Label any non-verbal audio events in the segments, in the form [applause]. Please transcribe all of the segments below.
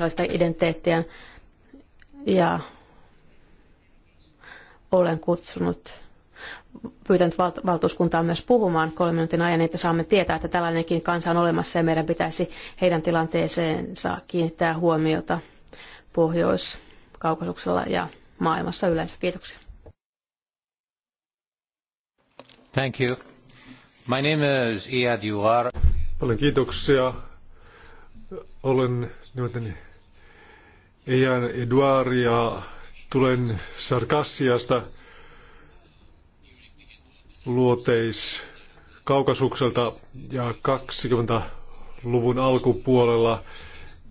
sellaista identiteettiä ja olen kutsunut pyytänyt valtuuskuntaa myös puhumaan kolmen minuutin ajan, että saamme tietää, että tällainenkin kansa on olemassa ja meidän pitäisi heidän tilanteeseensa kiinnittää huomiota Pohjois-Kaukasuksella ja maailmassa yleensä. Kiitoksia. Thank you. My name is Iad Juar. Paljon kiitoksia. Olen nimeltäni Ian ja tulen Sarkassiasta luoteis Kaukasukselta ja 20-luvun alkupuolella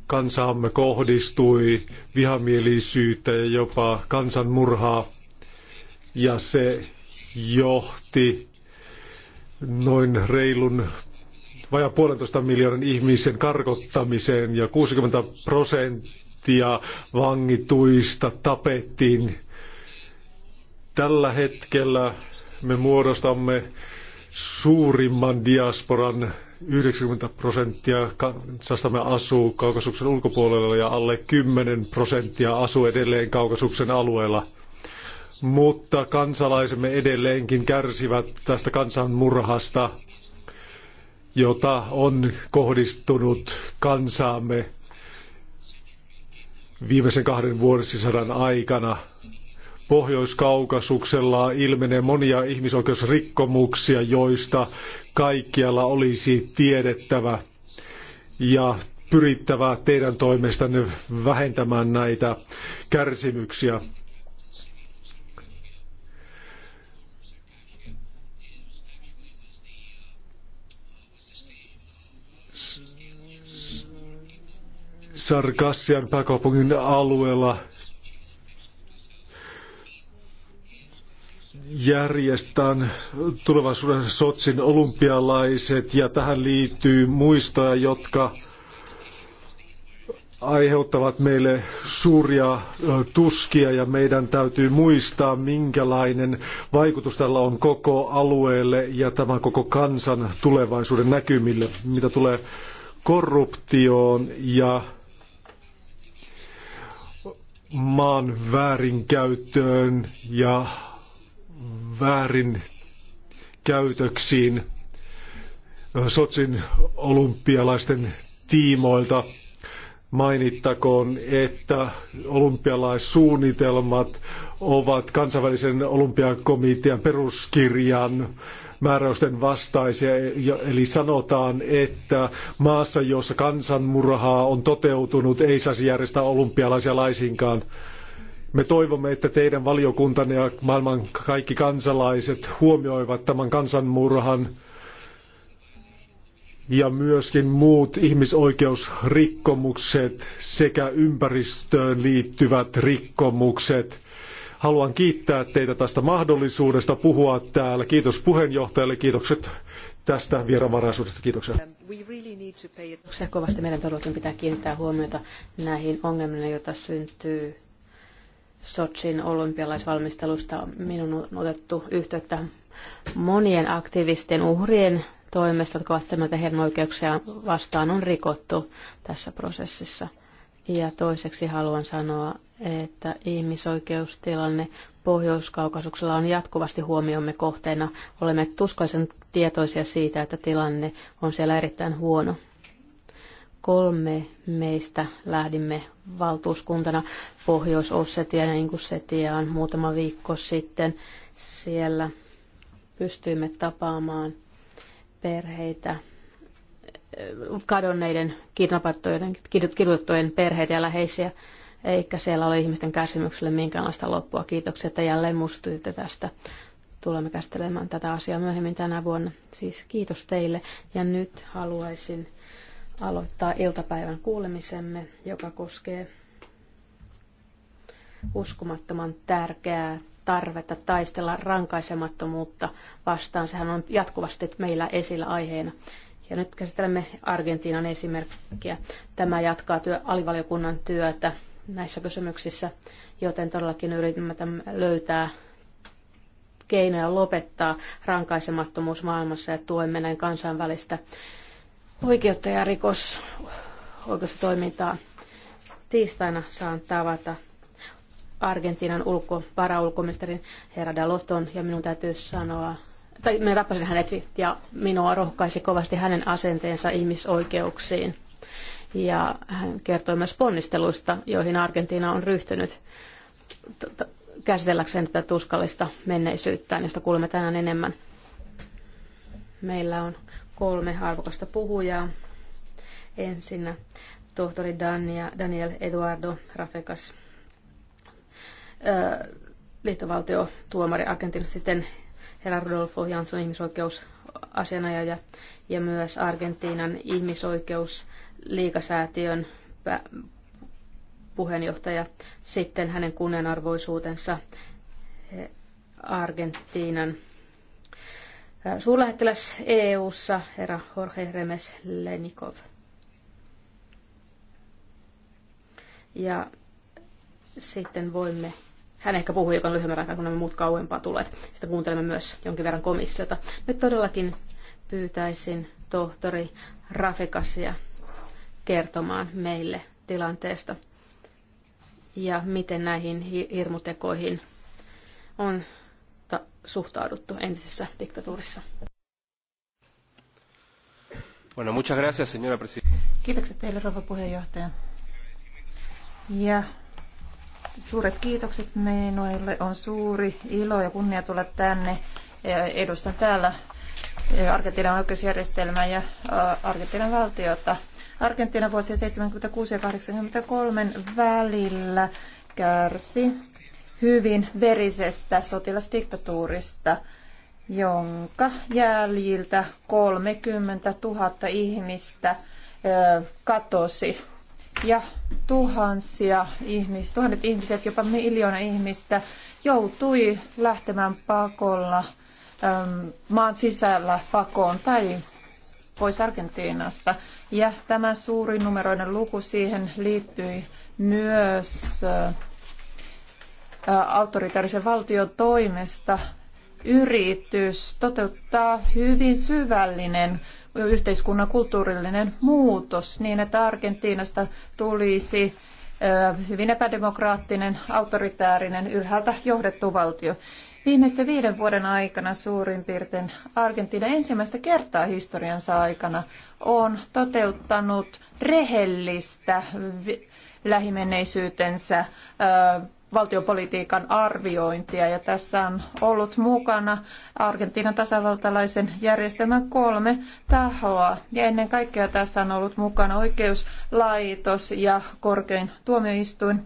kansaamme kohdistui vihamielisyyttä ja jopa kansanmurhaa ja se johti noin reilun vajaa puolentoista miljoonan ihmisen karkottamiseen ja 60 prosenttia prosenttia vangituista tapettiin. Tällä hetkellä me muodostamme suurimman diasporan 90 prosenttia kansastamme asuu kaukasuksen ulkopuolella ja alle 10 prosenttia asuu edelleen kaukasuksen alueella. Mutta kansalaisemme edelleenkin kärsivät tästä kansanmurhasta, jota on kohdistunut kansaamme viimeisen kahden vuosisadan aikana. Pohjois-Kaukasuksella ilmenee monia ihmisoikeusrikkomuksia, joista kaikkialla olisi tiedettävä ja pyrittävä teidän toimestanne vähentämään näitä kärsimyksiä. Sarkassian pääkaupungin alueella järjestän tulevaisuuden Sotsin olympialaiset ja tähän liittyy muistoja, jotka aiheuttavat meille suuria tuskia ja meidän täytyy muistaa, minkälainen vaikutus tällä on koko alueelle ja tämän koko kansan tulevaisuuden näkymille, mitä tulee korruptioon ja maan väärinkäyttöön ja väärinkäytöksiin Sotsin olympialaisten tiimoilta. Mainittakoon, että olympialaissuunnitelmat ovat kansainvälisen olympiakomitean peruskirjan määräysten vastaisia. Eli sanotaan, että maassa, jossa kansanmurhaa on toteutunut, ei saisi järjestää olympialaisia laisinkaan. Me toivomme, että teidän valiokuntanne ja maailman kaikki kansalaiset huomioivat tämän kansanmurhan ja myöskin muut ihmisoikeusrikkomukset sekä ympäristöön liittyvät rikkomukset Haluan kiittää teitä tästä mahdollisuudesta puhua täällä. Kiitos puheenjohtajalle, kiitokset tästä vieraanvaraisuudesta. Kiitoksia. kovasti. Meidän todellakin pitää kiinnittää huomiota näihin ongelmiin, joita syntyy Sotsin olympialaisvalmistelusta. Minun on otettu yhteyttä monien aktivistien uhrien toimesta, jotka ovat että heidän oikeuksiaan vastaan on rikottu tässä prosessissa. Ja toiseksi haluan sanoa, että ihmisoikeustilanne Pohjois-Kaukasuksella on jatkuvasti huomiomme kohteena. Olemme tuskallisen tietoisia siitä, että tilanne on siellä erittäin huono. Kolme meistä lähdimme valtuuskuntana Pohjois-Ossetiaan ja Ingussetiaan niin muutama viikko sitten. Siellä pystyimme tapaamaan perheitä, kadonneiden kidutettujen perheitä ja läheisiä, eikä siellä ole ihmisten kärsimykselle minkäänlaista loppua. Kiitoksia, että jälleen muistutitte tästä. Tulemme käsittelemään tätä asiaa myöhemmin tänä vuonna. Siis kiitos teille. Ja nyt haluaisin aloittaa iltapäivän kuulemisemme, joka koskee uskomattoman tärkeää tarvetta taistella rankaisemattomuutta vastaan. Sehän on jatkuvasti meillä esillä aiheena. Ja nyt käsittelemme Argentiinan esimerkkiä. Tämä jatkaa työ, alivaliokunnan työtä näissä kysymyksissä, joten todellakin yritämme löytää keinoja lopettaa rankaisemattomuus maailmassa ja tuemme näin kansainvälistä oikeutta ja rikos oikeustoimintaa. Tiistaina saan tavata Argentiinan ulko, varaulkoministerin herra Daloton ja minun täytyy sanoa, tai me tapasin hänet ja minua rohkaisi kovasti hänen asenteensa ihmisoikeuksiin. Ja hän kertoi myös ponnisteluista, joihin Argentiina on ryhtynyt käsitelläkseen tätä tuskallista menneisyyttä, josta kuulemme tänään enemmän. Meillä on kolme arvokasta puhujaa. Ensinnä tohtori Dania, Daniel Eduardo Rafekas, Tuomari Argentiinassa sitten Herra Rodolfo Jansson ihmisoikeusasianajaja ja myös Argentiinan ihmisoikeusliikasäätiön puheenjohtaja. Sitten hänen kunnianarvoisuutensa Argentiinan suurlähettiläs EU-ssa, herra Jorge Remes Lenikov. Ja sitten voimme hän ehkä puhui hiukan lyhyemmän aikaa, kun nämä muut kauempaa tulleet. Sitä kuuntelemme myös jonkin verran komissiota. Nyt todellakin pyytäisin tohtori Rafikasia kertomaan meille tilanteesta ja miten näihin hirmutekoihin on suhtauduttu entisessä diktatuurissa. Bueno, muchas gracias, señora presidenta. Kiitokset teille, rouva puheenjohtaja. Ja Suuret kiitokset Meinoille. On suuri ilo ja kunnia tulla tänne. Edustan täällä Argentiinan oikeusjärjestelmää ja Argentiinan valtiota. Argentiina vuosia 76 ja 83 välillä kärsi hyvin verisestä sotilasdiktatuurista, jonka jäljiltä 30 000 ihmistä katosi ja tuhansia ihmis, tuhannet ihmiset, jopa miljoona ihmistä joutui lähtemään pakolla äm, maan sisällä pakoon tai pois Argentiinasta. Ja tämä suuri numeroinen luku siihen liittyi myös autoritaarisen valtion toimesta yritys toteuttaa hyvin syvällinen yhteiskunnan kulttuurillinen muutos niin, että Argentiinasta tulisi hyvin epädemokraattinen, autoritäärinen, ylhäältä johdettu valtio. Viimeisten viiden vuoden aikana suurin piirtein Argentiina ensimmäistä kertaa historiansa aikana on toteuttanut rehellistä lähimenneisyytensä valtiopolitiikan arviointia. Ja tässä on ollut mukana Argentiinan tasavaltalaisen järjestelmän kolme tahoa. Ja ennen kaikkea tässä on ollut mukana oikeuslaitos ja korkein tuomioistuin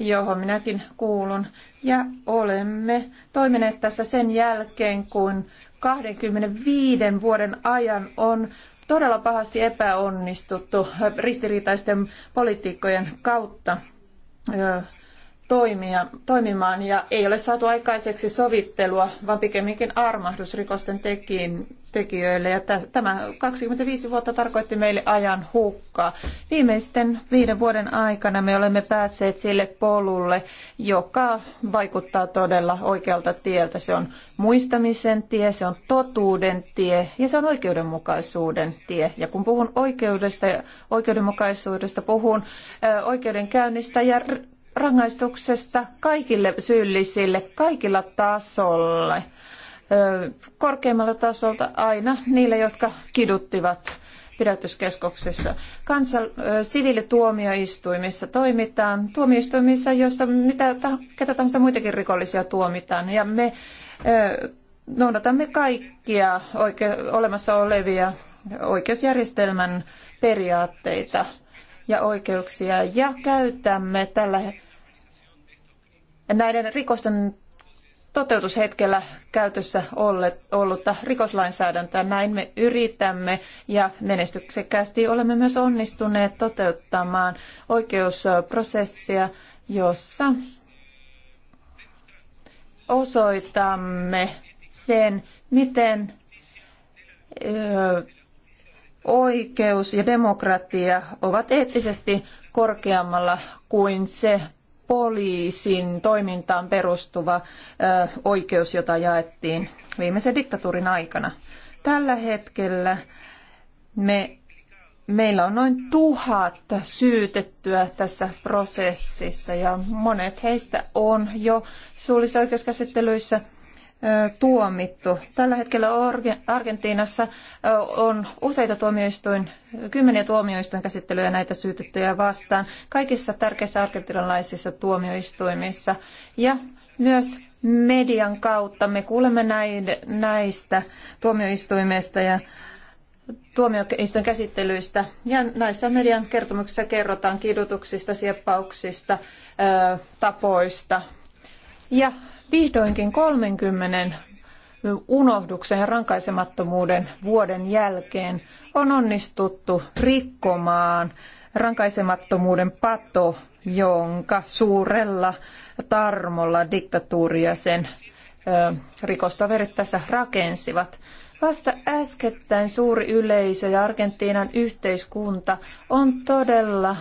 johon minäkin kuulun. Ja olemme toimineet tässä sen jälkeen, kun 25 vuoden ajan on todella pahasti epäonnistuttu ristiriitaisten politiikkojen kautta toimia, toimimaan ja ei ole saatu aikaiseksi sovittelua, vaan pikemminkin armahdus rikosten tekiin, tekijöille. Ja tämä 25 vuotta tarkoitti meille ajan hukkaa. Viimeisten viiden vuoden aikana me olemme päässeet sille polulle, joka vaikuttaa todella oikealta tieltä. Se on muistamisen tie, se on totuuden tie ja se on oikeudenmukaisuuden tie. Ja kun puhun oikeudesta ja oikeudenmukaisuudesta, puhun oikeudenkäynnistä ja rangaistuksesta kaikille syyllisille, kaikilla tasolle korkeimmalla tasolta aina niille, jotka kiduttivat pidätyskeskuksessa. Kansan siviilituomioistuimissa toimitaan, tuomioistuimissa, joissa mitä, ketä tahansa muitakin rikollisia tuomitaan. Ja me noudatamme kaikkia oike, olemassa olevia oikeusjärjestelmän periaatteita ja oikeuksia ja käytämme tällä näiden rikosten toteutushetkellä käytössä ollutta rikoslainsäädäntöä. Näin me yritämme ja menestyksekkäästi olemme myös onnistuneet toteuttamaan oikeusprosessia, jossa osoitamme sen, miten oikeus ja demokratia ovat eettisesti korkeammalla kuin se, poliisin toimintaan perustuva oikeus, jota jaettiin viimeisen diktatuurin aikana. Tällä hetkellä me, meillä on noin tuhat syytettyä tässä prosessissa ja monet heistä on jo oikeuskäsittelyissä – tuomittu. Tällä hetkellä Argentiinassa on useita tuomioistuin, kymmeniä tuomioistuin käsittelyjä näitä syytettyjä vastaan kaikissa tärkeissä argentinalaisissa tuomioistuimissa. Ja myös median kautta me kuulemme näistä tuomioistuimista ja tuomioistuin käsittelyistä. Ja näissä median kertomuksissa kerrotaan kidutuksista, sieppauksista, tapoista, ja vihdoinkin 30 unohduksen ja rankaisemattomuuden vuoden jälkeen on onnistuttu rikkomaan rankaisemattomuuden pato, jonka suurella tarmolla diktatuuri ja sen rikostoverit tässä rakensivat. Vasta äskettäin suuri yleisö ja Argentiinan yhteiskunta on todella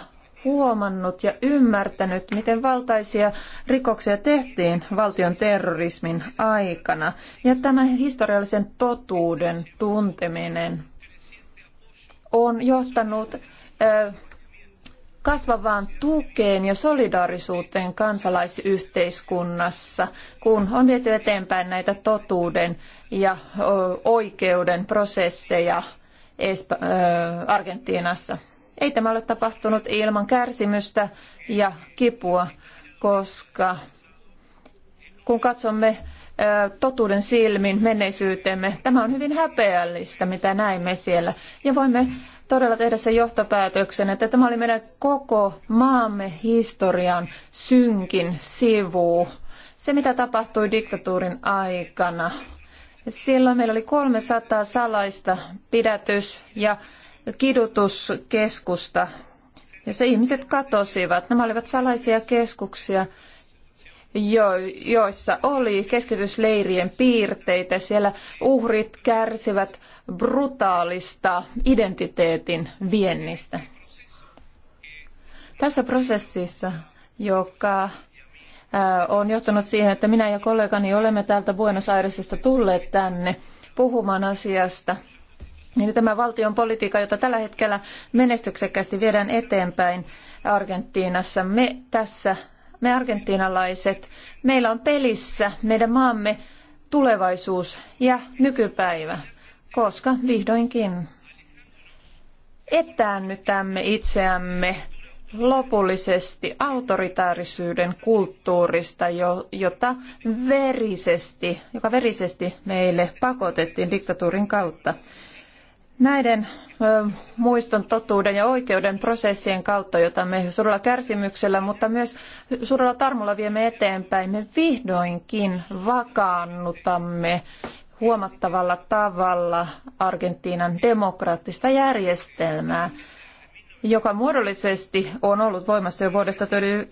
huomannut ja ymmärtänyt, miten valtaisia rikoksia tehtiin valtion terrorismin aikana. Ja tämä historiallisen totuuden tunteminen on johtanut kasvavaan tukeen ja solidaarisuuteen kansalaisyhteiskunnassa, kun on viety eteenpäin näitä totuuden ja oikeuden prosesseja Argentiinassa. Ei tämä ole tapahtunut ilman kärsimystä ja kipua, koska kun katsomme totuuden silmin menneisyytemme. Tämä on hyvin häpeällistä, mitä näimme siellä. Ja voimme todella tehdä sen johtopäätöksen, että tämä oli meidän koko maamme historian synkin sivu. Se, mitä tapahtui diktatuurin aikana. Silloin meillä oli 300 salaista pidätys- ja kidutuskeskusta, jossa ihmiset katosivat. Nämä olivat salaisia keskuksia, joissa oli keskitysleirien piirteitä. Siellä uhrit kärsivät brutaalista identiteetin viennistä. Tässä prosessissa, joka äh, on johtanut siihen, että minä ja kollegani olemme täältä Buenos Airesista tulleet tänne puhumaan asiasta – Eli tämä valtion politiikka, jota tällä hetkellä menestyksekkäästi viedään eteenpäin Argentiinassa, me tässä, me argentiinalaiset, meillä on pelissä meidän maamme tulevaisuus ja nykypäivä, koska vihdoinkin etäännytämme itseämme lopullisesti autoritaarisyyden kulttuurista, jota verisesti, joka verisesti meille pakotettiin diktatuurin kautta. Näiden muiston, totuuden ja oikeuden prosessien kautta, jota me suurella kärsimyksellä, mutta myös suurella tarmolla viemme eteenpäin, me vihdoinkin vakaannutamme huomattavalla tavalla Argentiinan demokraattista järjestelmää joka muodollisesti on ollut voimassa jo vuodesta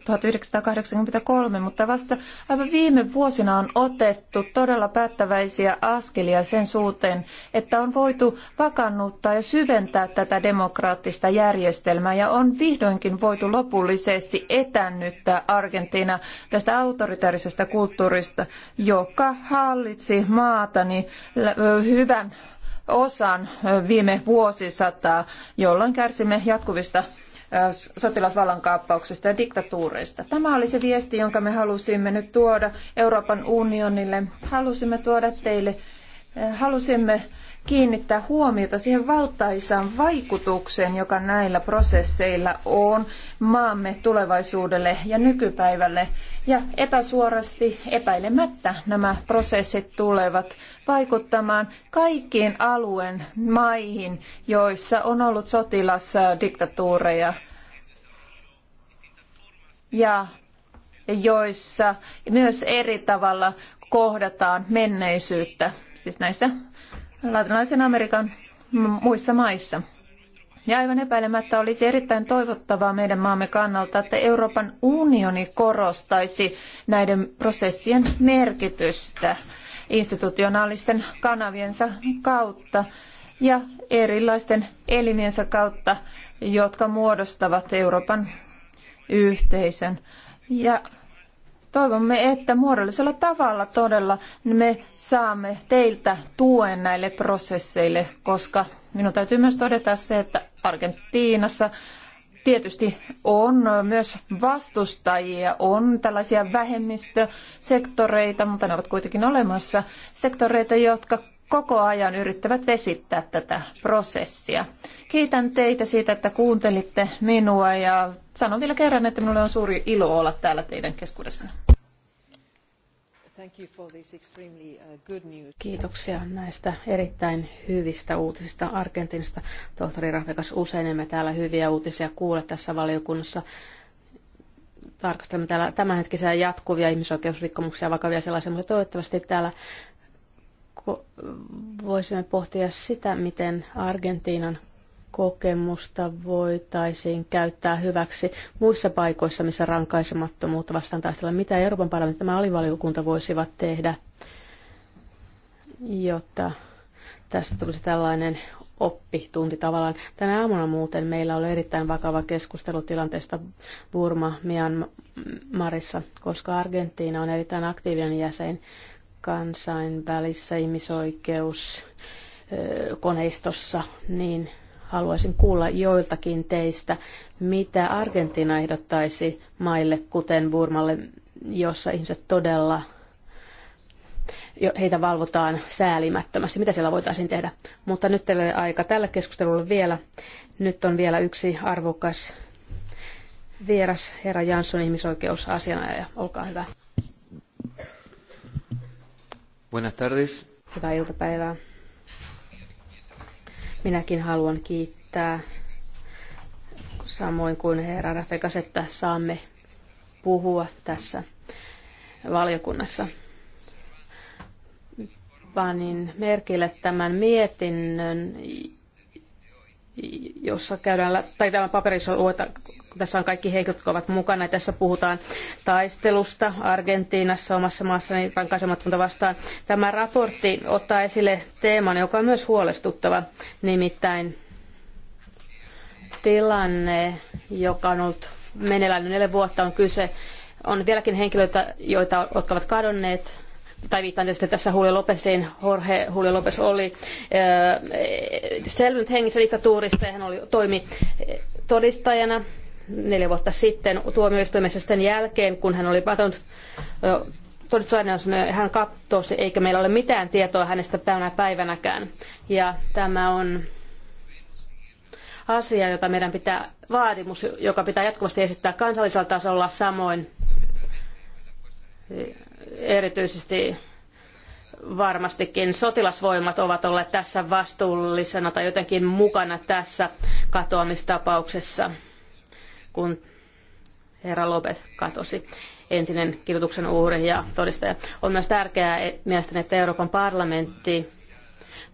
1983, mutta vasta aivan viime vuosina on otettu todella päättäväisiä askelia sen suuteen, että on voitu vakannuttaa ja syventää tätä demokraattista järjestelmää ja on vihdoinkin voitu lopullisesti etännyttää Argentiina tästä autoritaarisesta kulttuurista, joka hallitsi maatani hyvän osan viime vuosisataa, jolloin kärsimme jatkuvista sotilasvallankaappauksista ja diktatuureista. Tämä oli se viesti, jonka me halusimme nyt tuoda Euroopan unionille. Halusimme tuoda teille halusimme kiinnittää huomiota siihen valtaisaan vaikutukseen, joka näillä prosesseilla on maamme tulevaisuudelle ja nykypäivälle. Ja epäsuorasti, epäilemättä nämä prosessit tulevat vaikuttamaan kaikkiin alueen maihin, joissa on ollut sotilasdiktatuureja ja joissa myös eri tavalla kohdataan menneisyyttä, siis näissä latinalaisen Amerikan muissa maissa. Ja aivan epäilemättä olisi erittäin toivottavaa meidän maamme kannalta, että Euroopan unioni korostaisi näiden prosessien merkitystä institutionaalisten kanaviensa kautta ja erilaisten elimiensä kautta, jotka muodostavat Euroopan yhteisön. Ja Toivomme, että muodollisella tavalla todella me saamme teiltä tuen näille prosesseille, koska minun täytyy myös todeta se, että Argentiinassa tietysti on myös vastustajia, on tällaisia vähemmistösektoreita, mutta ne ovat kuitenkin olemassa sektoreita, jotka koko ajan yrittävät vesittää tätä prosessia. Kiitän teitä siitä, että kuuntelitte minua ja sanon vielä kerran, että minulle on suuri ilo olla täällä teidän keskuudessanne. Uh, Kiitoksia näistä erittäin hyvistä uutisista Argentinasta. Tohtori Rahvekas, usein emme täällä hyviä uutisia kuule tässä valiokunnassa. Tarkastelemme täällä tämänhetkisiä jatkuvia ihmisoikeusrikkomuksia, vakavia sellaisia, mutta toivottavasti täällä voisimme pohtia sitä, miten Argentiinan kokemusta voitaisiin käyttää hyväksi muissa paikoissa, missä rankaisemattomuutta vastaan taistellaan. Mitä Euroopan parlamentti tämä alivaliokunta voisivat tehdä, jotta tästä tulisi tällainen oppitunti tavallaan. Tänä aamuna muuten meillä oli erittäin vakava keskustelu tilanteesta Burma Myanmarissa, koska Argentiina on erittäin aktiivinen jäsen kansainvälisessä ihmisoikeuskoneistossa, niin haluaisin kuulla joiltakin teistä, mitä Argentiina ehdottaisi maille, kuten Burmalle, jossa ihmiset todella heitä valvotaan säälimättömästi, mitä siellä voitaisiin tehdä. Mutta nyt teillä aika tällä keskustelulla vielä. Nyt on vielä yksi arvokas vieras, herra Jansson, ihmisoikeusasianajaja. Olkaa hyvä. Buenas tardes. Hyvää iltapäivää. Minäkin haluan kiittää samoin kuin herra Rafekas, että saamme puhua tässä valiokunnassa. Panin merkille tämän mietinnön, jossa käydään, tai tämä paperissa lueta, tässä on kaikki heikot, jotka ovat mukana. Tässä puhutaan taistelusta Argentiinassa omassa maassani rankaisemattonta vastaan. Tämä raportti ottaa esille teeman, joka on myös huolestuttava, nimittäin tilanne, joka on ollut meneillään neljä vuotta, on kyse on vieläkin henkilöitä, joita, jotka ovat kadonneet tai viittaan tietysti tässä Julio Lopesiin, Jorge Julio Lopes oli äh, selvinnyt hengissä diktatuurista ja hän oli, toimi äh, todistajana neljä vuotta sitten tuomioistuimessa sen jälkeen, kun hän oli patonut todistusaineensa, niin hän katsosi, eikä meillä ole mitään tietoa hänestä tänä päivänäkään. Ja tämä on asia, jota meidän pitää, vaadimus, joka pitää jatkuvasti esittää kansallisella tasolla samoin erityisesti varmastikin sotilasvoimat ovat olleet tässä vastuullisena tai jotenkin mukana tässä katoamistapauksessa, kun herra Lopet katosi entinen kidutuksen uhri ja todistaja. On myös tärkeää e, mielestäni, että Euroopan parlamentti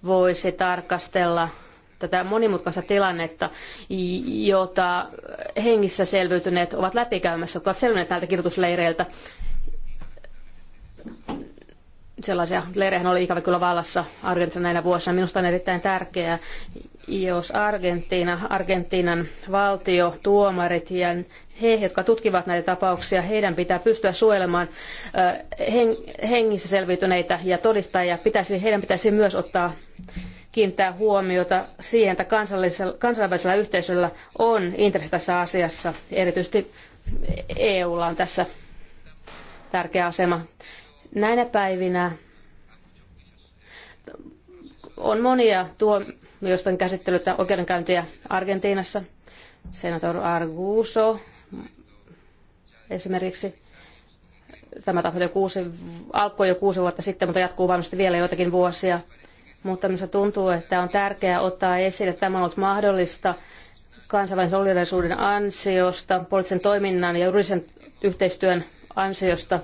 voisi tarkastella tätä monimutkaista tilannetta, jota hengissä selviytyneet ovat läpikäymässä, jotka ovat selvinneet näiltä kirjoitusleireiltä sellaisia leirehän oli ikävä kyllä vallassa Argentiinan näinä vuosina. Minusta on erittäin tärkeää, jos Argentiina, Argentiinan valtio, tuomarit ja he, jotka tutkivat näitä tapauksia, heidän pitää pystyä suojelemaan äh, hengissä selviytyneitä ja todistajia. Pitäisi, heidän pitäisi myös ottaa kiinnittää huomiota siihen, että kansainvälisellä yhteisöllä on intressi tässä asiassa. Erityisesti EUlla on tässä tärkeä asema. Näinä päivinä on monia tuomioistuin käsittelyitä oikeudenkäyntiä Argentiinassa. Senator Arguso esimerkiksi. Tämä tapahtui jo kuusi, alkoi jo kuusi vuotta sitten, mutta jatkuu varmasti vielä joitakin vuosia. Mutta minusta tuntuu, että on tärkeää ottaa esille, että tämä on ollut mahdollista kansainvälisen solidaarisuuden ansiosta, poliittisen toiminnan ja juridisen yhteistyön ansiosta.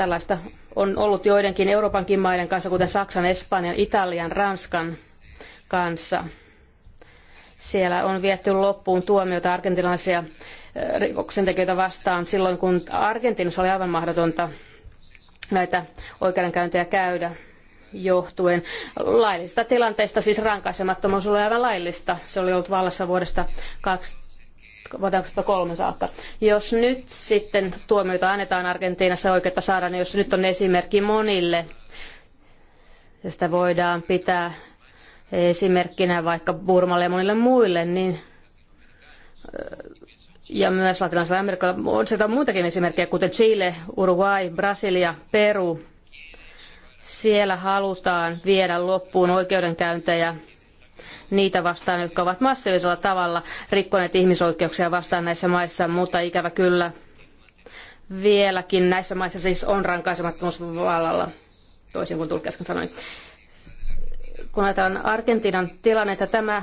Tällaista on ollut joidenkin Euroopankin maiden kanssa, kuten Saksan, Espanjan, Italian, Ranskan kanssa. Siellä on viety loppuun tuomioita argentinalaisia äh, rikoksentekijöitä vastaan silloin, kun Argentiinassa oli aivan mahdotonta näitä oikeudenkäyntejä käydä johtuen laillisista tilanteista, siis rankaisemattomuus oli aivan laillista. Se oli ollut vallassa vuodesta vuoteen 2003 saakka. Jos nyt sitten tuomioita annetaan Argentiinassa oikeutta saada, niin jos nyt on esimerkki monille, ja sitä voidaan pitää esimerkkinä vaikka Burmalle ja monille muille, niin ja myös latinalaisella Amerikalla on sieltä muitakin esimerkkejä, kuten Chile, Uruguay, Brasilia, Peru. Siellä halutaan viedä loppuun oikeudenkäyntejä niitä vastaan, jotka ovat massiivisella tavalla rikkoneet ihmisoikeuksia vastaan näissä maissa, mutta ikävä kyllä vieläkin näissä maissa siis on rankaisemattomuus vallalla, toisin kuin tulkiaskan sanoin. Kun ajatellaan Argentiinan tilannetta, tämä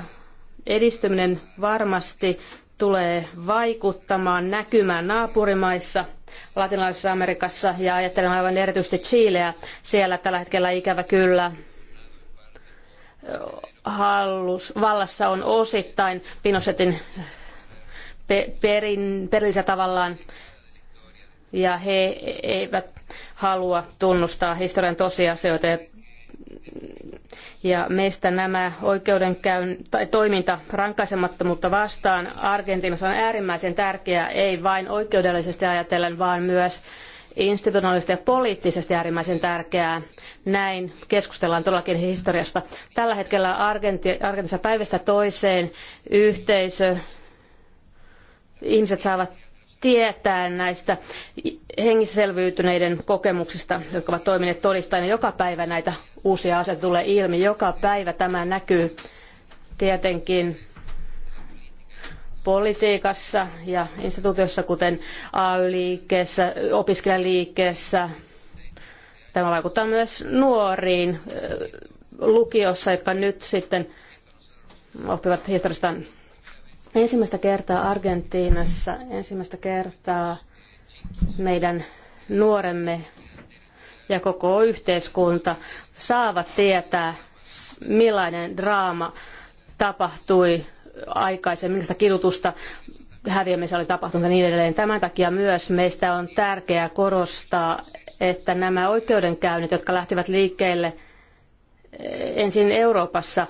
edistyminen varmasti tulee vaikuttamaan näkymään naapurimaissa, latinalaisessa Amerikassa ja ajattelen aivan erityisesti Chileä. Siellä tällä hetkellä ikävä kyllä hallus, vallassa on osittain Pinochetin pe, perin, perillisellä tavallaan ja he eivät halua tunnustaa historian tosiasioita ja ja meistä nämä oikeudenkäyn tai toiminta rankaisemattomuutta vastaan Argentiinassa on äärimmäisen tärkeää, ei vain oikeudellisesti ajatellen, vaan myös institutionaalisesti ja poliittisesti äärimmäisen tärkeää. Näin keskustellaan todellakin historiasta. Tällä hetkellä Argentiinassa päivästä toiseen yhteisö, ihmiset saavat tietää näistä hengissä selviytyneiden kokemuksista, jotka ovat toimineet todistajina. Joka päivä näitä uusia asioita tulee ilmi. Joka päivä tämä näkyy tietenkin politiikassa ja instituutioissa, kuten AY-liikkeessä, opiskelijaliikkeessä. Tämä vaikuttaa myös nuoriin lukiossa, jotka nyt sitten oppivat historiastaan ensimmäistä kertaa Argentiinassa, ensimmäistä kertaa meidän nuoremme ja koko yhteiskunta saavat tietää, millainen draama tapahtui aikaisemmin, sitä kidutusta häviämistä oli tapahtunut ja niin edelleen. Tämän takia myös meistä on tärkeää korostaa, että nämä oikeudenkäynnit, jotka lähtivät liikkeelle eh, ensin Euroopassa,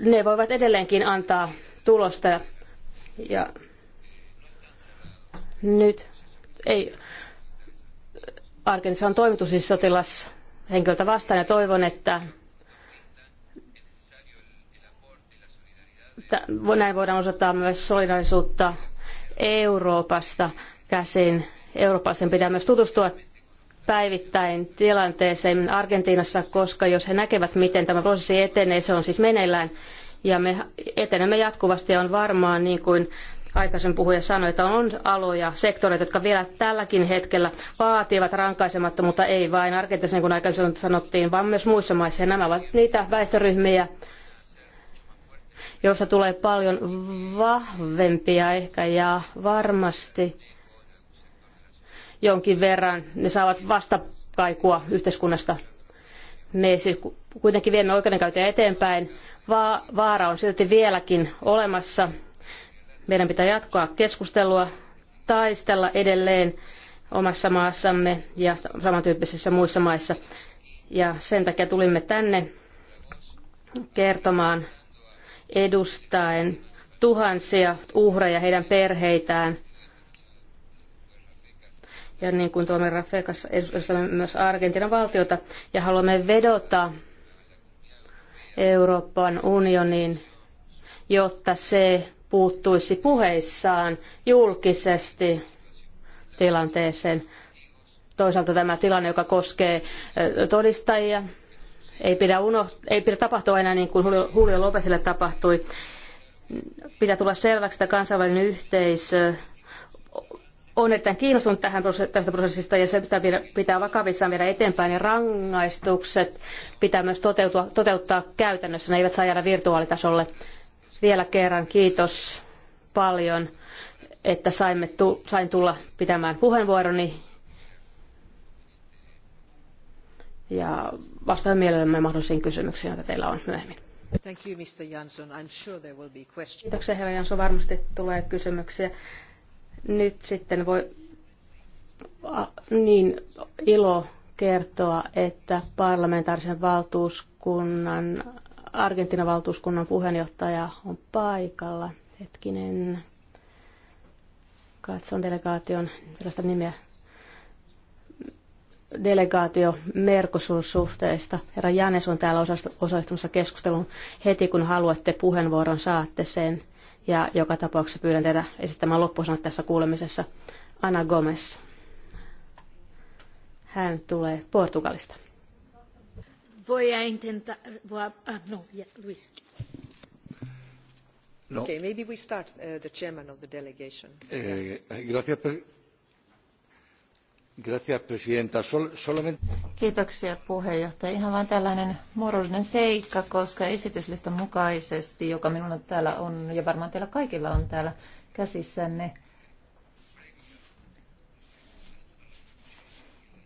ne voivat edelleenkin antaa tulosta. Ja nyt ei, Argentinan on siis sotilashenkilöltä vastaan ja toivon, että näin voidaan osoittaa myös solidaarisuutta Euroopasta käsin. Eurooppalaisten pitää myös tutustua päivittäin tilanteeseen Argentiinassa, koska jos he näkevät, miten tämä prosessi etenee, se on siis meneillään. Ja me etenemme jatkuvasti ja on varmaan, niin kuin aikaisen puhuja sanoi, että on aloja, sektoreita, jotka vielä tälläkin hetkellä vaativat rankaisemattomuutta, ei vain Argentiinassa, niin kuin aikaisemmin sanottiin, vaan myös muissa maissa. Ja nämä ovat niitä väestöryhmiä, josta tulee paljon vahvempia ehkä ja varmasti jonkin verran ne saavat vastakaikua yhteiskunnasta. Me siis kuitenkin viemme oikeudenkäyntiä eteenpäin. Va- vaara on silti vieläkin olemassa. Meidän pitää jatkaa keskustelua, taistella edelleen omassa maassamme ja samantyyppisissä muissa maissa. Ja sen takia tulimme tänne kertomaan edustaen tuhansia uhreja heidän perheitään. Ja niin kuin tuomme Rafekas edustamme myös Argentiinan valtiota ja haluamme vedota Euroopan unioniin, jotta se puuttuisi puheissaan julkisesti tilanteeseen. Toisaalta tämä tilanne, joka koskee todistajia, ei pidä, unoht- ei pidä tapahtua enää niin kuin Julio Lopesille tapahtui. Pitää tulla selväksi, että kansainvälinen yhteisö on erittäin kiinnostunut tähän, tästä prosessista ja se pitää, pitää vakavissaan viedä eteenpäin ja rangaistukset pitää myös toteutua, toteuttaa käytännössä, ne eivät saa jäädä virtuaalitasolle. Vielä kerran kiitos paljon, että saimme tu, sain tulla pitämään puheenvuoroni ja vastaan mielellämme mahdollisiin kysymyksiin, joita teillä on myöhemmin. Thank you, Mr. Jansson. I'm sure there will be questions. Kiitoksia, herra Jansson. Varmasti tulee kysymyksiä. Nyt sitten voi niin ilo kertoa, että parlamentaarisen valtuuskunnan, Argentinan valtuuskunnan puheenjohtaja on paikalla. Hetkinen, katson delegaation sellaista nimeä delegaatio Mercosur-suhteista. Herra Janes on täällä osallistumassa keskusteluun heti, kun haluatte puheenvuoron, saatte sen. Ja joka tapauksessa pyydän teitä esittämään loppusanat tässä kuulemisessa. Ana Gomes. Hän tulee Portugalista. Voi a intentar... Ah, no, Luis. No. Okay, maybe we start uh, the chairman of the delegation. Eh, gracias, Gracias, presidenta. Kiitoksia puheenjohtaja. Ihan vain tällainen muodollinen seikka, koska esityslistan mukaisesti, joka minulla täällä on ja varmaan teillä kaikilla on täällä käsissänne,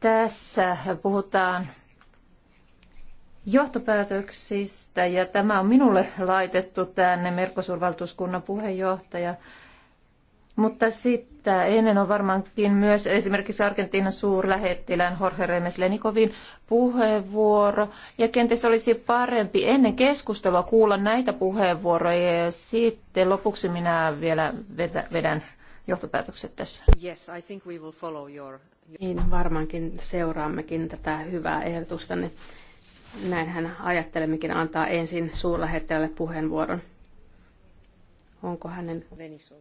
tässä puhutaan johtopäätöksistä ja tämä on minulle laitettu tänne Merkosurvaltuuskunnan puheenjohtaja mutta sitten ennen on varmaankin myös esimerkiksi Argentiinan suurlähettilään Jorge Remes Lenikovin puheenvuoro. Ja kenties olisi parempi ennen keskustelua kuulla näitä puheenvuoroja ja sitten lopuksi minä vielä vedän johtopäätökset tässä. Yes, I think we will follow your... Niin, varmaankin seuraammekin tätä hyvää ehdotustanne. Näinhän ajattelemmekin antaa ensin suurlähettilälle puheenvuoron. Onko hänen... Venisov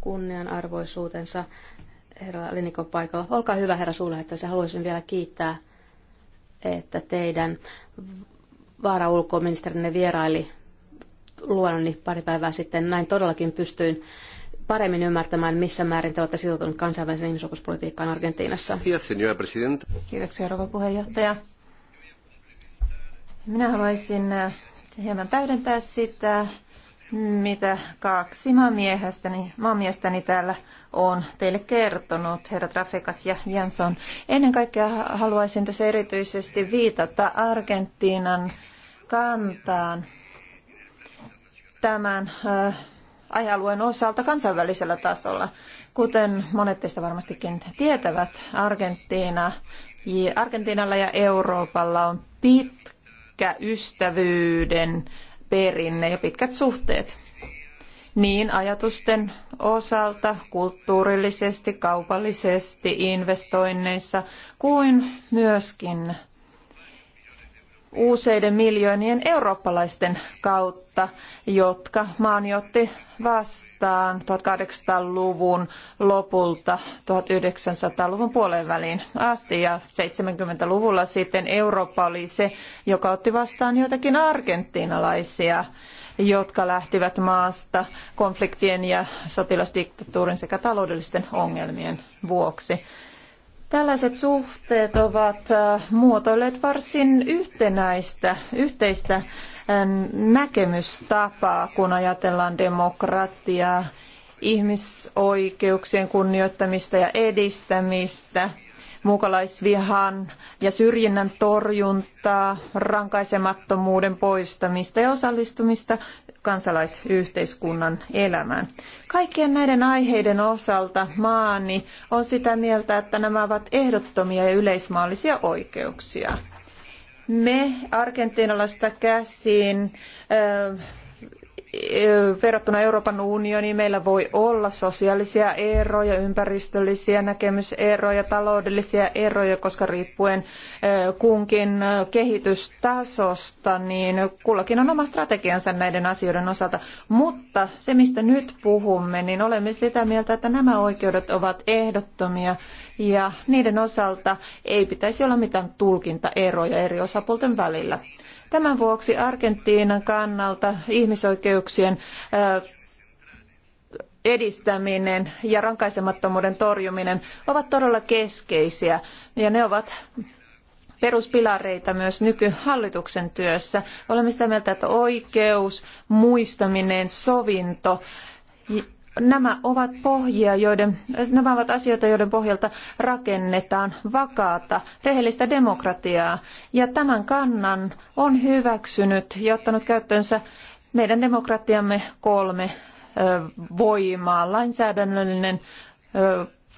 kunnianarvoisuutensa. Herra Linikon paikalla. Olkaa hyvä, herra suurlähettäjä. Haluaisin vielä kiittää, että teidän vaaraulkoministerinne vieraili luononi pari päivää sitten. Näin todellakin pystyin paremmin ymmärtämään, missä määrin te olette sitoutuneet kansainväliseen ihmisoikeuspolitiikkaan Argentiinassa. Kiitoksia, rouva puheenjohtaja. Minä haluaisin hieman täydentää sitä, mitä kaksi maamiehestäni, maamiestäni täällä on teille kertonut, herra Trafikas ja Jansson. Ennen kaikkea haluaisin tässä erityisesti viitata Argentiinan kantaan tämän aihealueen osalta kansainvälisellä tasolla. Kuten monet teistä varmastikin tietävät, Argentiina, Argentiinalla ja Euroopalla on pitkä ystävyyden perinne ja pitkät suhteet. Niin ajatusten osalta, kulttuurillisesti, kaupallisesti, investoinneissa kuin myöskin useiden miljoonien eurooppalaisten kautta maista, jotka maani otti vastaan 1800-luvun lopulta 1900-luvun puolen väliin asti ja 70-luvulla sitten Eurooppa oli se, joka otti vastaan joitakin argentiinalaisia jotka lähtivät maasta konfliktien ja sotilasdiktatuurin sekä taloudellisten ongelmien vuoksi. Tällaiset suhteet ovat äh, muotoilleet varsin yhtenäistä, yhteistä näkemystapaa, kun ajatellaan demokratiaa, ihmisoikeuksien kunnioittamista ja edistämistä, muukalaisvihan ja syrjinnän torjuntaa, rankaisemattomuuden poistamista ja osallistumista kansalaisyhteiskunnan elämään. Kaikkien näiden aiheiden osalta maani on sitä mieltä, että nämä ovat ehdottomia ja yleismaallisia oikeuksia. Me Argentiinalasta käsin verrattuna Euroopan unioniin meillä voi olla sosiaalisia eroja, ympäristöllisiä näkemyseroja, taloudellisia eroja, koska riippuen kunkin kehitystasosta, niin kullakin on oma strategiansa näiden asioiden osalta. Mutta se, mistä nyt puhumme, niin olemme sitä mieltä, että nämä oikeudet ovat ehdottomia ja niiden osalta ei pitäisi olla mitään tulkintaeroja eri osapuolten välillä. Tämän vuoksi Argentiinan kannalta ihmisoikeuksien edistäminen ja rankaisemattomuuden torjuminen ovat todella keskeisiä ja ne ovat peruspilareita myös nykyhallituksen työssä. Olemme sitä mieltä, että oikeus, muistaminen, sovinto nämä ovat pohjia, joiden, nämä ovat asioita, joiden pohjalta rakennetaan vakaata, rehellistä demokratiaa. Ja tämän kannan on hyväksynyt ja ottanut käyttöönsä meidän demokratiamme kolme voimaa, lainsäädännöllinen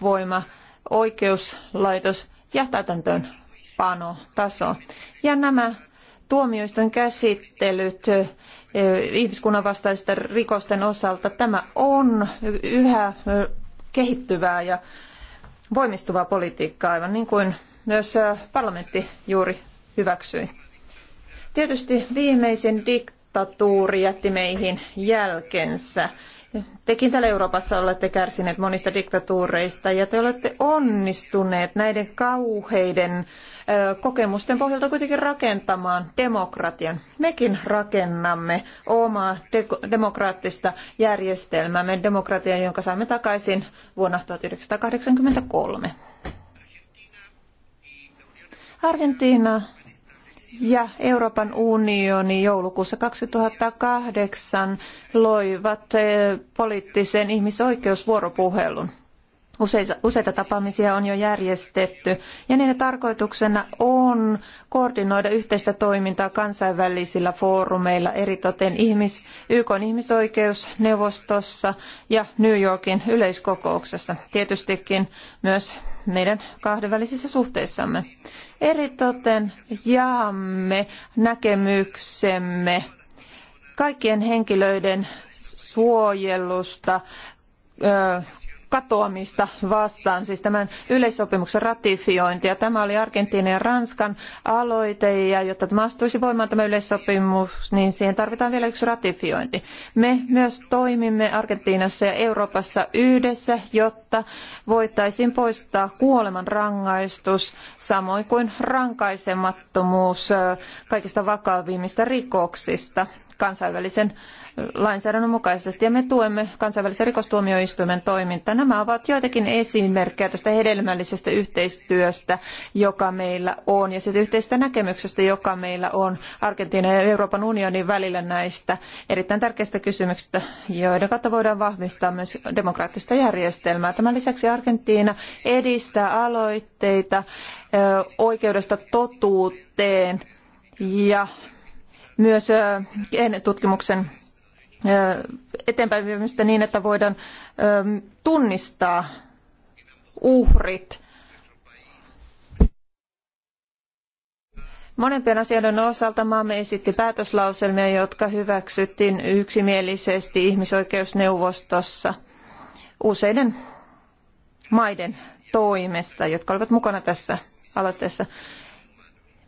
voima, oikeuslaitos ja täytäntöönpanotaso. Ja nämä tuomioistuin käsittelyt ihmiskunnan vastaisten rikosten osalta, tämä on yhä kehittyvää ja voimistuvaa politiikkaa, aivan niin kuin myös parlamentti juuri hyväksyi. Tietysti viimeisin diktatuuri jätti meihin jälkensä. Tekin täällä Euroopassa olette kärsineet monista diktatuureista ja te olette onnistuneet näiden kauheiden kokemusten pohjalta kuitenkin rakentamaan demokratian. Mekin rakennamme omaa de- demokraattista järjestelmäämme, demokratiaa, jonka saimme takaisin vuonna 1983. Argentiina ja Euroopan unioni joulukuussa 2008 loivat eh, poliittisen ihmisoikeusvuoropuhelun. Useita tapaamisia on jo järjestetty ja niiden tarkoituksena on koordinoida yhteistä toimintaa kansainvälisillä foorumeilla, eritoten ihmis, YK ihmisoikeusneuvostossa ja New Yorkin yleiskokouksessa, tietystikin myös meidän kahdenvälisissä suhteissamme. Eritoten jaamme näkemyksemme kaikkien henkilöiden suojelusta katoamista vastaan, siis tämän yleissopimuksen ratifiointi. Ja tämä oli Argentiinan ja Ranskan aloite, ja jotta tämä astuisi voimaan tämä yleissopimus, niin siihen tarvitaan vielä yksi ratifiointi. Me myös toimimme Argentiinassa ja Euroopassa yhdessä, jotta voitaisiin poistaa kuoleman rangaistus, samoin kuin rankaisemattomuus kaikista vakavimmista rikoksista kansainvälisen lainsäädännön mukaisesti ja me tuemme kansainvälisen rikostuomioistuimen toimintaa. Nämä ovat joitakin esimerkkejä tästä hedelmällisestä yhteistyöstä, joka meillä on ja siitä yhteistä näkemyksestä, joka meillä on Argentiinan ja Euroopan unionin välillä näistä erittäin tärkeistä kysymyksistä, joiden kautta voidaan vahvistaa myös demokraattista järjestelmää. Tämän lisäksi Argentiina edistää aloitteita oikeudesta totuuteen ja myös tutkimuksen eteenpäin viemistä niin, että voidaan tunnistaa uhrit. Monempien asioiden osalta maamme esitti päätöslauselmia, jotka hyväksyttiin yksimielisesti ihmisoikeusneuvostossa useiden maiden toimesta, jotka olivat mukana tässä aloitteessa.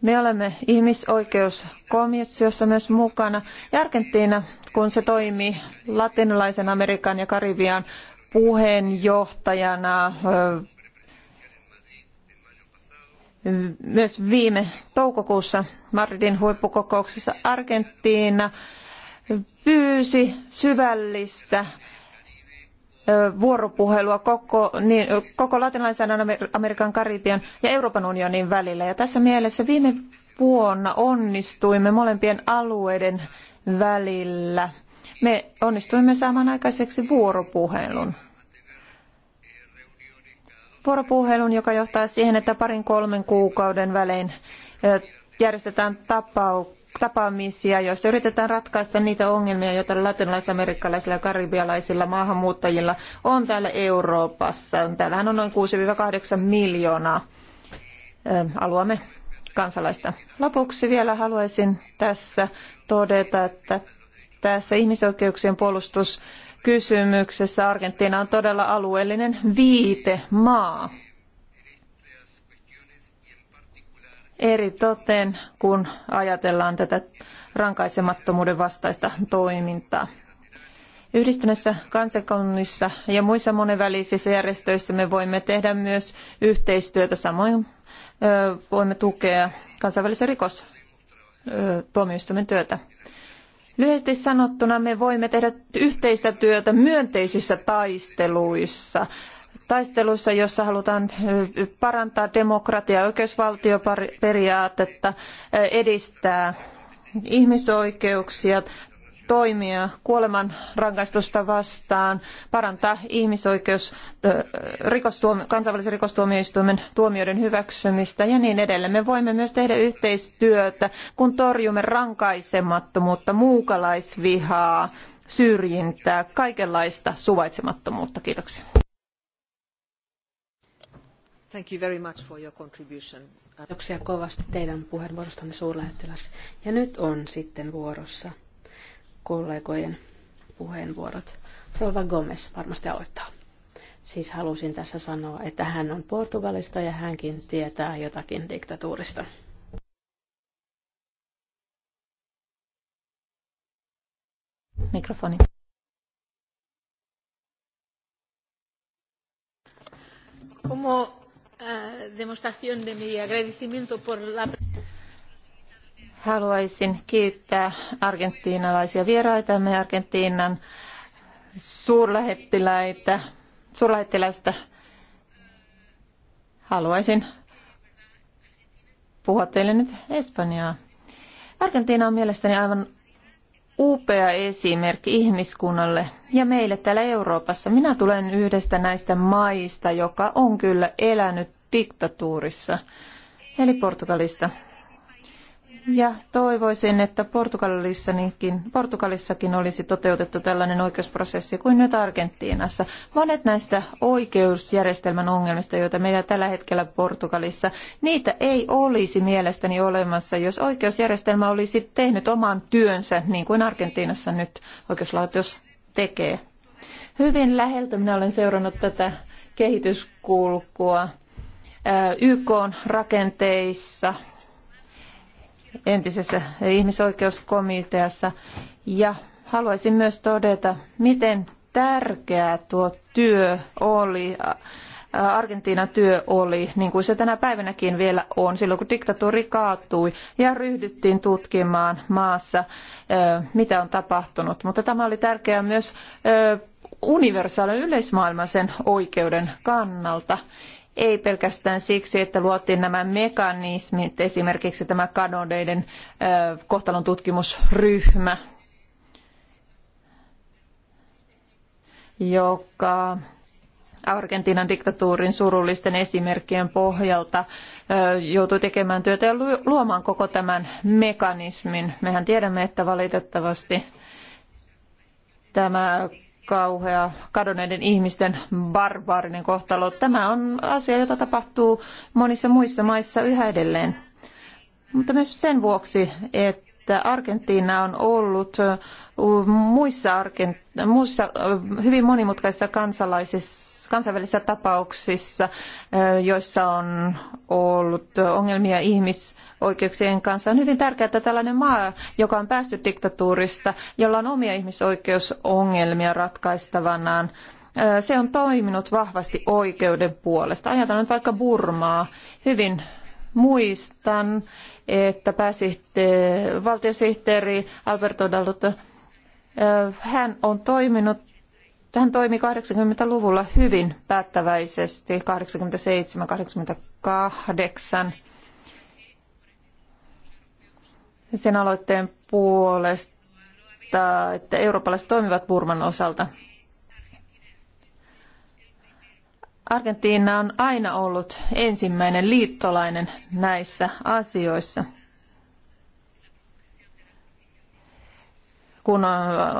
Me olemme ihmisoikeuskomissiossa myös mukana. Ja Argentiina, kun se toimii latinalaisen Amerikan ja Karibian puheenjohtajana myös viime toukokuussa Madridin huippukokouksessa Argentiina pyysi syvällistä vuoropuhelua koko, niin, koko latinalaisen Amerikan, Karibian ja Euroopan unionin välillä. Ja tässä mielessä viime vuonna onnistuimme molempien alueiden välillä. Me onnistuimme saamaan aikaiseksi vuoropuhelun. Vuoropuhelun, joka johtaa siihen, että parin kolmen kuukauden välein järjestetään tapauksia tapaamisia, joissa yritetään ratkaista niitä ongelmia, joita latinalaisamerikkalaisilla ja karibialaisilla maahanmuuttajilla on täällä Euroopassa. Täällähän on noin 6-8 miljoonaa ähm, alueemme kansalaista. Lopuksi vielä haluaisin tässä todeta, että tässä ihmisoikeuksien puolustuskysymyksessä Argentiina on todella alueellinen viitemaa. maa eri toteen, kun ajatellaan tätä rankaisemattomuuden vastaista toimintaa. Yhdistyneessä kansakunnissa ja muissa monenvälisissä järjestöissä me voimme tehdä myös yhteistyötä, samoin voimme tukea kansainvälisen rikostuomioistuimen työtä. Lyhyesti sanottuna me voimme tehdä yhteistä työtä myönteisissä taisteluissa taisteluissa, jossa halutaan parantaa demokratiaa, oikeusvaltioperiaatetta, edistää ihmisoikeuksia, toimia kuoleman rangaistusta vastaan, parantaa ihmisoikeus, rikostuomio, kansainvälisen rikostuomioistuimen tuomioiden hyväksymistä ja niin edelleen. Me voimme myös tehdä yhteistyötä, kun torjumme rankaisemattomuutta, muukalaisvihaa, syrjintää, kaikenlaista suvaitsemattomuutta. Kiitoksia. Thank you very much for your contribution. Kiitoksia kovasti teidän puheenvuorostanne suurlähettiläs. Ja nyt on sitten vuorossa kollegojen puheenvuorot. Rova Gomez varmasti aloittaa. Siis halusin tässä sanoa, että hän on Portugalista ja hänkin tietää jotakin diktatuurista. Mikrofoni. Como demostración de mi agradecimiento por la Haluaisin kiittää argentiinalaisia vieraitamme Argentiinan suurlähettiläitä, suurlähettiläistä. Haluaisin puhua teille nyt Espanjaa. Argentiina on mielestäni aivan upea esimerkki ihmiskunnalle ja meille täällä Euroopassa. Minä tulen yhdestä näistä maista, joka on kyllä elänyt diktatuurissa, eli Portugalista. Ja toivoisin, että Portugalissakin olisi toteutettu tällainen oikeusprosessi kuin nyt Argentiinassa. Monet näistä oikeusjärjestelmän ongelmista, joita meillä tällä hetkellä Portugalissa, niitä ei olisi mielestäni olemassa, jos oikeusjärjestelmä olisi tehnyt oman työnsä, niin kuin Argentiinassa nyt oikeuslaitos tekee. Hyvin läheltä minä olen seurannut tätä kehityskulkua YK rakenteissa – entisessä ihmisoikeuskomiteassa. Ja haluaisin myös todeta, miten tärkeää tuo työ oli, Argentiinan työ oli, niin kuin se tänä päivänäkin vielä on, silloin kun diktatuuri kaatui ja ryhdyttiin tutkimaan maassa, mitä on tapahtunut. Mutta tämä oli tärkeää myös universaalin yleismaailmaisen oikeuden kannalta ei pelkästään siksi, että luotiin nämä mekanismit, esimerkiksi tämä kadodeiden kohtalon tutkimusryhmä, joka Argentiinan diktatuurin surullisten esimerkkien pohjalta joutui tekemään työtä ja luomaan koko tämän mekanismin. Mehän tiedämme, että valitettavasti tämä kauhea kadonneiden ihmisten barbaarinen kohtalo. Tämä on asia, jota tapahtuu monissa muissa maissa yhä edelleen. Mutta myös sen vuoksi, että Argentiina on ollut uh, muissa, Argent- muissa uh, hyvin monimutkaisissa kansalaisissa kansainvälisissä tapauksissa, joissa on ollut ongelmia ihmisoikeuksien kanssa. On hyvin tärkeää, että tällainen maa, joka on päässyt diktatuurista, jolla on omia ihmisoikeusongelmia ratkaistavanaan, se on toiminut vahvasti oikeuden puolesta. Ajatellaan nyt vaikka Burmaa. Hyvin muistan, että pääsihteeri, valtiosihteeri Alberto Dalot, hän on toiminut hän toimi 80-luvulla hyvin päättäväisesti, 87-88 sen aloitteen puolesta, että eurooppalaiset toimivat Burman osalta. Argentiina on aina ollut ensimmäinen liittolainen näissä asioissa – kun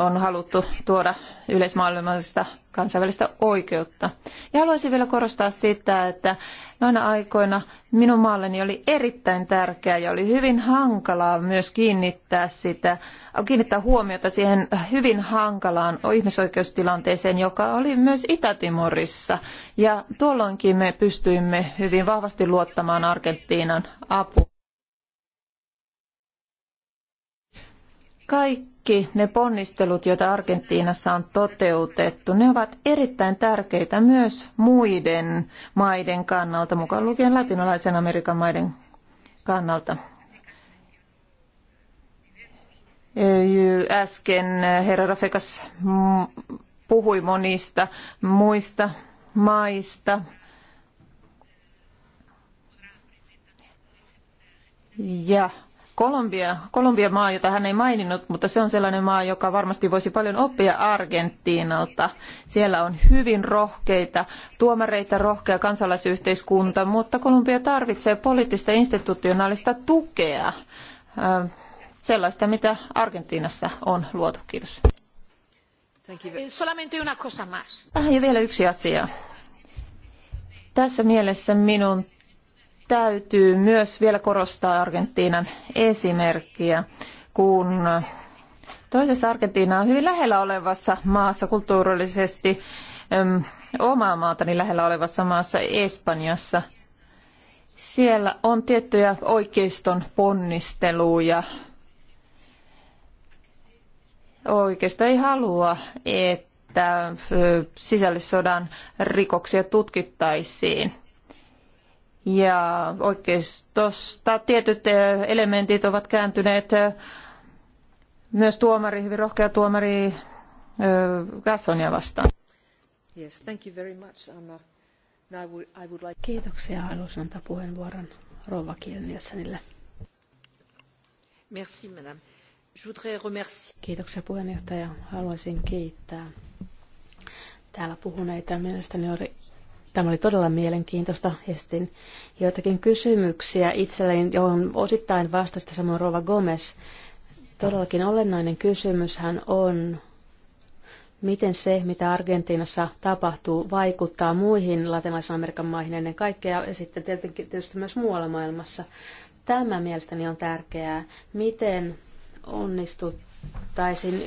on haluttu tuoda yleismaailmallista kansainvälistä oikeutta. Ja haluaisin vielä korostaa sitä, että noina aikoina minun maalleni oli erittäin tärkeää ja oli hyvin hankalaa myös kiinnittää, sitä, kiinnittää huomiota siihen hyvin hankalaan ihmisoikeustilanteeseen, joka oli myös Itä-Timorissa. Ja tuolloinkin me pystyimme hyvin vahvasti luottamaan Argentiinan apuun. Kaikki kaikki ne ponnistelut, joita Argentiinassa on toteutettu, ne ovat erittäin tärkeitä myös muiden maiden kannalta, mukaan lukien latinalaisen Amerikan maiden kannalta. Äsken herra Rafekas puhui monista muista maista. Ja Kolumbia, Kolumbia maa, jota hän ei maininnut, mutta se on sellainen maa, joka varmasti voisi paljon oppia Argentiinalta. Siellä on hyvin rohkeita tuomareita, rohkea kansalaisyhteiskunta, mutta Kolumbia tarvitsee poliittista institutionaalista tukea, sellaista mitä Argentiinassa on luotu. Kiitos. Eh, ah, ja vielä yksi asia. Tässä mielessä minun täytyy myös vielä korostaa Argentiinan esimerkkiä, kun toisessa Argentiinaa hyvin lähellä olevassa maassa kulttuurillisesti omaa maatani lähellä olevassa maassa Espanjassa. Siellä on tiettyjä oikeiston ponnisteluja. Oikeisto ei halua, että sisällissodan rikoksia tutkittaisiin ja oikeistosta tietyt eh, elementit ovat kääntyneet eh, myös tuomari, hyvin rohkea tuomari eh, Gassonia vastaan. Yes, thank you very much, Anna. Now I would, I would like... Kiitoksia. Haluaisin antaa puheenvuoron Rova Merci, madame. Je voudrais remercier... Kiitoksia puheenjohtaja. Haluaisin kiittää täällä puhuneita. Mielestäni oli Tämä oli todella mielenkiintoista. Estin joitakin kysymyksiä itselleni, johon osittain vastasta samoin Rova Gomez. Todellakin olennainen hän on, miten se, mitä Argentiinassa tapahtuu, vaikuttaa muihin latinalaisen Amerikan maihin ennen kaikkea ja sitten tietenkin tietysti myös muualla maailmassa. Tämä mielestäni on tärkeää. Miten onnistuttaisiin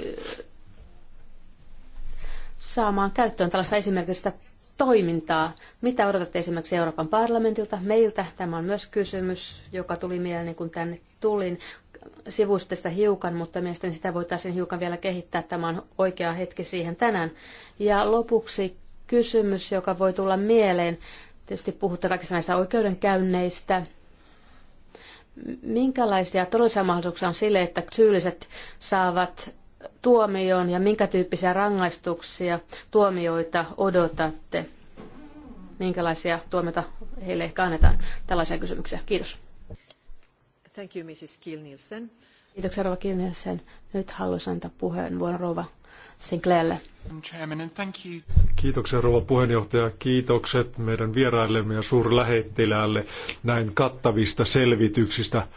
saamaan käyttöön tällaista esimerkistä toimintaa. Mitä odotatte esimerkiksi Euroopan parlamentilta, meiltä? Tämä on myös kysymys, joka tuli mieleen, kun tänne tulin. Sivuista hiukan, mutta mielestäni sitä voitaisiin hiukan vielä kehittää. Tämä on oikea hetki siihen tänään. Ja lopuksi kysymys, joka voi tulla mieleen. Tietysti puhutaan kaikista näistä oikeudenkäynneistä. Minkälaisia todellisia mahdollisuuksia on sille, että syylliset saavat tuomioon ja minkä tyyppisiä rangaistuksia, tuomioita odotatte? Minkälaisia tuomioita heille ehkä annetaan? Tällaisia kysymyksiä. Kiitos. Thank you, Mrs. Kiitoksia, Rova Nyt haluaisin antaa puheenvuoron Rova Sinclairlle. Kiitoksia rouva puheenjohtaja. Kiitokset meidän vieraillemme ja suurlähettiläälle näin kattavista selvityksistä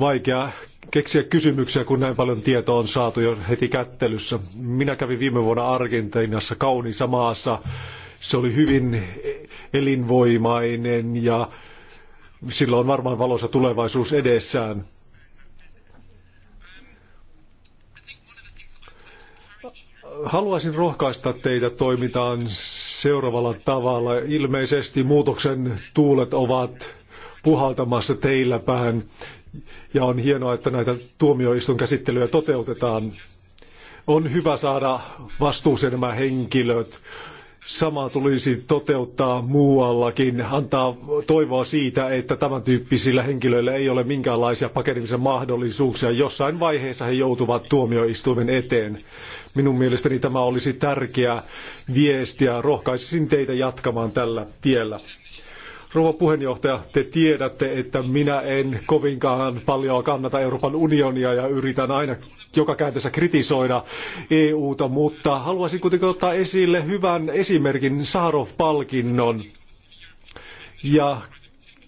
vaikea keksiä kysymyksiä, kun näin paljon tietoa on saatu jo heti kättelyssä. Minä kävin viime vuonna Argentiinassa kauniissa maassa. Se oli hyvin elinvoimainen ja sillä on varmaan valossa tulevaisuus edessään. haluaisin rohkaista teitä toimintaan seuraavalla tavalla. Ilmeisesti muutoksen tuulet ovat puhaltamassa teillä päin ja on hienoa, että näitä tuomioistun käsittelyjä toteutetaan. On hyvä saada vastuuseen nämä henkilöt. Sama tulisi toteuttaa muuallakin, antaa toivoa siitä, että tämän tyyppisillä henkilöillä ei ole minkäänlaisia pakenemisen mahdollisuuksia. Jossain vaiheessa he joutuvat tuomioistuimen eteen. Minun mielestäni tämä olisi tärkeä viesti ja rohkaisisin teitä jatkamaan tällä tiellä. Rouva puheenjohtaja, te tiedätte, että minä en kovinkaan paljon kannata Euroopan unionia ja yritän aina joka käänteessä kritisoida EUta, mutta haluaisin kuitenkin ottaa esille hyvän esimerkin Saharov-palkinnon. Ja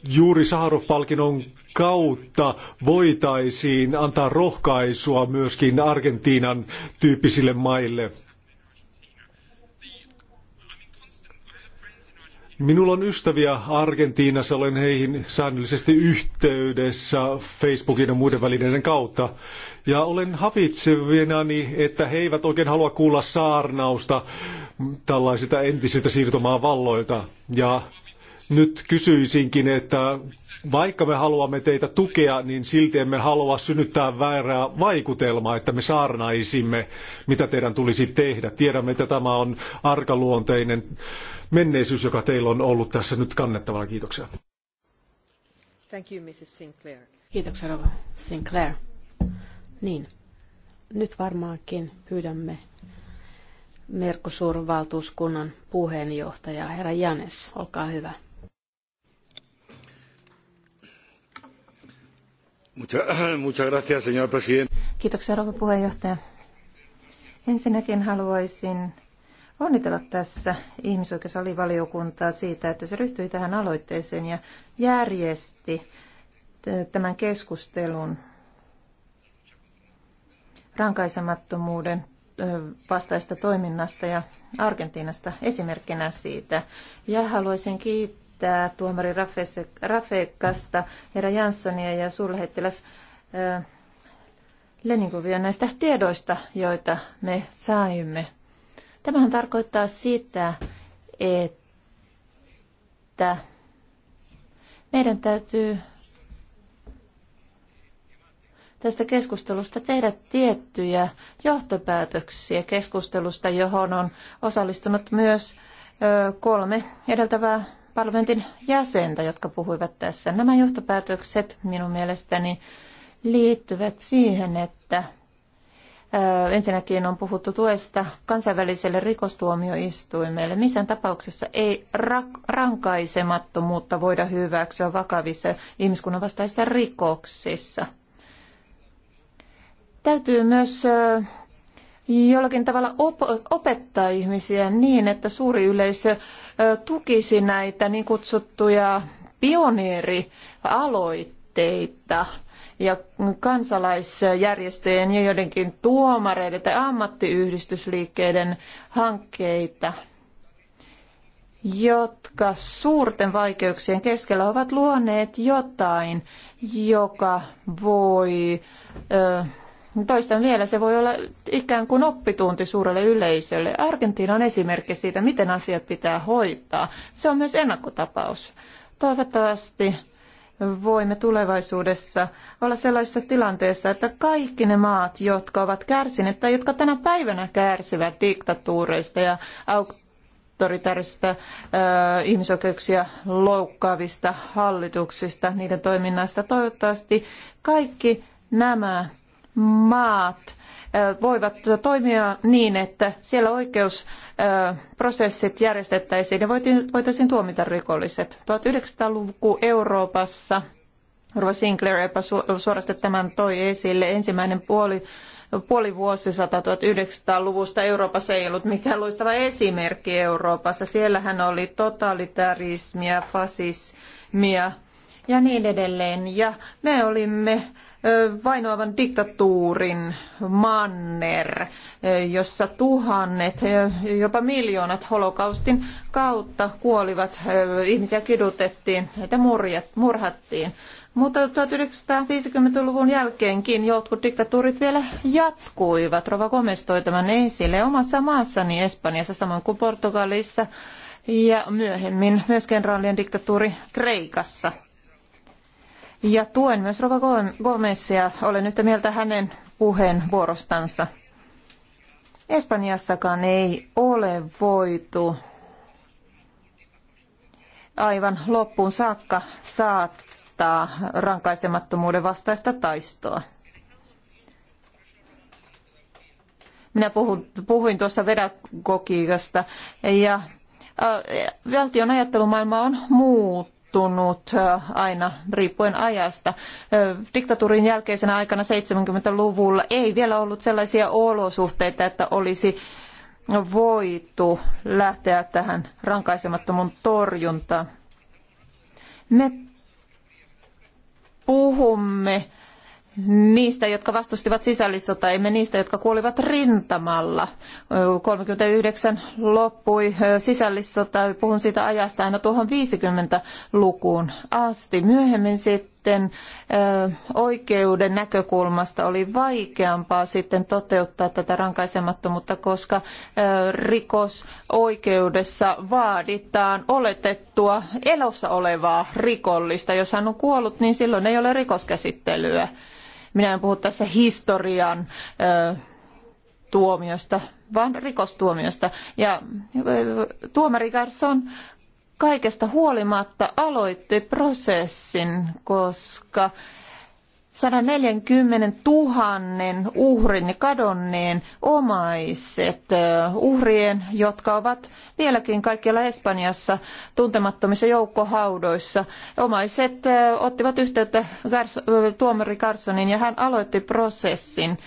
juuri Saharov-palkinnon kautta voitaisiin antaa rohkaisua myöskin Argentiinan tyyppisille maille. Minulla on ystäviä Argentiinassa, olen heihin säännöllisesti yhteydessä Facebookin ja muiden välineiden kautta. Ja olen havitsevinani, että he eivät oikein halua kuulla saarnausta tällaisilta entisistä siirtomaan valloilta. Ja nyt kysyisinkin, että vaikka me haluamme teitä tukea, niin silti emme halua synnyttää väärää vaikutelmaa, että me saarnaisimme, mitä teidän tulisi tehdä. Tiedämme, että tämä on arkaluonteinen menneisyys, joka teillä on ollut tässä nyt kannettavana. Kiitoksia. Thank you, Mrs. Sinclair. Kiitoksia, Rova Sinclair. Niin, nyt varmaankin pyydämme Merkosuurvaltuuskunnan puheenjohtaja herra Janes, olkaa hyvä. [clears throat] Kiitoksia rouva puheenjohtaja. Ensinnäkin haluaisin onnitella tässä ihmisoikeusalivaliokuntaa siitä, että se ryhtyi tähän aloitteeseen ja järjesti tämän keskustelun rankaisemattomuuden vastaista toiminnasta ja Argentiinasta esimerkkinä siitä. Ja haluaisin kiittää tuomari Rafekasta, herra Janssonia ja suurlähettiläs Leninkovia näistä tiedoista, joita me saimme Tämähän tarkoittaa sitä, että meidän täytyy tästä keskustelusta tehdä tiettyjä johtopäätöksiä keskustelusta, johon on osallistunut myös kolme edeltävää parlamentin jäsentä, jotka puhuivat tässä. Nämä johtopäätökset minun mielestäni liittyvät siihen, että Ensinnäkin on puhuttu tuesta kansainväliselle rikostuomioistuimelle. Missään tapauksessa ei rankaisemattomuutta voida hyväksyä vakavissa ihmiskunnan vastaisissa rikoksissa. Täytyy myös jollakin tavalla opettaa ihmisiä niin, että suuri yleisö tukisi näitä niin kutsuttuja pioneerialoitteita aloitteita ja kansalaisjärjestöjen ja joidenkin tuomareiden tai ammattiyhdistysliikkeiden hankkeita, jotka suurten vaikeuksien keskellä ovat luoneet jotain, joka voi, toistan vielä, se voi olla ikään kuin oppitunti suurelle yleisölle. Argentiina on esimerkki siitä, miten asiat pitää hoitaa. Se on myös ennakkotapaus. Toivottavasti voimme tulevaisuudessa olla sellaisessa tilanteessa, että kaikki ne maat, jotka ovat kärsineet tai jotka tänä päivänä kärsivät diktatuureista ja autoritaarisista ihmisoikeuksia loukkaavista hallituksista, niiden toiminnasta, toivottavasti kaikki nämä maat voivat toimia niin, että siellä oikeusprosessit järjestettäisiin ja voitaisiin tuomita rikolliset. 1900-luku Euroopassa, Rova Sinclair jopa suorasti tämän toi esille, ensimmäinen puoli puoli vuosisata 1900-luvusta Euroopassa ei ollut mikään loistava esimerkki Euroopassa. Siellähän oli totalitarismia, fasismia ja niin edelleen. Ja me olimme vainoavan diktatuurin manner, jossa tuhannet, jopa miljoonat holokaustin kautta kuolivat, ihmisiä kidutettiin, heitä murhattiin. Mutta 1950-luvun jälkeenkin jotkut diktatuurit vielä jatkuivat. Rova Gomez toi tämän esille omassa maassani Espanjassa, samoin kuin Portugalissa ja myöhemmin myös kenraalien diktatuuri Kreikassa. Ja tuen myös Rova Gomezia. Olen yhtä mieltä hänen puheenvuorostansa. Espanjassakaan ei ole voitu aivan loppuun saakka saattaa rankaisemattomuuden vastaista taistoa. Minä puhuin tuossa pedagogiikasta ja äh, valtion ajattelumaailma on muuttunut muuttunut aina riippuen ajasta. Diktatuurin jälkeisenä aikana 70-luvulla ei vielä ollut sellaisia olosuhteita, että olisi voitu lähteä tähän rankaisemattomuun torjuntaan. Me puhumme niistä, jotka vastustivat sisällissotaa, emme niistä, jotka kuolivat rintamalla. 39 loppui sisällissota, puhun siitä ajasta aina tuohon 50-lukuun asti. Myöhemmin sitten oikeuden näkökulmasta oli vaikeampaa sitten toteuttaa tätä rankaisemattomuutta, koska rikosoikeudessa vaaditaan oletettua elossa olevaa rikollista. Jos hän on kuollut, niin silloin ei ole rikoskäsittelyä. Minä en puhu tässä historian tuomiosta, vaan rikostuomiosta. Ja tuomari Garson kaikesta huolimatta aloitti prosessin, koska 140 000 uhrin kadonneen omaiset, uhrien, jotka ovat vieläkin kaikkialla Espanjassa tuntemattomissa joukkohaudoissa. Omaiset ottivat yhteyttä tuomari Garsonin ja hän aloitti prosessin.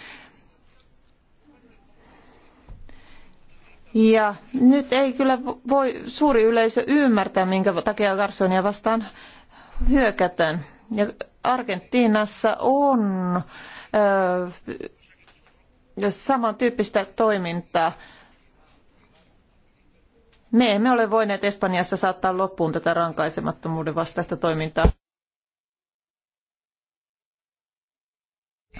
Ja nyt ei kyllä voi suuri yleisö ymmärtää, minkä takia Garsonia vastaan hyökätään. Ja Argentiinassa on ö, samantyyppistä toimintaa. Me emme ole voineet Espanjassa saattaa loppuun tätä rankaisemattomuuden vastaista toimintaa.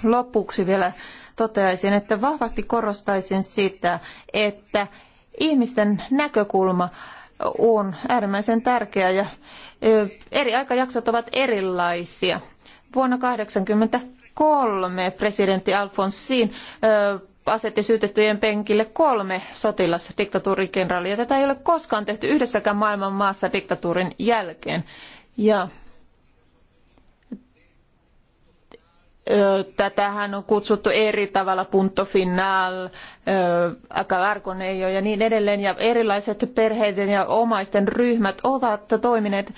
Lopuksi vielä toteaisin, että vahvasti korostaisin sitä, että ihmisten näkökulma on äärimmäisen tärkeä ja eri aikajaksot ovat erilaisia. Vuonna 1983 presidentti Alfonsin asetti syytettyjen penkille kolme sotilasdiktatuurikenraalia. Tätä ei ole koskaan tehty yhdessäkään maailman maassa diktatuurin jälkeen. Ja Tätähän on kutsuttu eri tavalla punto final, acabar ja niin edelleen. Ja erilaiset perheiden ja omaisten ryhmät ovat toimineet,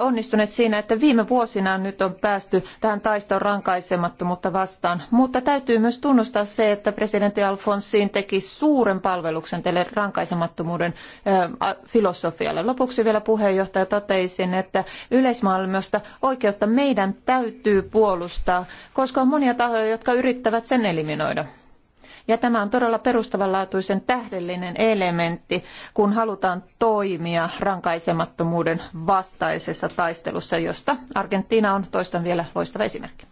onnistuneet siinä, että viime vuosina nyt on päästy tähän taistoon rankaisemattomuutta vastaan. Mutta täytyy myös tunnustaa se, että presidentti Alfonsin teki suuren palveluksen tälle rankaisemattomuuden filosofialle. Lopuksi vielä puheenjohtaja toteisin, että yleismaailmasta oikeutta meidän täytyy puolustaa, koska on monia tahoja, jotka yrittävät sen eliminoida. Ja tämä on todella perustavanlaatuisen tähdellinen elementti, kun halutaan toimia rankaisemattomuuden vastaisessa taistelussa, josta Argentiina on toistan vielä loistava esimerkki.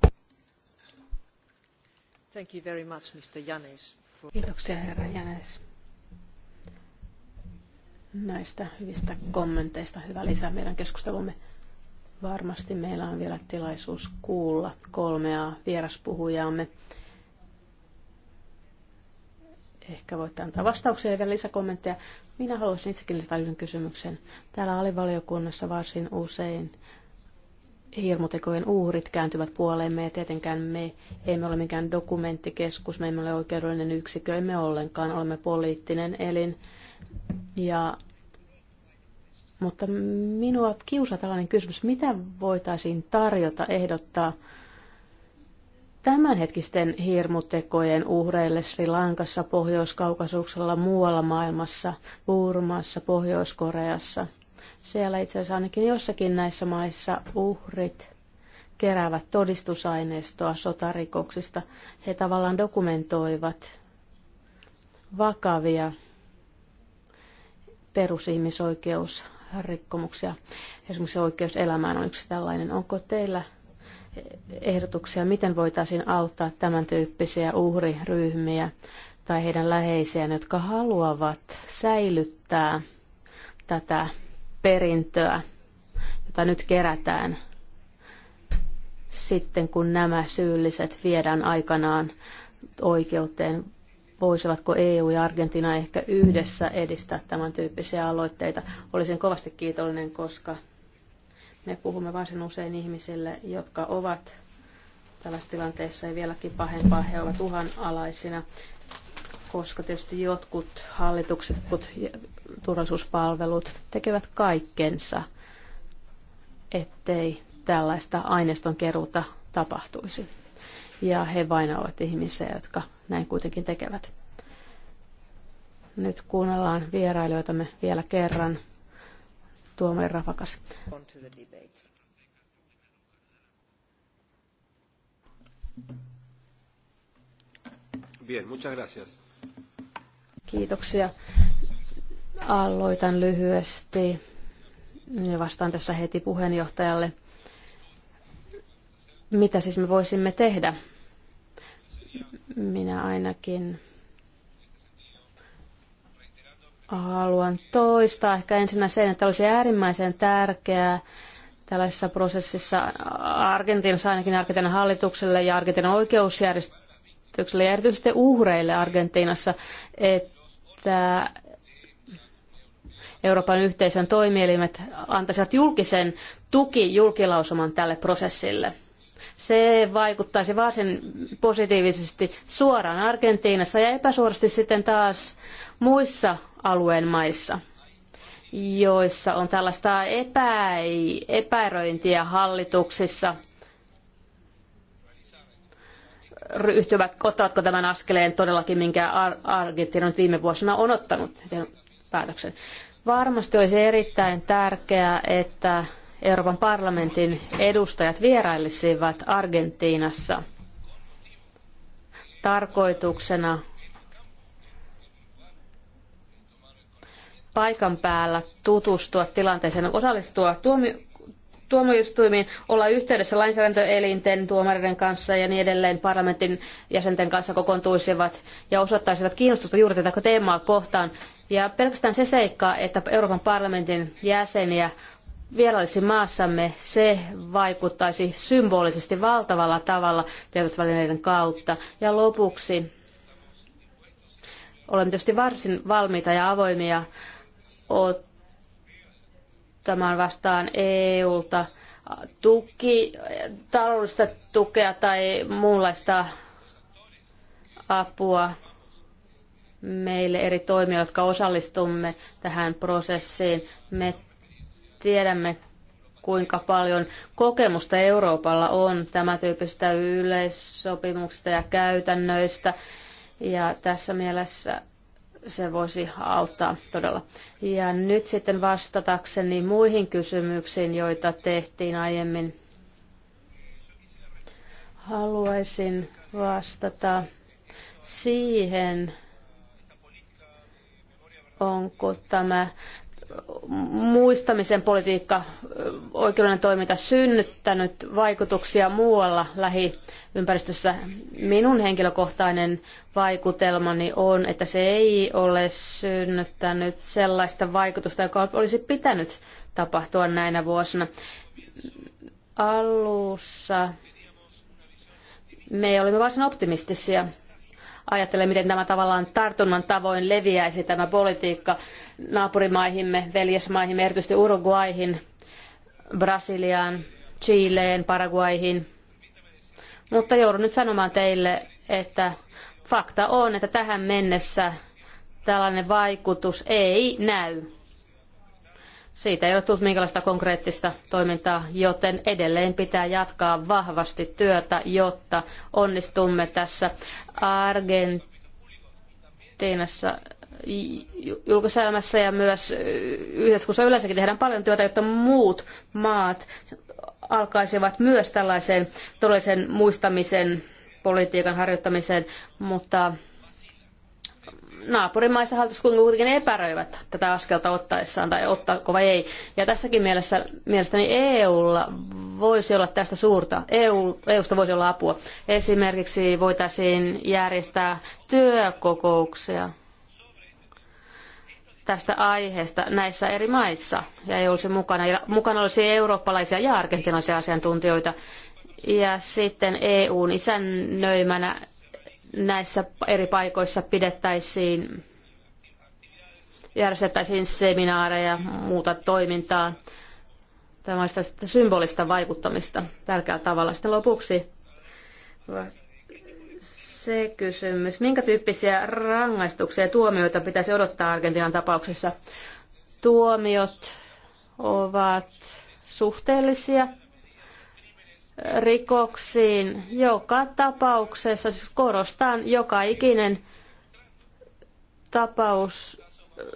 Thank you very much, Mr. Janes, for... Kiitoksia herra Janes näistä hyvistä kommenteista. Hyvä lisää meidän keskustelumme. Varmasti meillä on vielä tilaisuus kuulla kolmea vieraspuhujaamme. Ehkä voitte antaa vastauksia ja vielä lisäkommentteja. Minä haluaisin itsekin lisätä yhden kysymyksen. Täällä alivaliokunnassa varsin usein hirmutekojen uhrit kääntyvät puoleemme ja tietenkään me emme ole mikään dokumenttikeskus, me emme ole oikeudellinen yksikö, emme ollenkaan, olemme poliittinen elin. Ja mutta minua kiusaa tällainen kysymys, mitä voitaisiin tarjota, ehdottaa tämänhetkisten hirmutekojen uhreille Sri Lankassa, Pohjois-Kaukasuksella, muualla maailmassa, Burmassa, Pohjois-Koreassa. Siellä itse asiassa ainakin jossakin näissä maissa uhrit keräävät todistusaineistoa sotarikoksista. He tavallaan dokumentoivat vakavia perusihmisoikeus rikkomuksia. Esimerkiksi oikeus elämään on yksi tällainen. Onko teillä ehdotuksia, miten voitaisiin auttaa tämän tyyppisiä uhriryhmiä tai heidän läheisiään, jotka haluavat säilyttää tätä perintöä, jota nyt kerätään sitten, kun nämä syylliset viedään aikanaan oikeuteen voisivatko EU ja Argentina ehkä yhdessä edistää tämän tyyppisiä aloitteita. Olisin kovasti kiitollinen, koska me puhumme varsin usein ihmisille, jotka ovat tällaisessa tilanteessa ja vieläkin pahempaa, he ovat uhanalaisina, koska tietysti jotkut hallitukset, jotkut turvallisuuspalvelut tekevät kaikkensa, ettei tällaista aineiston keruuta tapahtuisi ja he vainoavat ihmisiä, jotka näin kuitenkin tekevät. Nyt kuunnellaan vierailijoitamme vielä kerran. Tuomari Rafakas. Bien, muchas gracias. Kiitoksia. Aloitan lyhyesti ja vastaan tässä heti puheenjohtajalle. Mitä siis me voisimme tehdä minä ainakin haluan toistaa ehkä ensinnä sen, että olisi äärimmäisen tärkeää tällaisessa prosessissa Argentiinassa ainakin Argentiinan hallitukselle ja Argentiinan oikeusjärjestykselle ja erityisesti uhreille Argentiinassa, että Euroopan yhteisön toimielimet antaisivat julkisen tuki julkilausuman tälle prosessille. Se vaikuttaisi varsin positiivisesti suoraan Argentiinassa ja epäsuorasti sitten taas muissa alueen maissa joissa on tällaista epä, epäröintiä hallituksissa, ryhtyvät, ottavatko tämän askeleen todellakin, minkä Argentiina nyt viime vuosina on ottanut päätöksen. Varmasti olisi erittäin tärkeää, että Euroopan parlamentin edustajat vierailisivat Argentiinassa tarkoituksena paikan päällä tutustua tilanteeseen, osallistua tuomi- tuomioistuimiin, olla yhteydessä lainsäädäntöelinten, tuomareiden kanssa ja niin edelleen parlamentin jäsenten kanssa kokoontuisivat ja osoittaisivat kiinnostusta juuri tätä teemaa kohtaan. Ja pelkästään se seikka, että Euroopan parlamentin jäseniä vierailisi maassamme, se vaikuttaisi symbolisesti valtavalla tavalla tiedotusvälineiden kautta. Ja lopuksi olemme tietysti varsin valmiita ja avoimia ottamaan vastaan EUlta tuki, taloudellista tukea tai muunlaista apua meille eri toimijoille, jotka osallistumme tähän prosessiin. Me tiedämme, kuinka paljon kokemusta Euroopalla on tämä tyyppistä yleissopimuksista ja käytännöistä. Ja tässä mielessä se voisi auttaa todella. Ja nyt sitten vastatakseni muihin kysymyksiin, joita tehtiin aiemmin. Haluaisin vastata siihen, onko tämä muistamisen politiikka, oikeudellinen toiminta synnyttänyt vaikutuksia muualla lähiympäristössä. Minun henkilökohtainen vaikutelmani on, että se ei ole synnyttänyt sellaista vaikutusta, joka olisi pitänyt tapahtua näinä vuosina. Alussa me olimme varsin optimistisia ajattelee, miten tämä tavallaan tartunnan tavoin leviäisi tämä politiikka naapurimaihimme, veljesmaihimme, erityisesti Uruguaihin, Brasiliaan, Chileen, Paraguayhin. Mutta joudun nyt sanomaan teille, että fakta on, että tähän mennessä tällainen vaikutus ei näy siitä ei ole tullut minkälaista konkreettista toimintaa, joten edelleen pitää jatkaa vahvasti työtä, jotta onnistumme tässä Argentiinassa julkiselämässä ja myös yhteiskunnassa yleensäkin tehdään paljon työtä, jotta muut maat alkaisivat myös tällaisen todellisen muistamisen politiikan harjoittamiseen, mutta naapurimaissa hallitus kuitenkin epäröivät tätä askelta ottaessaan tai ottaako vai ei. Ja tässäkin mielessä mielestäni EUlla voisi olla tästä suurta, EU, EUsta voisi olla apua. Esimerkiksi voitaisiin järjestää työkokouksia tästä aiheesta näissä eri maissa. Ja EU olisi mukana. Ja mukana olisi eurooppalaisia ja argentinalaisia asiantuntijoita. Ja sitten EUn isännöimänä näissä eri paikoissa pidettäisiin, järjestettäisiin seminaareja, muuta toimintaa. Tämä olisi tästä symbolista vaikuttamista tärkeällä tavalla. Sitten lopuksi se kysymys, minkä tyyppisiä rangaistuksia ja tuomioita pitäisi odottaa Argentiinan tapauksessa? Tuomiot ovat suhteellisia rikoksiin joka tapauksessa, siis korostan, joka ikinen tapaus äh,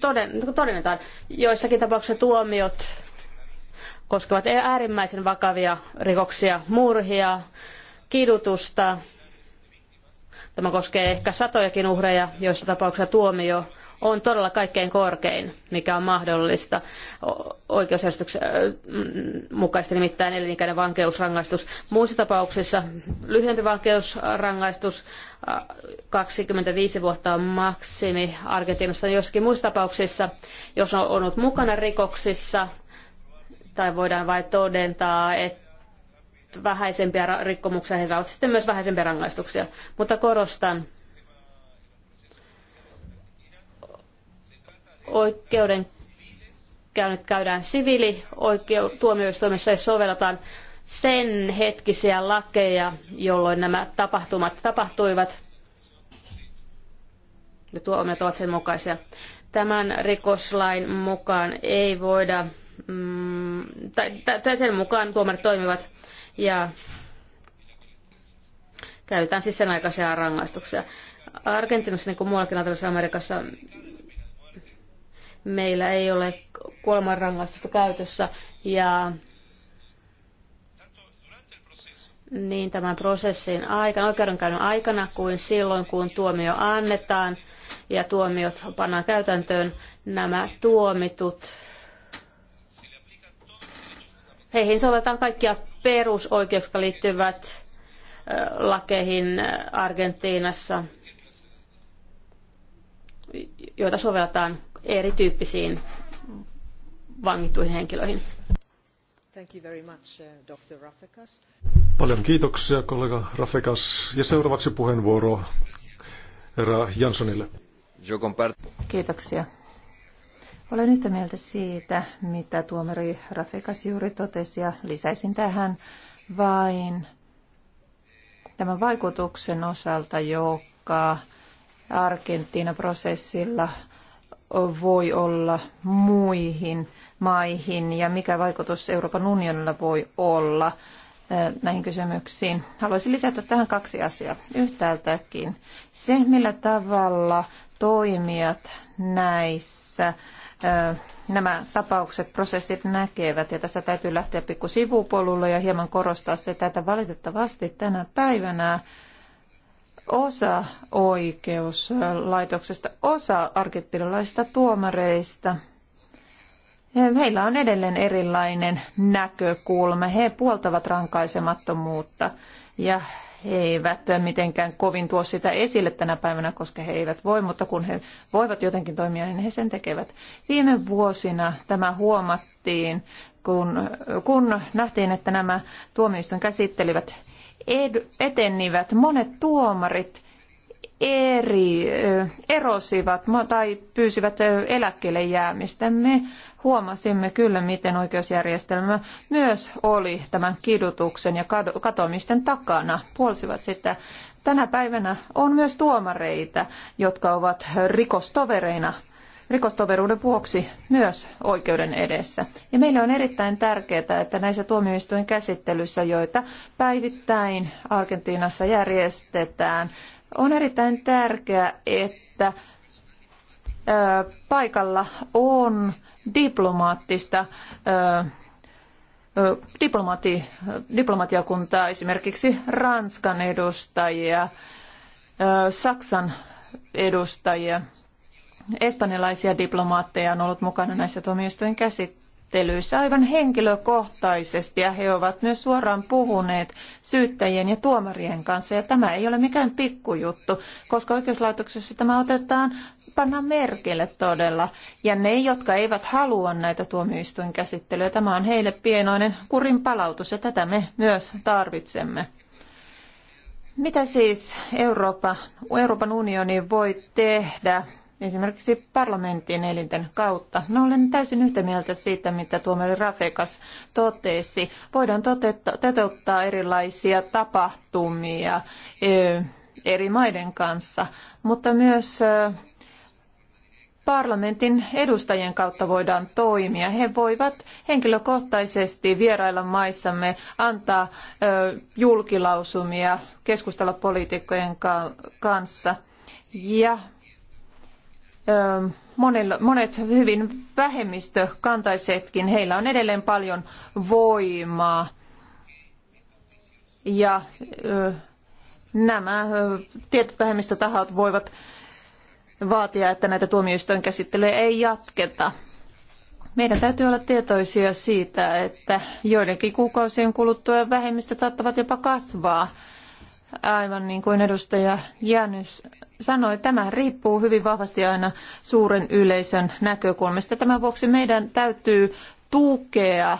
toden, todennetaan. Joissakin tapauksissa tuomiot koskevat e- äärimmäisen vakavia rikoksia, murhia, kidutusta. Tämä koskee ehkä satojakin uhreja, joissa tapauksessa tuomio on todella kaikkein korkein, mikä on mahdollista oikeusjärjestyksen mm, mukaisesti, nimittäin elinikäinen vankeusrangaistus. Muissa tapauksissa lyhyempi vankeusrangaistus, 25 vuotta on maksimi Argentiinassa. Niin Joskin muissa tapauksissa, jos on ollut mukana rikoksissa, tai voidaan vain todentaa, että vähäisempiä rikkomuksia he saavat sitten myös vähäisempiä rangaistuksia. Mutta korostan, oikeuden käynyt käydään siviilituomioistuimessa ja sovelletaan sen hetkisiä lakeja, jolloin nämä tapahtumat tapahtuivat. Ja tuomiot ovat sen mukaisia. Tämän rikoslain mukaan ei voida, mm, tai, tai sen mukaan tuomarit toimivat ja käytetään siis sen aikaisia rangaistuksia. Argentiinassa, niin kuin muuallakin Latinalaisessa Amerikassa, meillä ei ole kuolemanrangaistusta käytössä ja niin tämän prosessin aikana, oikeudenkäynnin aikana kuin silloin, kun tuomio annetaan ja tuomiot pannaan käytäntöön, nämä tuomitut, heihin sovelletaan kaikkia perusoikeuksia, jotka liittyvät lakeihin Argentiinassa, joita sovelletaan erityyppisiin vangittuihin henkilöihin. Thank you very much, uh, Dr. Paljon kiitoksia, kollega Rafekas. Ja seuraavaksi puheenvuoro herra Janssonille. Kiitoksia. Olen yhtä mieltä siitä, mitä tuomari Rafekas juuri totesi ja lisäisin tähän vain tämän vaikutuksen osalta, joka Argentiina-prosessilla voi olla muihin maihin ja mikä vaikutus Euroopan unionilla voi olla eh, näihin kysymyksiin. Haluaisin lisätä tähän kaksi asiaa yhtäältäkin. Se, millä tavalla toimijat näissä eh, nämä tapaukset, prosessit näkevät. Ja tässä täytyy lähteä pikku sivupolulle ja hieman korostaa sitä, että valitettavasti tänä päivänä osa oikeuslaitoksesta, osa argentinilaisista tuomareista, heillä on edelleen erilainen näkökulma. He puoltavat rankaisemattomuutta ja he eivät mitenkään kovin tuo sitä esille tänä päivänä, koska he eivät voi, mutta kun he voivat jotenkin toimia, niin he sen tekevät. Viime vuosina tämä huomattiin, kun, kun nähtiin, että nämä tuomioistuin käsittelivät etenivät, monet tuomarit eri, erosivat tai pyysivät eläkkeelle jäämistä. Me huomasimme kyllä, miten oikeusjärjestelmä myös oli tämän kidutuksen ja katoamisten takana, puolsivat sitä. Tänä päivänä on myös tuomareita, jotka ovat rikostovereina rikostoveruuden vuoksi myös oikeuden edessä. Ja meille on erittäin tärkeää, että näissä tuomioistuin käsittelyissä, joita päivittäin Argentiinassa järjestetään, on erittäin tärkeää, että paikalla on diplomaattista diplomaati, diplomatiakuntaa, esimerkiksi Ranskan edustajia, Saksan edustajia – espanjalaisia diplomaatteja on ollut mukana näissä tuomioistuin käsittelyissä aivan henkilökohtaisesti ja he ovat myös suoraan puhuneet syyttäjien ja tuomarien kanssa ja tämä ei ole mikään pikkujuttu, koska oikeuslaitoksessa tämä otetaan panna merkille todella. Ja ne, jotka eivät halua näitä tuomioistuinkäsittelyjä, tämä on heille pienoinen kurin palautus ja tätä me myös tarvitsemme. Mitä siis Eurooppa, Euroopan unioni voi tehdä esimerkiksi parlamenttien elinten kautta. No olen täysin yhtä mieltä siitä, mitä tuomari Rafekas totesi. Voidaan toteuttaa erilaisia tapahtumia eri maiden kanssa, mutta myös parlamentin edustajien kautta voidaan toimia. He voivat henkilökohtaisesti vierailla maissamme, antaa julkilausumia, keskustella poliitikkojen kanssa ja monet hyvin vähemmistökantaisetkin, heillä on edelleen paljon voimaa. Ja nämä tietyt vähemmistötahot voivat vaatia, että näitä tuomioistuin käsittelyä ei jatketa. Meidän täytyy olla tietoisia siitä, että joidenkin kuukausien kuluttua vähemmistöt saattavat jopa kasvaa aivan niin kuin edustaja Janys sanoi, tämä riippuu hyvin vahvasti aina suuren yleisön näkökulmasta. Tämän vuoksi meidän täytyy tukea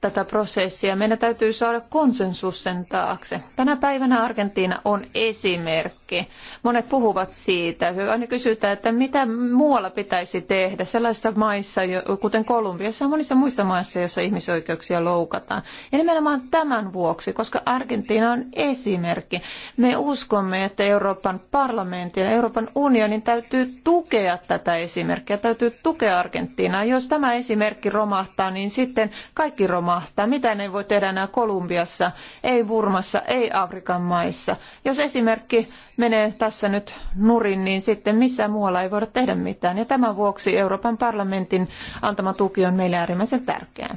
tätä prosessia. Meidän täytyy saada konsensus sen taakse. Tänä päivänä Argentiina on esimerkki. Monet puhuvat siitä. Aina kysytään, että mitä muualla pitäisi tehdä sellaisissa maissa, kuten Kolumbiassa ja monissa muissa maissa, joissa ihmisoikeuksia loukataan. Ja nimenomaan tämän vuoksi, koska Argentiina on esimerkki. Me uskomme, että Euroopan parlamentin ja Euroopan unionin täytyy tukea tätä esimerkkiä, täytyy tukea Argentiinaa. Jos tämä esimerkki romahtaa, niin sitten kaikki kaikki romahtaa. Mitä ne voi tehdä enää Kolumbiassa, ei Burmassa, ei Afrikan maissa. Jos esimerkki menee tässä nyt nurin, niin sitten missään muualla ei voida tehdä mitään. Ja tämän vuoksi Euroopan parlamentin antama tuki on meille äärimmäisen tärkeää.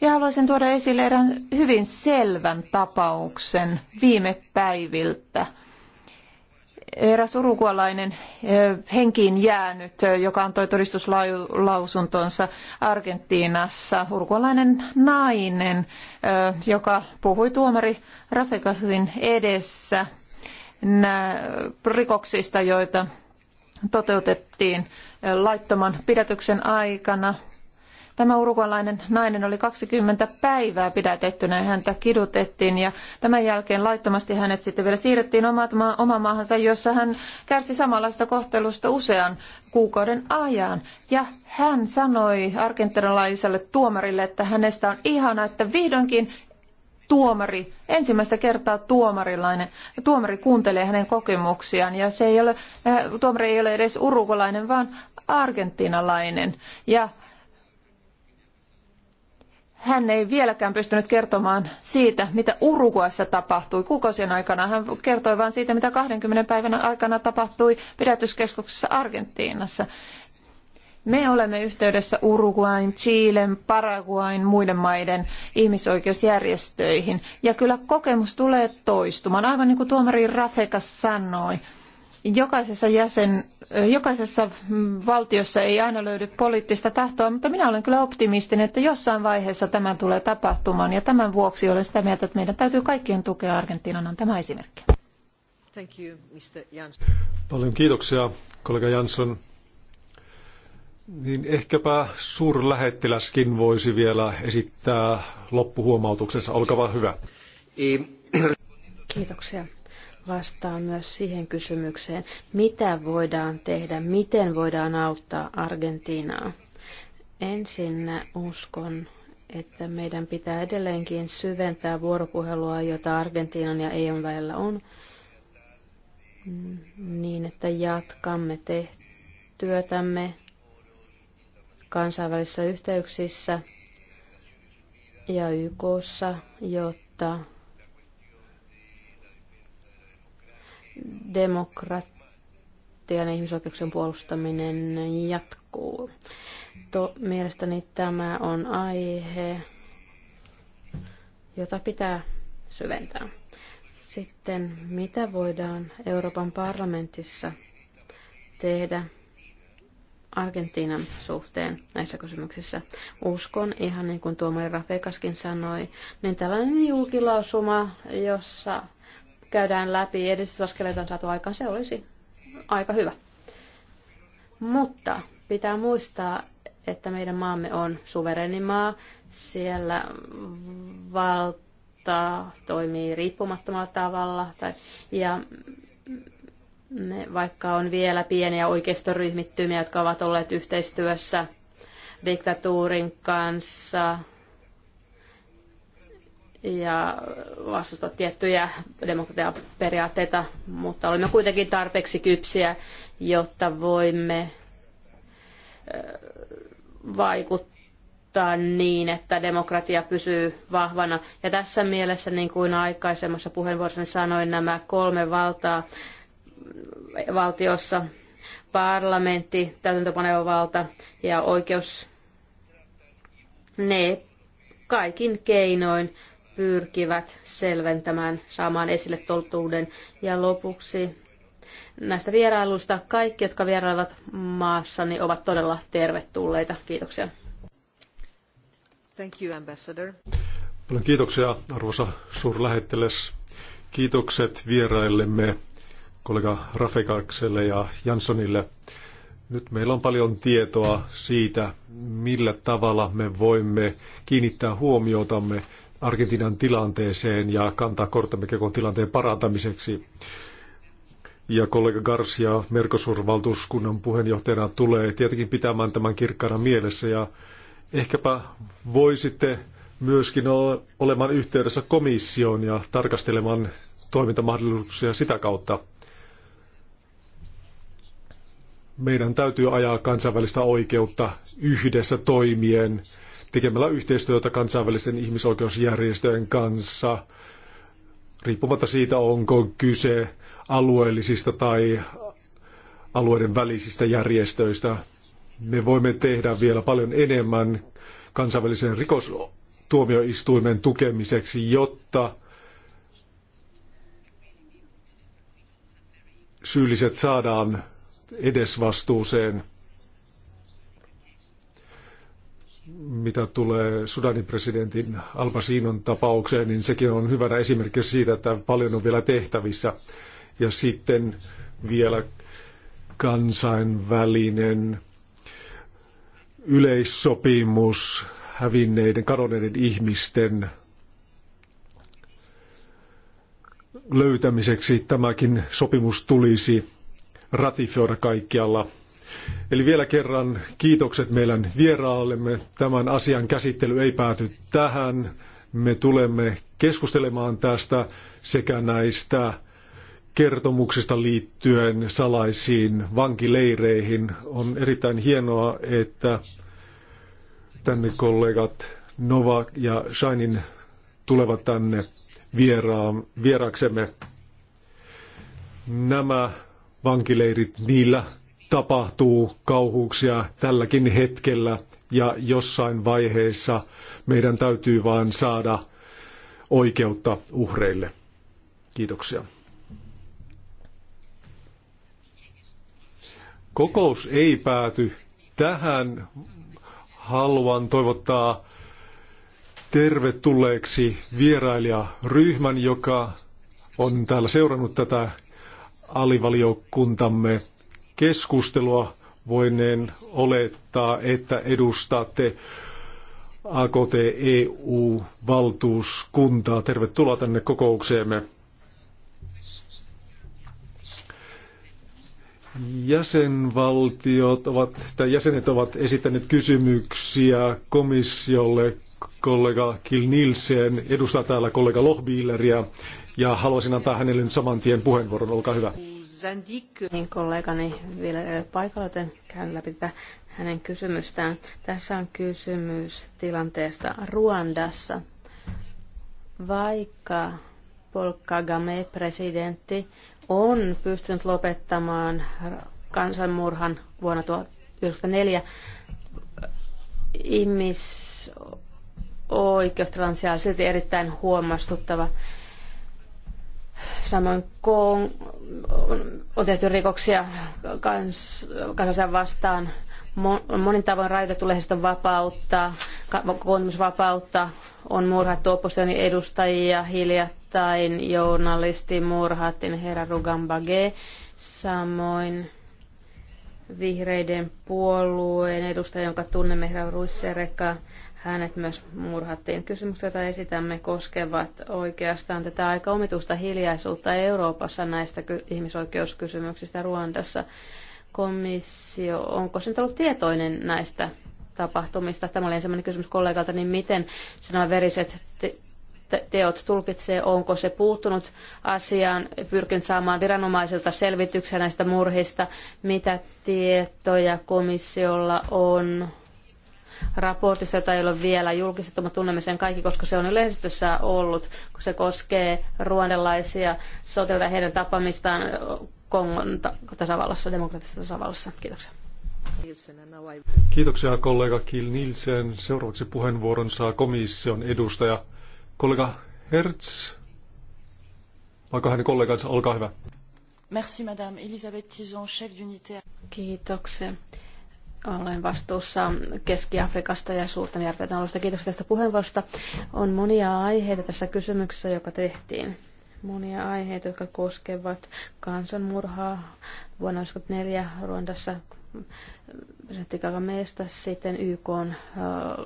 Ja haluaisin tuoda esille erään hyvin selvän tapauksen viime päiviltä eräs urukualainen henkiin jäänyt, joka antoi todistuslausuntonsa Argentiinassa, urukualainen nainen, joka puhui tuomari Rafekasin edessä rikoksista, joita toteutettiin laittoman pidätyksen aikana. Tämä urukalainen nainen oli 20 päivää pidätettynä ja häntä kidutettiin ja tämän jälkeen laittomasti hänet sitten vielä siirrettiin omat maa, oma maahansa, jossa hän kärsi samanlaista kohtelusta usean kuukauden ajan. Ja hän sanoi argentinalaiselle tuomarille, että hänestä on ihana, että vihdoinkin tuomari, ensimmäistä kertaa tuomarilainen, tuomari kuuntelee hänen kokemuksiaan ja se ei ole, äh, tuomari ei ole edes urukolainen, vaan argentinalainen. Ja hän ei vieläkään pystynyt kertomaan siitä, mitä Uruguassa tapahtui kuukausien aikana. Hän kertoi vain siitä, mitä 20 päivän aikana tapahtui pidätyskeskuksessa Argentiinassa. Me olemme yhteydessä Uruguain, Chilen, Paraguain, muiden maiden ihmisoikeusjärjestöihin. Ja kyllä kokemus tulee toistumaan, aivan niin kuin tuomari Rafekas sanoi. Jokaisessa, jäsen, jokaisessa valtiossa ei aina löydy poliittista tahtoa, mutta minä olen kyllä optimistinen, että jossain vaiheessa tämä tulee tapahtumaan. Ja tämän vuoksi olen sitä mieltä, että meidän täytyy kaikkien tukea Argentiinan on tämä esimerkki. Thank you, Mr. Jansson. Paljon kiitoksia, kollega Jansson. Niin ehkäpä suurlähettiläskin voisi vielä esittää loppuhuomautuksensa. Olkaa hyvä. Kiitoksia vastaan myös siihen kysymykseen, mitä voidaan tehdä, miten voidaan auttaa Argentiinaa. Ensin uskon, että meidän pitää edelleenkin syventää vuoropuhelua, jota Argentiinan ja EUn välillä on, niin että jatkamme te työtämme kansainvälisissä yhteyksissä ja YKssa, jotta demokratian ja ihmisoikeuksien puolustaminen jatkuu. To, mielestäni tämä on aihe, jota pitää syventää. Sitten mitä voidaan Euroopan parlamentissa tehdä Argentiinan suhteen näissä kysymyksissä. Uskon, ihan niin kuin tuomari Rafekaskin sanoi, niin tällainen julkilausuma, jossa käydään läpi, edistysaskeleita on saatu aikaan, se olisi aika hyvä. Mutta pitää muistaa, että meidän maamme on suvereni maa. Siellä valta toimii riippumattomalla tavalla. Tai, ja me, vaikka on vielä pieniä oikeistoryhmittymiä, jotka ovat olleet yhteistyössä diktatuurin kanssa, ja vastustaa tiettyjä demokratiaperiaatteita, mutta olemme kuitenkin tarpeeksi kypsiä, jotta voimme vaikuttaa niin, että demokratia pysyy vahvana. Ja tässä mielessä, niin kuin aikaisemmassa puheenvuorossani sanoin, nämä kolme valtaa valtiossa, parlamentti, täytäntöpaneva valta ja oikeus, ne kaikin keinoin pyrkivät selventämään, saamaan esille toltuuden. Ja lopuksi näistä vierailuista kaikki, jotka vierailevat maassani, niin ovat todella tervetulleita. Kiitoksia. Thank you, Ambassador. Paljon kiitoksia, arvoisa suurlähettiläs. Kiitokset vieraillemme kollega Rafekakselle ja Janssonille. Nyt meillä on paljon tietoa siitä, millä tavalla me voimme kiinnittää huomiotamme Argentiinan tilanteeseen ja kantaa korttamme koko tilanteen parantamiseksi. Ja kollega Garcia Mercosur-valtuuskunnan puheenjohtajana tulee tietenkin pitämään tämän kirkkaana mielessä ja ehkäpä voisitte myöskin ole, olemaan yhteydessä komissioon ja tarkastelemaan toimintamahdollisuuksia sitä kautta. Meidän täytyy ajaa kansainvälistä oikeutta yhdessä toimien tekemällä yhteistyötä kansainvälisten ihmisoikeusjärjestöjen kanssa, riippumatta siitä, onko kyse alueellisista tai alueiden välisistä järjestöistä. Me voimme tehdä vielä paljon enemmän kansainvälisen rikostuomioistuimen tukemiseksi, jotta syylliset saadaan edesvastuuseen. mitä tulee Sudanin presidentin Alba Siinon tapaukseen, niin sekin on hyvänä esimerkki siitä, että paljon on vielä tehtävissä. Ja sitten vielä kansainvälinen yleissopimus hävinneiden, kadonneiden ihmisten löytämiseksi. Tämäkin sopimus tulisi ratifioida kaikkialla Eli vielä kerran kiitokset meidän vieraallemme. Tämän asian käsittely ei pääty tähän. Me tulemme keskustelemaan tästä sekä näistä kertomuksista liittyen salaisiin vankileireihin. On erittäin hienoa, että tänne kollegat Novak ja Shainin tulevat tänne vieraan, vieraksemme. Nämä vankileirit, niillä tapahtuu kauhuuksia tälläkin hetkellä ja jossain vaiheessa meidän täytyy vain saada oikeutta uhreille. Kiitoksia. Kokous ei pääty tähän. Haluan toivottaa tervetulleeksi vierailijaryhmän, joka on täällä seurannut tätä alivaliokuntamme keskustelua voineen olettaa, että edustatte AKT EU-valtuuskuntaa. Tervetuloa tänne kokoukseemme. Jäsenvaltiot ovat, tai jäsenet ovat esittäneet kysymyksiä komissiolle. Kollega Kil Nielsen edustaa täällä kollega Lohbilleria ja haluaisin antaa hänelle nyt saman tien puheenvuoron. Olkaa hyvä. Niin kollegani vielä paikalla, joten käyn läpi tätä hänen kysymystään. Tässä on kysymys tilanteesta Ruandassa. Vaikka Paul Kagame, presidentti, on pystynyt lopettamaan kansanmurhan vuonna 1994, ihmisoikeustilanne on silti erittäin huomastuttava. Samoin Kong, on tehty rikoksia kans, kansalaisia vastaan. Monin tavoin rajoitettu lehdistön vapautta, kokoontumisvapautta, on murhattu opposition edustajia hiljattain, journalisti murhattiin herra Rugambage, samoin vihreiden puolueen edustaja, jonka tunnemme herra Ruissereka, hänet myös murhattiin. Kysymykset, joita esitämme, koskevat oikeastaan tätä aika omituista hiljaisuutta Euroopassa näistä ihmisoikeuskysymyksistä Ruandassa. Komissio, onko se nyt ollut tietoinen näistä tapahtumista? Tämä oli ensimmäinen kysymys kollegalta, niin miten sinä veriset te- teot tulkitsee, onko se puuttunut asiaan, pyrkin saamaan viranomaisilta selvityksiä näistä murhista, mitä tietoja komissiolla on raportista, jota ei ole vielä julkistettu, mutta tunnemme sen kaikki, koska se on jo lehdistössä ollut, kun se koskee ruandalaisia sotilaita heidän tapaamistaan Kongon tasavallassa, demokraattisessa tasavallassa. Kiitoksia. Kiitoksia kollega Kil Nielsen. Seuraavaksi puheenvuoron saa komission edustaja. Kollega Hertz, vaikka hänen kollegansa, olkaa hyvä. Merci madame Elisabeth Tison, chef d'unité. Kiitoksia. Olen vastuussa Keski-Afrikasta ja Suurten järven alusta. Kiitos tästä puheenvuorosta. On monia aiheita tässä kysymyksessä, joka tehtiin. Monia aiheita, jotka koskevat kansanmurhaa vuonna 1994 Ruandassa presidentti Kagameesta, sitten YK äh,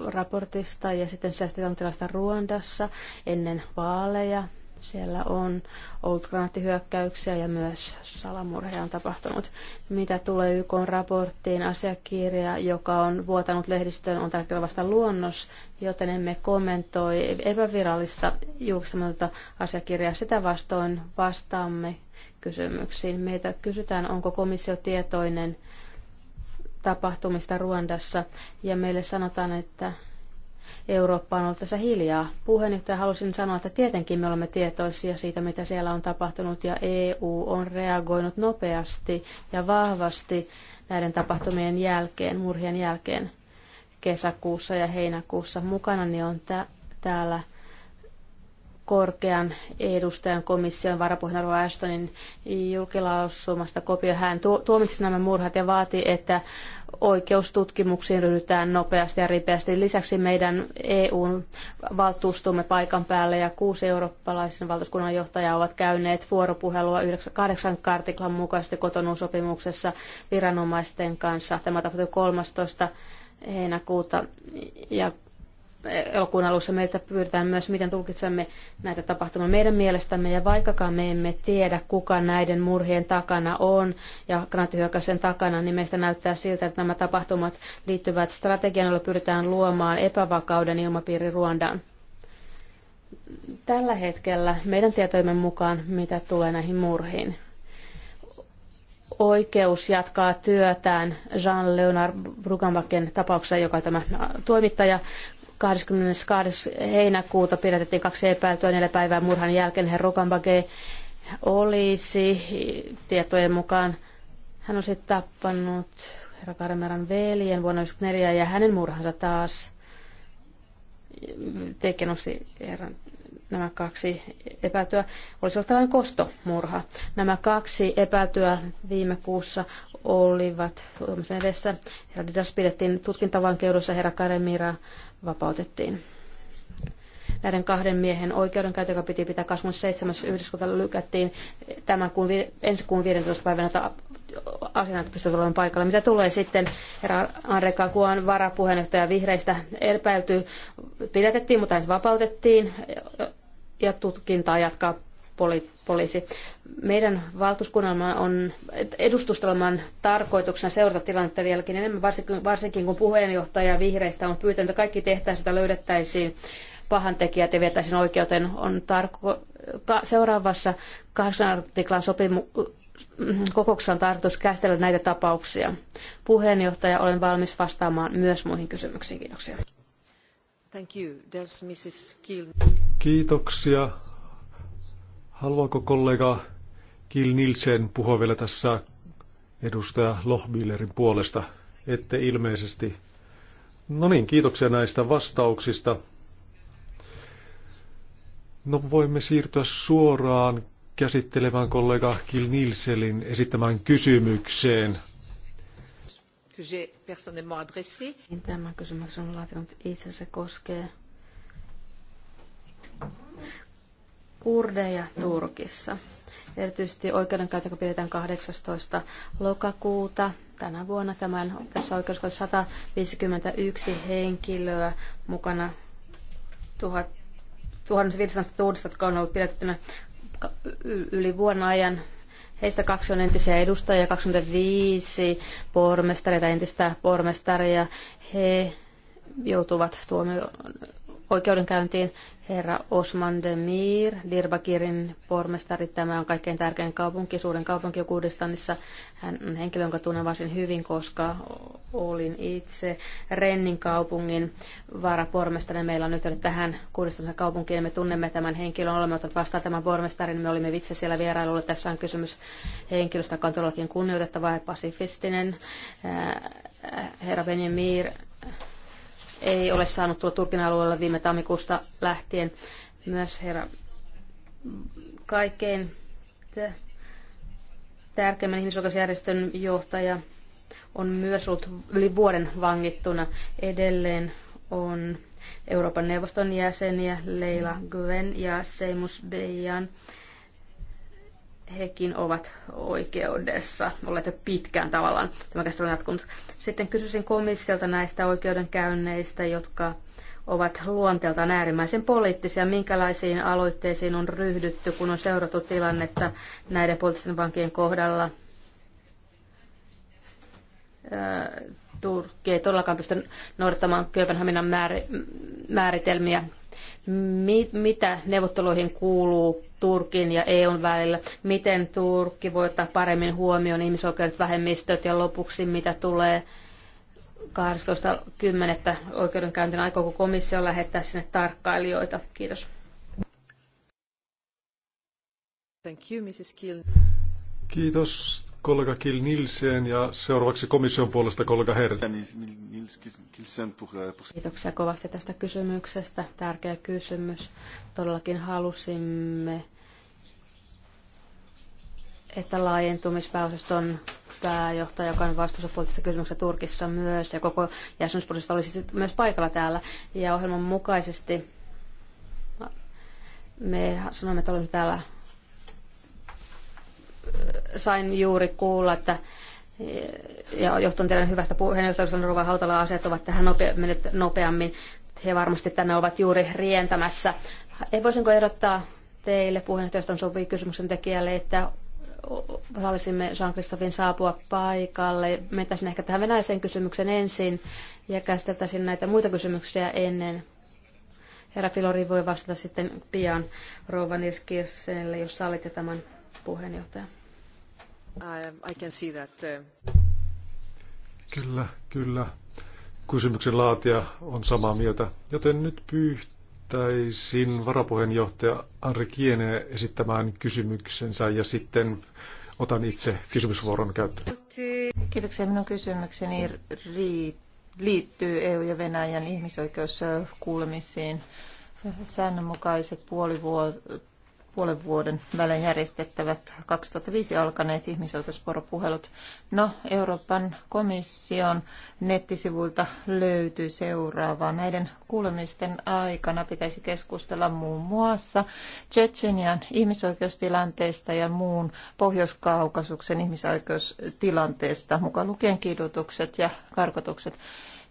raportista ja sitten säästötilanteesta Ruandassa ennen vaaleja siellä on ollut granaattihyökkäyksiä ja myös salamurheja on tapahtunut. Mitä tulee YK raporttiin, asiakirja, joka on vuotanut lehdistöön, on tällä vasta luonnos, joten emme kommentoi epävirallista julkistamatonta asiakirjaa. Sitä vastoin vastaamme kysymyksiin. Meitä kysytään, onko komissio tietoinen tapahtumista Ruandassa, ja meille sanotaan, että Eurooppa on ollut tässä hiljaa. Puheenjohtaja halusin sanoa, että tietenkin me olemme tietoisia siitä, mitä siellä on tapahtunut, ja EU on reagoinut nopeasti ja vahvasti näiden tapahtumien jälkeen, murhien jälkeen kesäkuussa ja heinäkuussa. Mukana niin on täällä korkean edustajan komission varapuheenjohtaja Ashtonin julkilausumasta kopio. Hän tuomitsi nämä murhat ja vaati, että oikeustutkimuksiin ryhdytään nopeasti ja ripeästi. Lisäksi meidän EUn valtuustumme paikan päälle ja kuusi eurooppalaisen valtuuskunnan johtajaa ovat käyneet vuoropuhelua kahdeksan artiklan mukaisesti kotonuusopimuksessa viranomaisten kanssa. Tämä tapahtui 13 heinäkuuta ja elokuun alussa meiltä pyydetään myös, miten tulkitsemme näitä tapahtumia meidän mielestämme, ja vaikkakaan me emme tiedä, kuka näiden murhien takana on ja kanaattihyökkäyksen takana, niin meistä näyttää siltä, että nämä tapahtumat liittyvät strategian jolla pyritään luomaan epävakauden ilmapiiri Ruandaan. Tällä hetkellä meidän tietoimme mukaan, mitä tulee näihin murhiin, oikeus jatkaa työtään Jean-Leonard Bruganbaken tapauksessa, joka on tämä toimittaja, 22. heinäkuuta pidätettiin kaksi epäiltyä neljä päivää murhan jälkeen. Herr Rokambage olisi tietojen mukaan, hän olisi tappanut herra Karmeran veljen vuonna 1994 ja hänen murhansa taas tekenosi herran nämä kaksi epäiltyä ollut tällainen kostomurha. Nämä kaksi epäiltyä viime kuussa olivat tuomisen edessä. Herra Didas pidettiin tutkintavankeudessa, herra Karemira vapautettiin. Näiden kahden miehen oikeudenkäynti, joka piti pitää 27.9. lykättiin tämän kuun, ensi kuun 15. päivänä asianajat pystyvät olemaan paikalla. Mitä tulee sitten, herra Andre Kakuan varapuheenjohtaja vihreistä epäilty, pidätettiin, mutta hänet vapautettiin ja tutkintaa jatkaa poli- poliisi. Meidän valtuuskunnallamme on edustustelman tarkoituksena seurata tilannetta vieläkin enemmän, varsinkin, varsinkin kun puheenjohtaja vihreistä on pyytänyt, että kaikki tehtäisiin, sitä löydettäisiin pahantekijät ja vietäisiin oikeuteen. On tarko- ka- seuraavassa 8 artiklan sopimu- kokouksessa on tarkoitus käsitellä näitä tapauksia. Puheenjohtaja, olen valmis vastaamaan myös muihin kysymyksiin. Kiitoksia. Thank you. Does Mrs. Kiitoksia. Haluaako kollega Kill Nielsen puhua vielä tässä edustaja Lohbillerin puolesta? Ette ilmeisesti. No niin, kiitoksia näistä vastauksista. No voimme siirtyä suoraan käsittelemään kollega Kil Nielselin esittämään kysymykseen que j'ai personnellement adressée. Niin tämä kysymys on laatinut itsensä koskee kurdeja Turkissa. Erityisesti oikeudenkäytökö pidetään 18. lokakuuta tänä vuonna. Tämän, tässä oikeudessa 151 henkilöä mukana 1000, 1500 uudesta, jotka on ollut pidettynä yli vuonna ajan Heistä kaksi on entisiä edustajia, 25 tai entistä pormestaria. He joutuvat tuomioon oikeudenkäyntiin. Herra Osman Demir, Dirbakirin pormestari, tämä on kaikkein tärkein kaupunki, suuren kaupunki Kurdistanissa. Hän on henkilö, jonka tunnen varsin hyvin, koska olin itse Rennin kaupungin varapormestari. Meillä on nyt tähän Kurdistanissa kaupunkiin, me tunnemme tämän henkilön, olemme ottaneet vastaan tämän pormestarin, me olimme itse siellä vierailulla. Tässä on kysymys henkilöstä, joka on todellakin kunnioitettava ja pasifistinen. Herra Benjamir ei ole saanut tulla Turkin alueella viime tammikuusta lähtien. Myös herra kaikkein tärkeimmän ihmisoikeusjärjestön johtaja on myös ollut yli vuoden vangittuna. Edelleen on Euroopan neuvoston jäseniä Leila Gwen ja Seimus Beijan hekin ovat oikeudessa olleet jo pitkään tavallaan. Tämä käsittely on jatkunut. Sitten kysyisin komissiolta näistä oikeudenkäynneistä, jotka ovat luonteeltaan äärimmäisen poliittisia. Minkälaisiin aloitteisiin on ryhdytty, kun on seurattu tilannetta näiden poliittisten vankien kohdalla? Turkki ei todellakaan pysty noudattamaan Kööpenhaminan määritelmiä. mitä neuvotteluihin kuuluu Turkin ja EUn välillä, miten Turkki voi ottaa paremmin huomioon ihmisoikeudet, vähemmistöt ja lopuksi mitä tulee 12.10. oikeudenkäyntinä aikooko komissio lähettää sinne tarkkailijoita. Kiitos. Thank you, Mrs. Kiel. Kiitos kollega Kil Nilsen ja seuraavaksi komission puolesta kollega Herr. Kiitoksia kovasti tästä kysymyksestä. Tärkeä kysymys. Todellakin halusimme että laajentumispääosaston pääjohtaja, joka on vastuussa poliittisessa kysymyksessä Turkissa myös, ja koko jäsenyysprosessista oli sitten myös paikalla täällä. Ja ohjelman mukaisesti me sanoimme, että olemme täällä, sain juuri kuulla, että ja johtuen teidän hyvästä puheenjohtajuudesta Ruva Hautala asiat ovat tähän nopeammin. He varmasti tänne ovat juuri rientämässä. Voisinko ehdottaa teille puheenjohtajaston sopii kysymyksen tekijälle, että Haluaisimme Jean-Christophin saapua paikalle. Mentäisin ehkä tähän venäläiseen kysymykseen ensin ja käsiteltäisiin näitä muita kysymyksiä ennen. Herra Filori voi vastata sitten pian Rouva Nils Kirsenille, jos sallitte tämän puheenjohtaja. Uh, I can see that. Uh, kyllä, kyllä. Kysymyksen laatija on samaa mieltä, joten nyt pyyhtää pyytäisin varapuheenjohtaja Anri Kiene esittämään kysymyksensä ja sitten otan itse kysymysvuoron käyttöön. Kiitoksia. Minun kysymykseni liittyy EU- ja Venäjän ihmisoikeuskuulemisiin. Säännönmukaiset vuotta puolen vuoden välein järjestettävät 2005 alkaneet ihmisoikeusvuoropuhelut. No, Euroopan komission nettisivuilta löytyy seuraavaa. Näiden kuulemisten aikana pitäisi keskustella muun muassa Tsetsenian ihmisoikeustilanteesta ja muun Pohjois-Kaukasuksen ihmisoikeustilanteesta, mukaan lukien kidutukset ja karkotukset.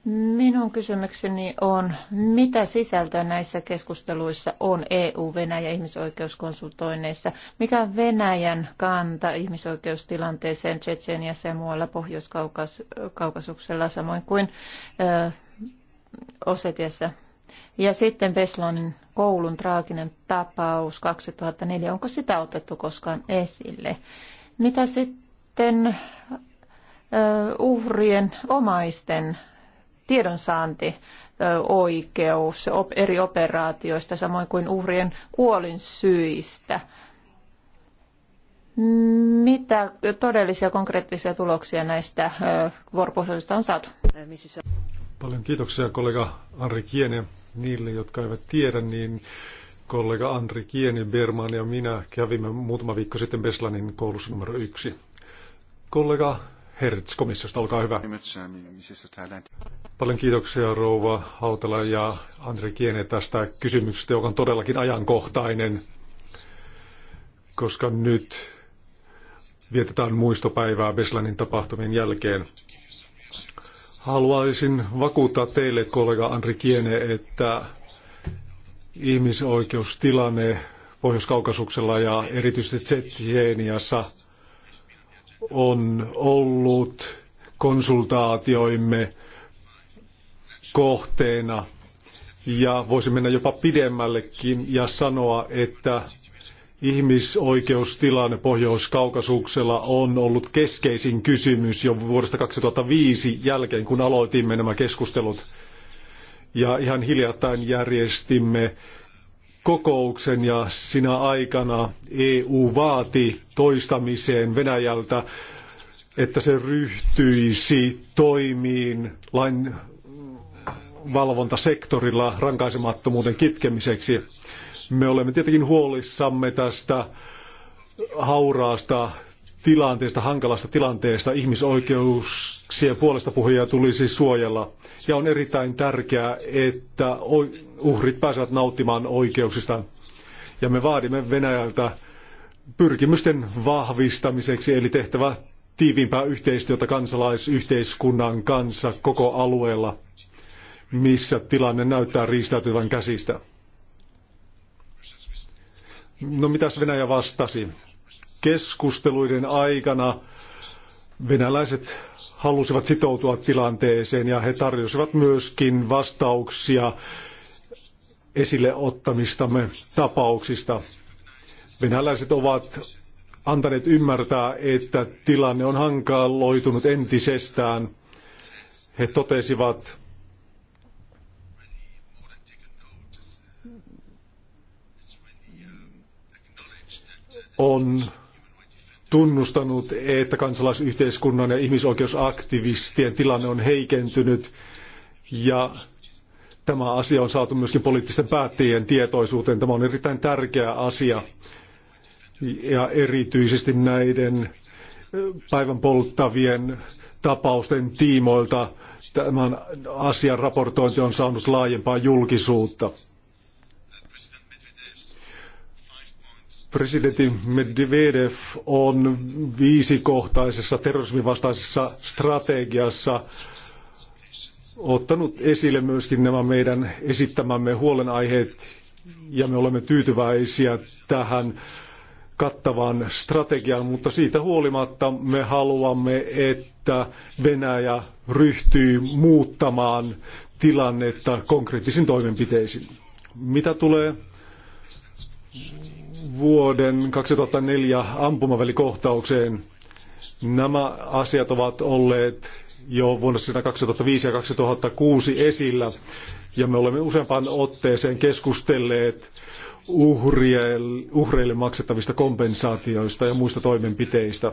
Minun kysymykseni on, mitä sisältöä näissä keskusteluissa on EU-Venäjä ihmisoikeuskonsultoinneissa? Mikä on Venäjän kanta ihmisoikeustilanteeseen Tsetseniassa ja muualla Pohjois-Kaukasuksella, samoin kuin ö, Osetiassa? Ja sitten Veslonin koulun traaginen tapaus 2004, onko sitä otettu koskaan esille? Mitä sitten uhrien omaisten tiedonsaanti oikeus eri operaatioista, samoin kuin uhrien kuolin syistä. Mitä todellisia konkreettisia tuloksia näistä vuoropuhelusta on saatu? Paljon kiitoksia kollega Anri Kiene. Niille, jotka eivät tiedä, niin kollega Anri Kieni, Berman ja minä kävimme muutama viikko sitten Beslanin koulussa numero yksi. Kollega Hertz komissiosta, olkaa hyvä. Um, Paljon kiitoksia rouva Hautala ja Andri Kiene tästä kysymyksestä, joka on todellakin ajankohtainen, koska nyt vietetään muistopäivää Beslanin tapahtumien jälkeen. Haluaisin vakuuttaa teille, kollega Andri Kiene, että ihmisoikeustilanne Pohjois-Kaukasuksella ja erityisesti Tsetjeeniassa – on ollut konsultaatioimme kohteena ja voisi mennä jopa pidemmällekin ja sanoa, että ihmisoikeustilanne Pohjois-Kaukasuksella on ollut keskeisin kysymys jo vuodesta 2005 jälkeen, kun aloitimme nämä keskustelut. Ja ihan hiljattain järjestimme kokouksen ja sinä aikana EU vaati toistamiseen Venäjältä, että se ryhtyisi toimiin lain valvontasektorilla rankaisemattomuuden kitkemiseksi. Me olemme tietenkin huolissamme tästä hauraasta tilanteesta, hankalasta tilanteesta ihmisoikeuksien puolesta puhujia tulisi suojella. Ja on erittäin tärkeää, että uhrit pääsevät nauttimaan oikeuksista Ja me vaadimme Venäjältä pyrkimysten vahvistamiseksi, eli tehtävä tiiviimpää yhteistyötä kansalaisyhteiskunnan kanssa koko alueella, missä tilanne näyttää riistäytyvän käsistä. No mitäs Venäjä vastasi? keskusteluiden aikana venäläiset halusivat sitoutua tilanteeseen ja he tarjosivat myöskin vastauksia esille ottamistamme tapauksista. Venäläiset ovat antaneet ymmärtää, että tilanne on hankaloitunut entisestään. He totesivat, on tunnustanut, että kansalaisyhteiskunnan ja ihmisoikeusaktivistien tilanne on heikentynyt ja tämä asia on saatu myöskin poliittisten päättäjien tietoisuuteen. Tämä on erittäin tärkeä asia ja erityisesti näiden päivän polttavien tapausten tiimoilta tämän asian raportointi on saanut laajempaa julkisuutta. presidentti Medvedev on viisikohtaisessa terrorismivastaisessa strategiassa ottanut esille myöskin nämä meidän esittämämme huolenaiheet ja me olemme tyytyväisiä tähän kattavaan strategiaan, mutta siitä huolimatta me haluamme, että Venäjä ryhtyy muuttamaan tilannetta konkreettisin toimenpiteisiin. Mitä tulee vuoden 2004 ampumavälikohtaukseen. Nämä asiat ovat olleet jo vuonna 2005 ja 2006 esillä, ja me olemme useampaan otteeseen keskustelleet uhreille maksettavista kompensaatioista ja muista toimenpiteistä.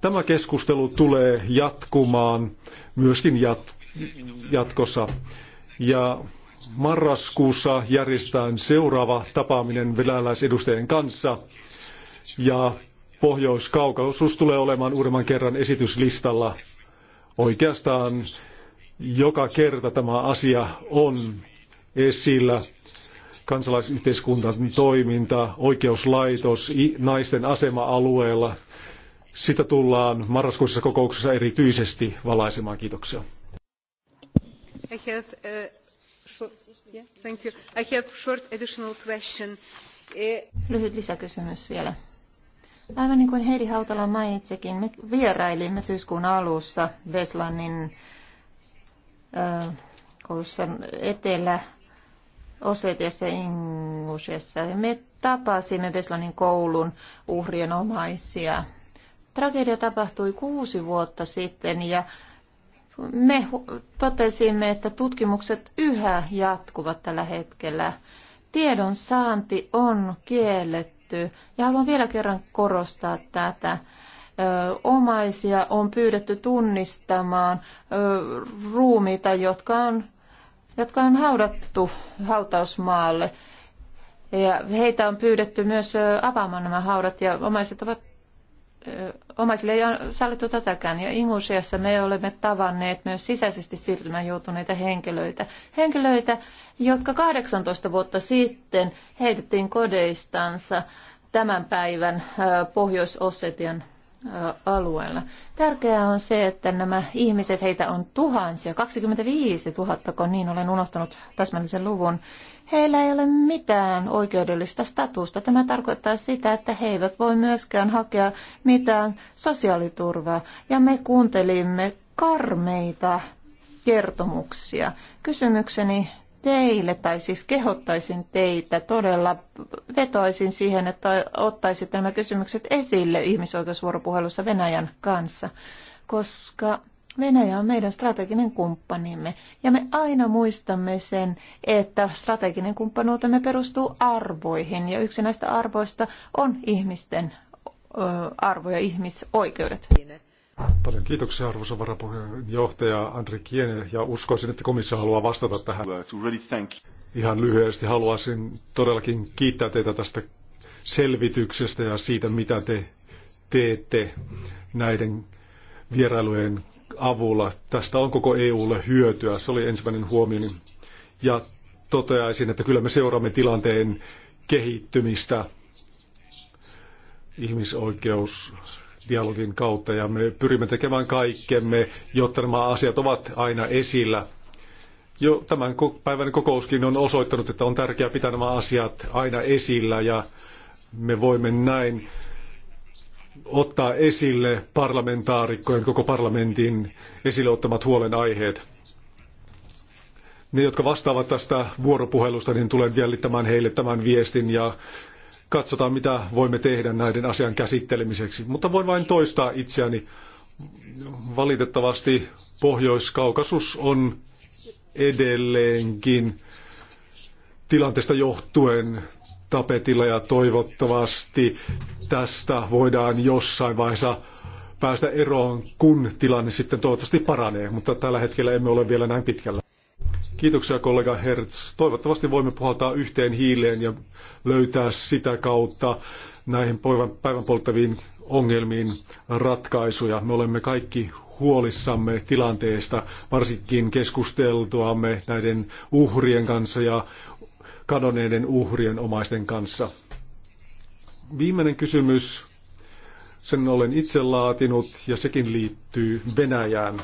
Tämä keskustelu tulee jatkumaan myöskin jat- jatkossa, ja marraskuussa järjestetään seuraava tapaaminen venäläisedustajien kanssa. Ja Pohjois-Kaukaisuus tulee olemaan uudemman kerran esityslistalla. Oikeastaan joka kerta tämä asia on esillä. Kansalaisyhteiskunnan toiminta, oikeuslaitos, naisten asema alueella. Sitä tullaan marraskuisessa kokouksessa erityisesti valaisemaan. Kiitoksia. Lyhyt lisäkysymys vielä. Aivan niin kuin Heidi Hautala mainitsikin, me vierailimme syyskuun alussa Veslannin äh, koulussa etelä Osetiassa Ingusessa. Me tapasimme Veslanin koulun uhrien omaisia. Tragedia tapahtui kuusi vuotta sitten ja me totesimme, että tutkimukset yhä jatkuvat tällä hetkellä. Tiedon saanti on kielletty ja haluan vielä kerran korostaa tätä. Omaisia on pyydetty tunnistamaan ruumiita, jotka on, jotka on haudattu hautausmaalle. Ja heitä on pyydetty myös avaamaan nämä haudat ja omaiset ovat omaisille ei ole sallittu tätäkään. Ja Ingusiassa me olemme tavanneet myös sisäisesti siirtymään joutuneita henkilöitä. Henkilöitä, jotka 18 vuotta sitten heitettiin kodeistansa tämän päivän Pohjois-Ossetian alueella. Tärkeää on se, että nämä ihmiset, heitä on tuhansia, 25 000, kun niin olen unohtanut täsmällisen luvun, heillä ei ole mitään oikeudellista statusta. Tämä tarkoittaa sitä, että he eivät voi myöskään hakea mitään sosiaaliturvaa. Ja me kuuntelimme karmeita kertomuksia. Kysymykseni teille, tai siis kehottaisin teitä, todella vetoisin siihen, että ottaisitte nämä kysymykset esille ihmisoikeusvuoropuhelussa Venäjän kanssa, koska Venäjä on meidän strateginen kumppanimme ja me aina muistamme sen, että strateginen kumppanuutemme perustuu arvoihin ja yksi näistä arvoista on ihmisten arvoja, ihmisoikeudet. Paljon kiitoksia arvoisa varapuheenjohtaja Andri Kiene ja uskoisin, että komissio haluaa vastata tähän. Ihan lyhyesti haluaisin todellakin kiittää teitä tästä selvityksestä ja siitä, mitä te teette näiden vierailujen avulla. Tästä on koko EUlle hyötyä. Se oli ensimmäinen huomioni. Ja toteaisin, että kyllä me seuraamme tilanteen kehittymistä ihmisoikeus dialogin kautta ja me pyrimme tekemään kaikkemme, jotta nämä asiat ovat aina esillä. Jo tämän päivän kokouskin on osoittanut, että on tärkeää pitää nämä asiat aina esillä ja me voimme näin ottaa esille parlamentaarikkojen, koko parlamentin esille ottamat huolenaiheet. Ne, jotka vastaavat tästä vuoropuhelusta, niin tulen jäljittämään heille tämän viestin ja katsotaan, mitä voimme tehdä näiden asian käsittelemiseksi. Mutta voin vain toistaa itseäni. Valitettavasti Pohjois-Kaukasus on edelleenkin tilanteesta johtuen tapetilla ja toivottavasti tästä voidaan jossain vaiheessa päästä eroon, kun tilanne sitten toivottavasti paranee, mutta tällä hetkellä emme ole vielä näin pitkällä. Kiitoksia kollega Hertz. Toivottavasti voimme puhaltaa yhteen hiileen ja löytää sitä kautta näihin päivän polttaviin ongelmiin ratkaisuja. Me olemme kaikki huolissamme tilanteesta, varsinkin keskusteltuamme näiden uhrien kanssa ja kadonneiden uhrien omaisten kanssa. Viimeinen kysymys, sen olen itse laatinut ja sekin liittyy Venäjään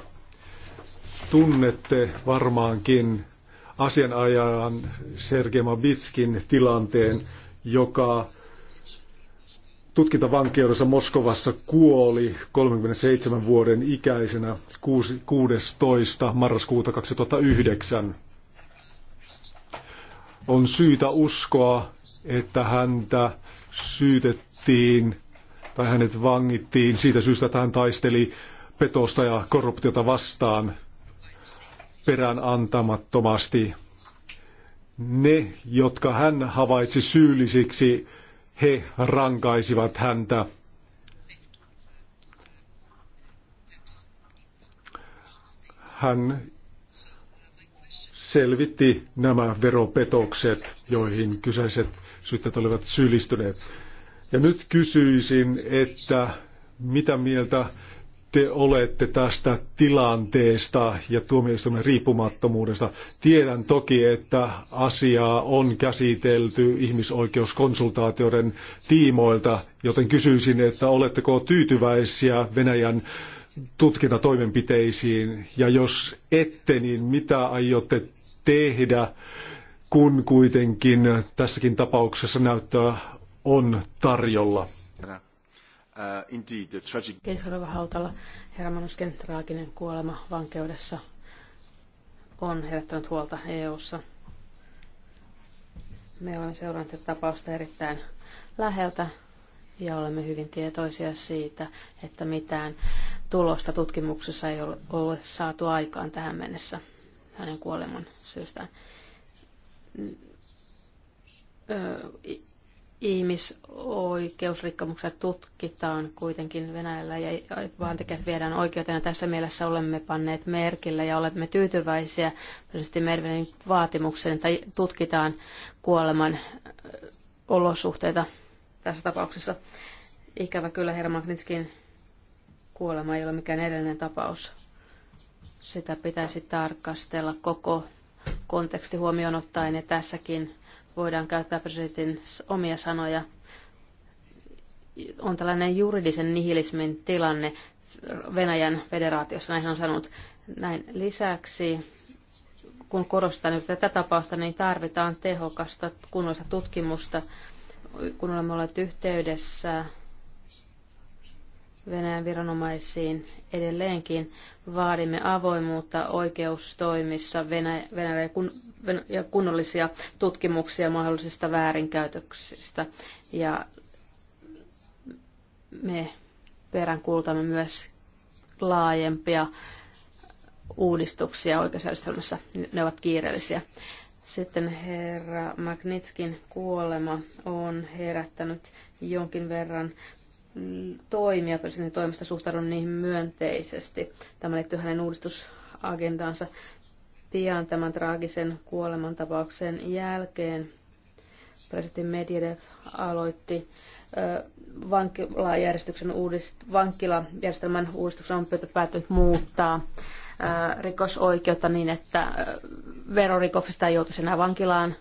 tunnette varmaankin asianajajan Sergei Mabitskin tilanteen, joka tutkintavankeudessa Moskovassa kuoli 37 vuoden ikäisenä 16. marraskuuta 2009. On syytä uskoa, että häntä syytettiin tai hänet vangittiin siitä syystä, että hän taisteli petosta ja korruptiota vastaan perään antamattomasti. Ne, jotka hän havaitsi syyllisiksi, he rankaisivat häntä. Hän selvitti nämä veropetokset, joihin kyseiset syyttäjät olivat syyllistyneet. Ja nyt kysyisin, että mitä mieltä te olette tästä tilanteesta ja tuomioistuimen riippumattomuudesta. Tiedän toki, että asiaa on käsitelty ihmisoikeuskonsultaatioiden tiimoilta, joten kysyisin, että oletteko tyytyväisiä Venäjän tutkintatoimenpiteisiin, ja jos ette, niin mitä aiotte tehdä, kun kuitenkin tässäkin tapauksessa näyttöä on tarjolla? Uh, indeed, the tragic... Hautala, Hermanusken traaginen kuolema vankeudessa on herättänyt huolta EU:ssa. Me olemme seuranneet tätä tapausta erittäin läheltä ja olemme hyvin tietoisia siitä, että mitään tulosta tutkimuksessa ei ole saatu aikaan tähän mennessä hänen kuoleman syystään ihmisoikeusrikkomuksia tutkitaan kuitenkin Venäjällä ja vaan vaantekijät viedään oikeuteen. Tässä mielessä olemme panneet merkille ja olemme tyytyväisiä presidentti Medvedevin vaatimukseen, että tutkitaan kuoleman äh, olosuhteita tässä tapauksessa. Ikävä kyllä herra Magnitskin kuolema ei ole mikään edellinen tapaus. Sitä pitäisi tarkastella koko konteksti huomioon ottaen ja tässäkin voidaan käyttää presidentin omia sanoja, on tällainen juridisen nihilismin tilanne Venäjän federaatiossa, näin on sanonut. Näin lisäksi, kun korostan nyt tätä tapausta, niin tarvitaan tehokasta kunnollista tutkimusta, kun olemme olleet yhteydessä Venäjän viranomaisiin edelleenkin. Vaadimme avoimuutta oikeustoimissa Venäjällä ja kunnollisia tutkimuksia mahdollisista väärinkäytöksistä. Ja me peräänkuultamme myös laajempia uudistuksia oikeusjärjestelmässä. Ne ovat kiireellisiä. Sitten herra Magnitskin kuolema on herättänyt jonkin verran toimia presidentin toimesta suhtaudun niihin myönteisesti. Tämä liittyy hänen uudistusagendaansa pian tämän traagisen kuolemantapauksen jälkeen. Presidentti Medvedev aloitti vankilajärjestyksen uudist- vankilajärjestelmän uudistuksen on päätynyt muuttaa rikosoikeutta niin, että verorikoksista ei joutuisi enää vankilaan –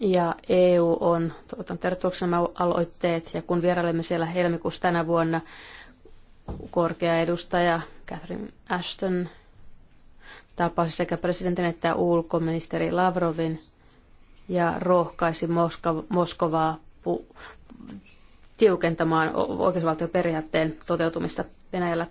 ja EU on tuotanut tervetuloksi nämä aloitteet ja kun vierailemme siellä helmikuussa tänä vuonna, korkea edustaja Catherine Ashton tapasi sekä presidentin että ulkoministeri Lavrovin ja rohkaisi Moskova, Moskovaa pu- tiukentamaan oikeusvaltioperiaatteen toteutumista Venäjällä.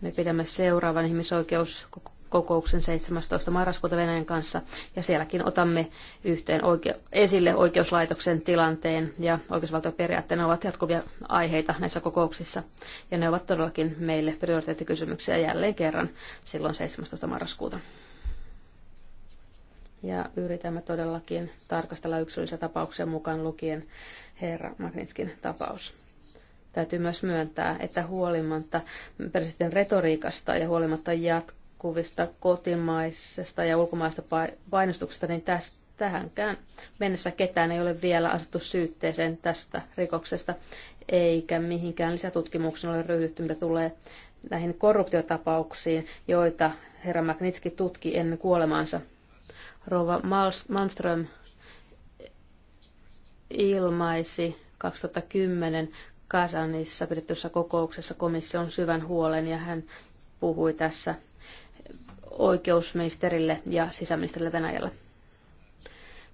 Me pidämme seuraavan ihmisoikeus kokouksen 17. marraskuuta Venäjän kanssa, ja sielläkin otamme yhteen oike- esille oikeuslaitoksen tilanteen, ja oikeusvaltioperiaatteen ovat jatkuvia aiheita näissä kokouksissa, ja ne ovat todellakin meille prioriteettikysymyksiä jälleen kerran silloin 17. marraskuuta. Ja yritämme todellakin tarkastella yksilöllisiä tapauksia mukaan lukien herra Magnitskin tapaus täytyy myös myöntää, että huolimatta presidentin retoriikasta ja huolimatta jat- jatkuvista kotimaisesta ja ulkomaista painostuksesta, niin tästä, tähänkään mennessä ketään ei ole vielä asettu syytteeseen tästä rikoksesta, eikä mihinkään lisätutkimuksiin ole ryhdytty, mitä tulee näihin korruptiotapauksiin, joita herra Magnitski tutki ennen kuolemaansa. Rova Malmström ilmaisi 2010 Kasanissa pidettyssä kokouksessa komission syvän huolen ja hän puhui tässä oikeusministerille ja sisäministerille Venäjällä.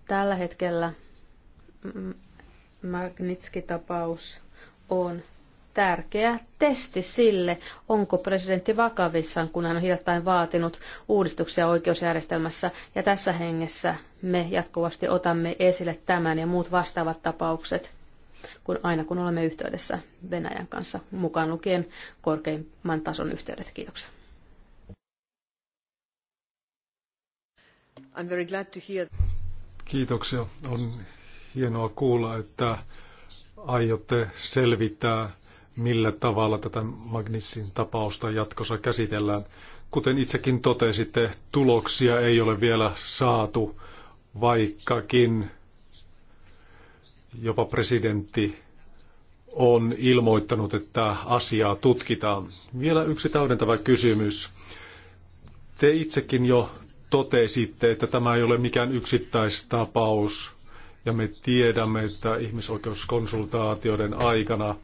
Tällä hetkellä Magnitski-tapaus on tärkeä testi sille, onko presidentti vakavissaan, kun hän on hiljattain vaatinut uudistuksia oikeusjärjestelmässä. Ja tässä hengessä me jatkuvasti otamme esille tämän ja muut vastaavat tapaukset, kun aina kun olemme yhteydessä Venäjän kanssa, mukaan lukien korkeimman tason yhteydet. Kiitoksia. I'm very glad to hear. Kiitoksia. On hienoa kuulla, että aiotte selvittää, millä tavalla tätä Magnitsin tapausta jatkossa käsitellään. Kuten itsekin totesitte, tuloksia ei ole vielä saatu, vaikkakin jopa presidentti on ilmoittanut, että asiaa tutkitaan. Vielä yksi täydentävä kysymys. Te itsekin jo totesitte, että tämä ei ole mikään yksittäistapaus. Ja me tiedämme, että ihmisoikeuskonsultaatioiden aikana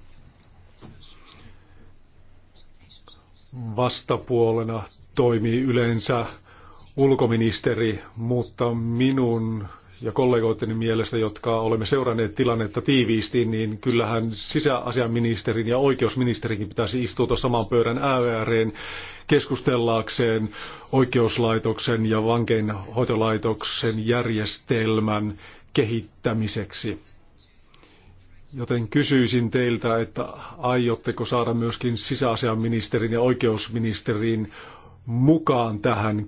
vastapuolena toimii yleensä ulkoministeri, mutta minun ja kollegoitteni mielestä, jotka olemme seuranneet tilannetta tiiviisti, niin kyllähän sisäasiaministerin ja oikeusministerinkin pitäisi istua saman pöydän ääreen keskustellaakseen oikeuslaitoksen ja vankeinhoitolaitoksen järjestelmän kehittämiseksi. Joten kysyisin teiltä, että aiotteko saada myöskin sisäasiaministerin ja oikeusministerin mukaan tähän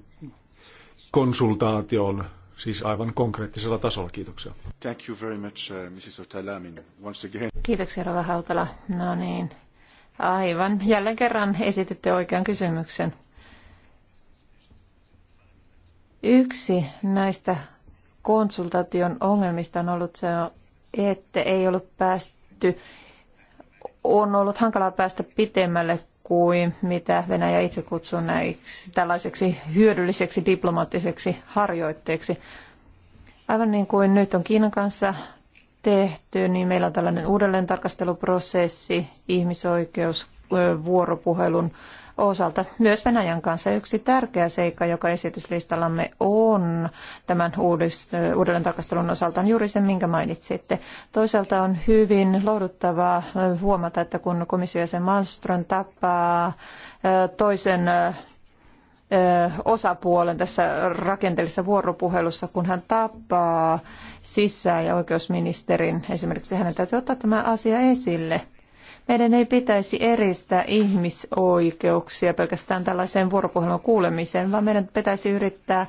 konsultaatioon siis aivan konkreettisella tasolla. Kiitoksia. Thank you very much, uh, Mrs. Otala. once again. Kiitoksia, Rova Hautala. No niin, aivan. Jälleen kerran esititte oikean kysymyksen. Yksi näistä konsultaation ongelmista on ollut se, että ei ollut päästy, on ollut hankalaa päästä pitemmälle kuin mitä Venäjä itse kutsuu näiksi tällaiseksi hyödylliseksi diplomaattiseksi harjoitteeksi. Aivan niin kuin nyt on Kiinan kanssa tehty, niin meillä on tällainen uudelleen tarkasteluprosessi ihmisoikeusvuoropuhelun osalta myös Venäjän kanssa. Yksi tärkeä seikka, joka esityslistallamme on tämän uudis- uudelleen osalta, on juuri se, minkä mainitsitte. Toisaalta on hyvin lohduttavaa huomata, että kun komissiojäsen Malmström tapaa toisen osapuolen tässä rakenteellisessa vuoropuhelussa, kun hän tapaa sisään- ja oikeusministerin. Esimerkiksi hänen täytyy ottaa tämä asia esille. Meidän ei pitäisi eristää ihmisoikeuksia pelkästään tällaiseen vuoropuhelun kuulemiseen, vaan meidän pitäisi yrittää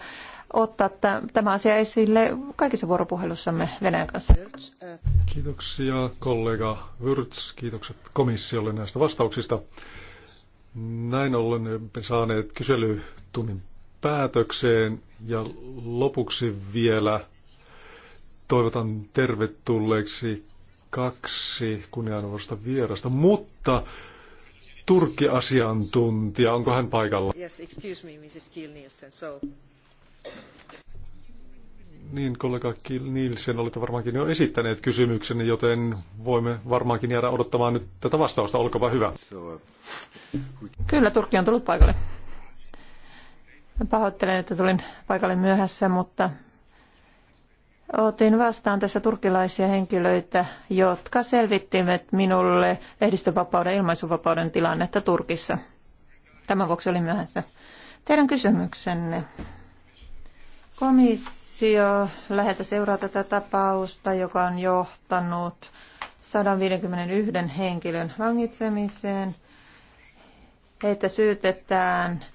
ottaa tämä asia esille kaikissa vuoropuhelussamme Venäjän kanssa. Kiitoksia kollega Wyrts, kiitokset komissiolle näistä vastauksista. Näin ollen saaneet kyselytunnin päätökseen ja lopuksi vielä toivotan tervetulleeksi kaksi kunnianarvoista vierasta, mutta Turkki-asiantuntija, onko hän paikalla? Yes, excuse me, Mrs. Nielsen, so... Niin, kollega Kiel Nielsen, olette varmaankin jo esittäneet kysymyksen, joten voimme varmaankin jäädä odottamaan nyt tätä vastausta. Olkaa hyvä. Uh, Kyllä, Turkki on tullut paikalle. Pahoittelen, että tulin paikalle myöhässä, mutta Otin vastaan tässä turkilaisia henkilöitä, jotka selvittivät minulle lehdistönvapauden ja ilmaisuvapauden tilannetta Turkissa. Tämän vuoksi olin myöhässä. Teidän kysymyksenne. Komissio läheltä seuraa tätä tapausta, joka on johtanut 151 henkilön vangitsemiseen. Heitä syytetään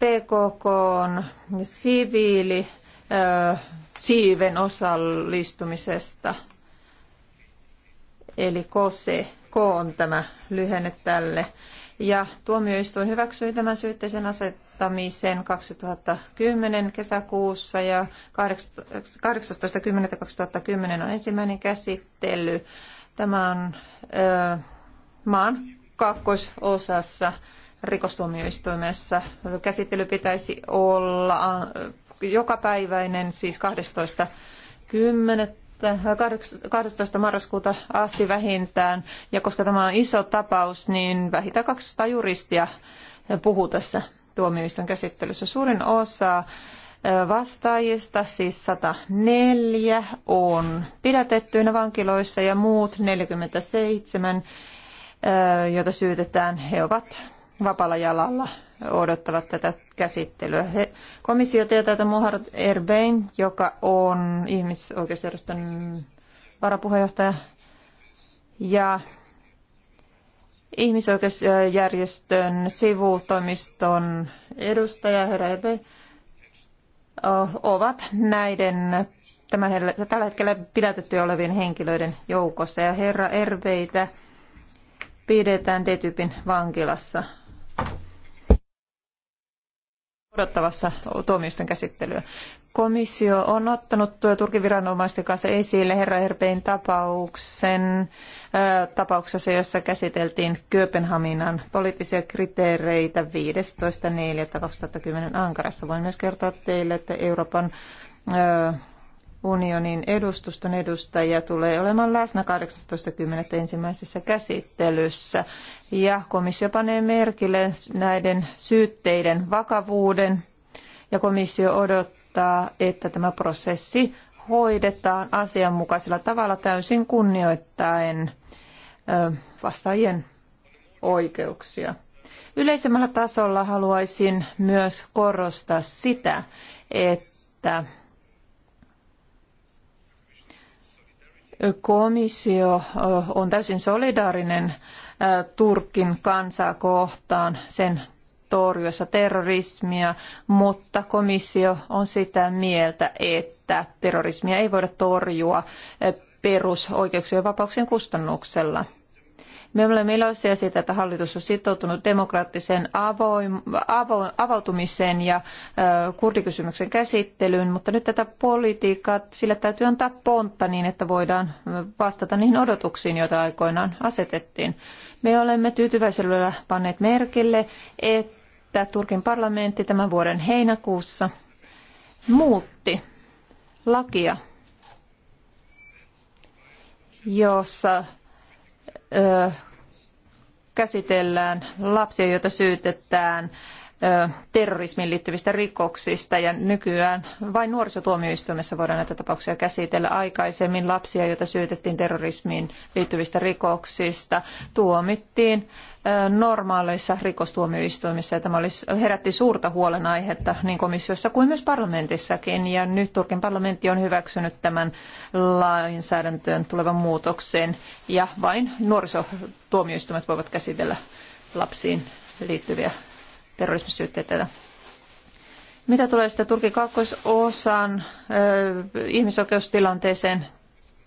PKK on siviili siiven osallistumisesta. Eli KC, K on tämä lyhenne tälle. Ja tuomioistuin hyväksyi tämän syytteisen asettamisen 2010 kesäkuussa ja 18.10.2010 on ensimmäinen käsittely. Tämä on ö, maan kakkososassa rikostuomioistuimessa. Käsittely pitäisi olla jokapäiväinen, siis 12. 10. 12. marraskuuta asti vähintään. Ja koska tämä on iso tapaus, niin vähintään 200 juristia puhuu tässä tuomioistuin käsittelyssä. Suurin osa äh, vastaajista, siis 104, on pidätettyinä vankiloissa ja muut 47, äh, joita syytetään, he ovat vapaalla jalalla odottavat tätä käsittelyä. He, komissio tietää, että Muharrat Erbein, joka on ihmisoikeusjärjestön varapuheenjohtaja ja ihmisoikeusjärjestön sivutoimiston edustaja herra Erbein, ovat näiden tämän, tällä hetkellä pidätettyjä olevien henkilöiden joukossa. Ja herra Erbeitä pidetään D-tyypin vankilassa odottavassa tuomioisten käsittelyä. Komissio on ottanut Turkin viranomaisten kanssa esille herra Erbein tapauksen, tapauksessa, jossa käsiteltiin Kööpenhaminan poliittisia kriteereitä 15.4.2010 Ankarassa. Voin myös kertoa teille, että Euroopan ää, unionin edustuston edustajia tulee olemaan läsnä 18.10. ensimmäisessä käsittelyssä. Ja komissio panee merkille näiden syytteiden vakavuuden ja komissio odottaa, että tämä prosessi hoidetaan asianmukaisella tavalla täysin kunnioittaen vastaajien oikeuksia. Yleisemmällä tasolla haluaisin myös korostaa sitä, että komissio on täysin solidaarinen Turkin kansaa kohtaan sen torjuessa terrorismia, mutta komissio on sitä mieltä, että terrorismia ei voida torjua perusoikeuksien ja vapauksien kustannuksella. Me olemme iloisia siitä, että hallitus on sitoutunut demokraattiseen avoim, avo, avautumiseen ja ö, kurdikysymyksen käsittelyyn, mutta nyt tätä politiikkaa, sille täytyy antaa pontta niin, että voidaan vastata niihin odotuksiin, joita aikoinaan asetettiin. Me olemme tyytyväisyydellä panneet merkille, että Turkin parlamentti tämän vuoden heinäkuussa muutti lakia, jossa käsitellään lapsia, joita syytetään terrorismiin liittyvistä rikoksista ja nykyään vain nuorisotuomioistuimessa voidaan näitä tapauksia käsitellä. Aikaisemmin lapsia, joita syytettiin terrorismiin liittyvistä rikoksista, tuomittiin normaaleissa rikostuomioistuimissa. Ja tämä olisi, herätti suurta huolenaihetta niin komissiossa kuin myös parlamentissakin. Ja nyt Turkin parlamentti on hyväksynyt tämän lainsäädäntöön tulevan muutoksen. Ja vain nuorisotuomioistuimet voivat käsitellä lapsiin liittyviä terrorismisyytteitä. Mitä tulee sitten Turkin kakkososan ihmisoikeustilanteeseen,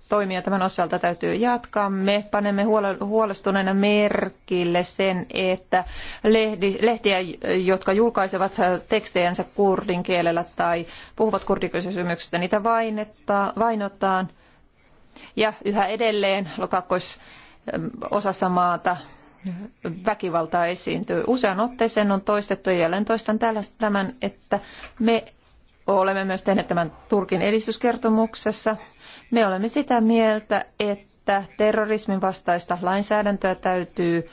toimia tämän osalta täytyy jatkaa. Me panemme huolestuneena merkille sen, että lehdi, lehtiä, jotka julkaisevat tekstejänsä kurdin kielellä tai puhuvat kurdikysymyksistä, niitä vainotaan. Ja yhä edelleen lokakkois osassa maata väkivaltaa esiintyy. Usean otteeseen on toistettu ja jälleen toistan tämän, että me olemme myös tehneet tämän Turkin edistyskertomuksessa. Me olemme sitä mieltä, että terrorismin vastaista lainsäädäntöä täytyy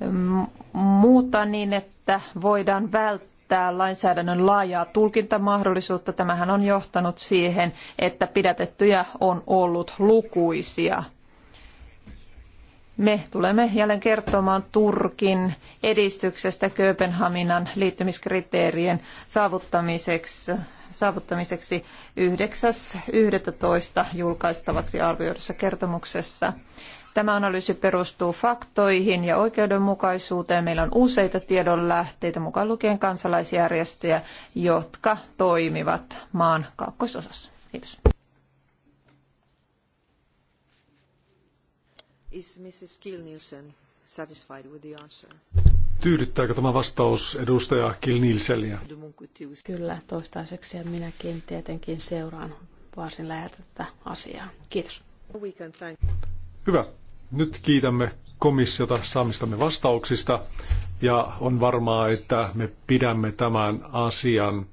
mm, muuttaa niin, että voidaan välttää lainsäädännön laajaa tulkintamahdollisuutta. Tämähän on johtanut siihen, että pidätettyjä on ollut lukuisia. Me tulemme jälleen kertomaan Turkin edistyksestä Kööpenhaminan liittymiskriteerien saavuttamiseksi, saavuttamiseksi 9.11. julkaistavaksi arvioidussa kertomuksessa. Tämä analyysi perustuu faktoihin ja oikeudenmukaisuuteen. Meillä on useita tiedonlähteitä, mukaan lukien kansalaisjärjestöjä, jotka toimivat maan kaakkoisosassa. Kiitos. Tyydyttääkö tämä vastaus edustaja Kill Nielseniä? Kyllä, toistaiseksi ja minäkin tietenkin seuraan varsin läheltä tätä asiaa. Kiitos. Hyvä. Nyt kiitämme komissiota saamistamme vastauksista ja on varmaa, että me pidämme tämän asian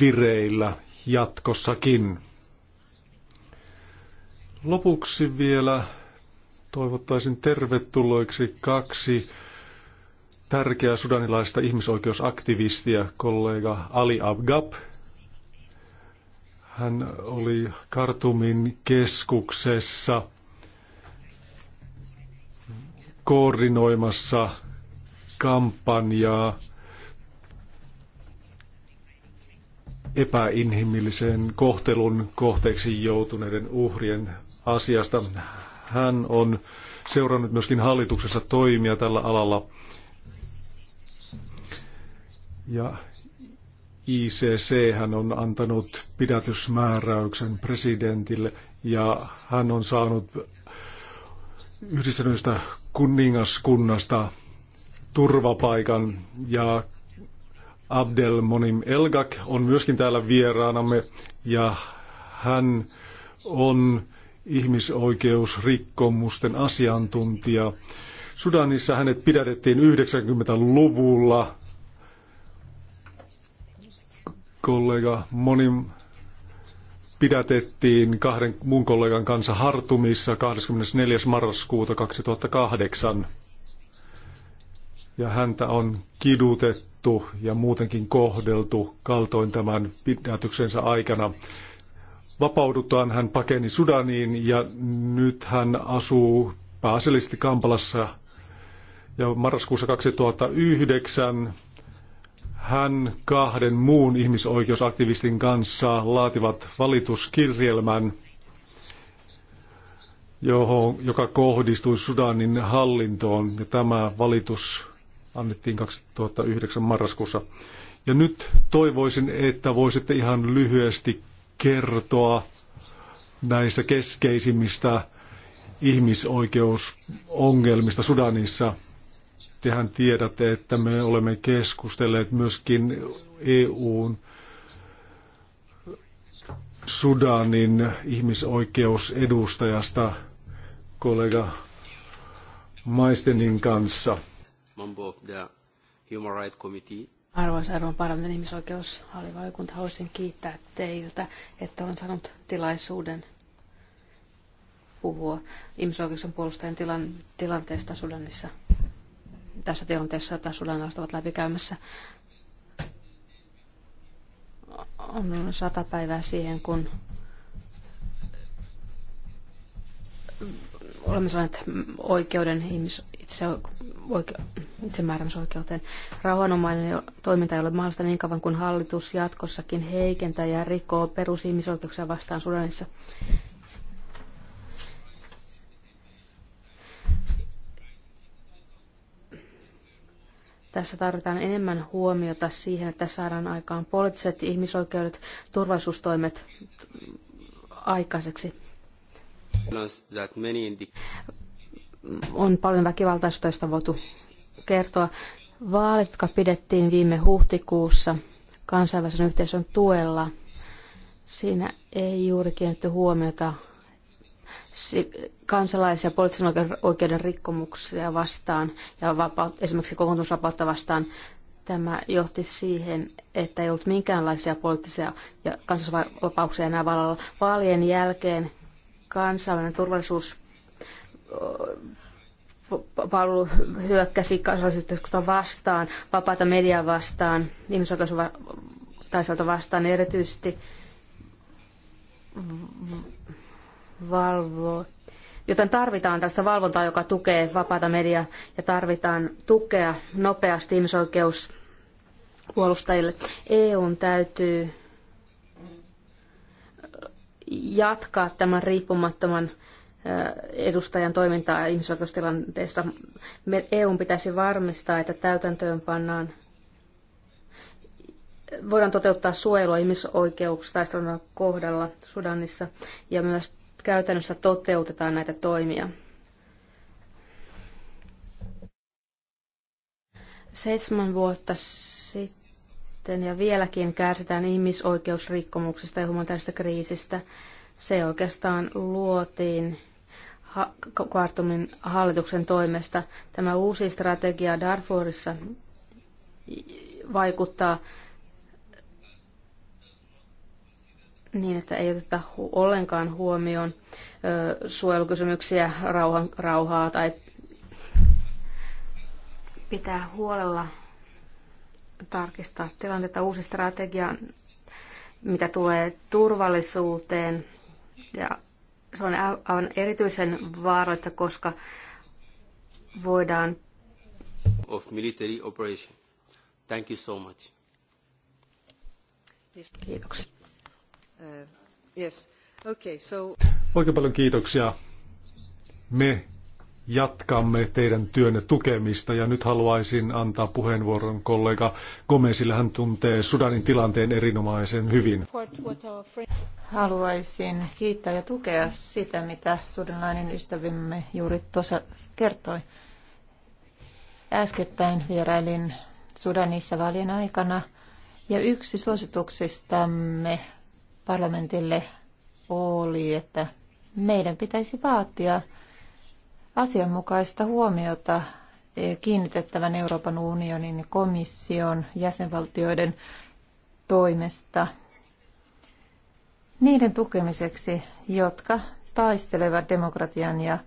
vireillä jatkossakin. Lopuksi vielä toivottaisin tervetulleeksi kaksi tärkeää sudanilaista ihmisoikeusaktivistia, kollega Ali Abgab. Hän oli Kartumin keskuksessa koordinoimassa kampanjaa epäinhimillisen kohtelun kohteeksi joutuneiden uhrien asiasta. Hän on seurannut myöskin hallituksessa toimia tällä alalla. Ja ICC hän on antanut pidätysmääräyksen presidentille ja hän on saanut yhdistetystä kuningaskunnasta turvapaikan ja Abdel Monim Elgak on myöskin täällä vieraanamme ja hän on ihmisoikeusrikkomusten asiantuntija. Sudanissa hänet pidätettiin 90-luvulla. Kollega Monim pidätettiin kahden mun kollegan kanssa Hartumissa 24. marraskuuta 2008. Ja häntä on kidutettu ja muutenkin kohdeltu kaltoin tämän pidätyksensä aikana. Vapauduttuaan hän pakeni Sudaniin ja nyt hän asuu pääasiallisesti Kampalassa. Ja marraskuussa 2009 hän kahden muun ihmisoikeusaktivistin kanssa laativat valituskirjelmän, johon, joka kohdistui Sudanin hallintoon. Ja tämä valitus annettiin 2009 marraskuussa. Ja nyt toivoisin, että voisitte ihan lyhyesti kertoa näistä keskeisimmistä ihmisoikeusongelmista Sudanissa. Tehän tiedätte, että me olemme keskustelleet myöskin EUn Sudanin ihmisoikeusedustajasta kollega Maistenin kanssa. Member of the Human Rights Committee Arvoisa Euroopan parlamentin ihmisoikeushallivaliokunta, haluaisin kiittää teiltä, että olen saanut tilaisuuden puhua ihmisoikeuksien puolustajien tilan, tilanteesta Sudanissa. Tässä tilanteessa, jota sudanilaiset ovat läpikäymässä, on sata päivää siihen, kun olemme saaneet oikeuden ihmis- itse, oikeu, itsemääräämisoikeuteen. Rauhanomainen toiminta ei ole mahdollista niin kauan kuin hallitus jatkossakin heikentää ja rikoo perusihmisoikeuksia vastaan Sudanissa. Tässä tarvitaan enemmän huomiota siihen, että saadaan aikaan poliittiset ihmisoikeudet, turvallisuustoimet aikaiseksi on paljon väkivaltaisuutta, josta on voitu kertoa. Vaalit, jotka pidettiin viime huhtikuussa kansainvälisen yhteisön tuella, siinä ei juuri kiinnitty huomiota kansalaisia ja poliittisen oikeuden rikkomuksia vastaan ja vapaut, esimerkiksi kokoontumisvapautta vastaan. Tämä johti siihen, että ei ollut minkäänlaisia poliittisia ja kansalaisvapauksia enää Vaalien jälkeen kansainvälinen turvallisuus Paulu hyökkäsi kansalaisyhteiskunta vastaan, vapaata mediaa vastaan, ihmisoikeustaiselta vastaan erityisesti valvoo. Joten tarvitaan tästä valvontaa, joka tukee vapaata mediaa ja tarvitaan tukea nopeasti ihmisoikeuspuolustajille. EUn täytyy jatkaa tämän riippumattoman edustajan toimintaa ihmisoikeustilanteessa. EU pitäisi varmistaa, että täytäntöön pannaan voidaan toteuttaa suojelua ihmisoikeukstaistelun kohdalla Sudanissa ja myös käytännössä toteutetaan näitä toimia. 7 vuotta sitten ja vieläkin kärsitään ihmisoikeusrikkomuksista ja humanitaarisesta kriisistä. Se oikeastaan luotiin Kvartumin hallituksen toimesta. Tämä uusi strategia Darfurissa vaikuttaa niin, että ei oteta ollenkaan huomioon suojelukysymyksiä, rauhan, rauhaa tai pitää huolella tarkistaa tilanteita. Uusi strategia, mitä tulee turvallisuuteen ja se on aivan erityisen vaarallista, koska voidaan of military operation. Thank you so much. Kiitoksia. Uh, yes. okay, so... Oikein paljon kiitoksia. Me jatkamme teidän työnne tukemista. Ja nyt haluaisin antaa puheenvuoron kollega Gomezille. Hän tuntee Sudanin tilanteen erinomaisen hyvin. Haluaisin kiittää ja tukea sitä, mitä sudanilainen ystävimme juuri tuossa kertoi. Äskettäin vierailin Sudanissa vaalien aikana ja yksi suosituksistamme parlamentille oli, että meidän pitäisi vaatia asianmukaista huomiota kiinnitettävän Euroopan unionin komission jäsenvaltioiden toimesta niiden tukemiseksi, jotka taistelevat demokratian ja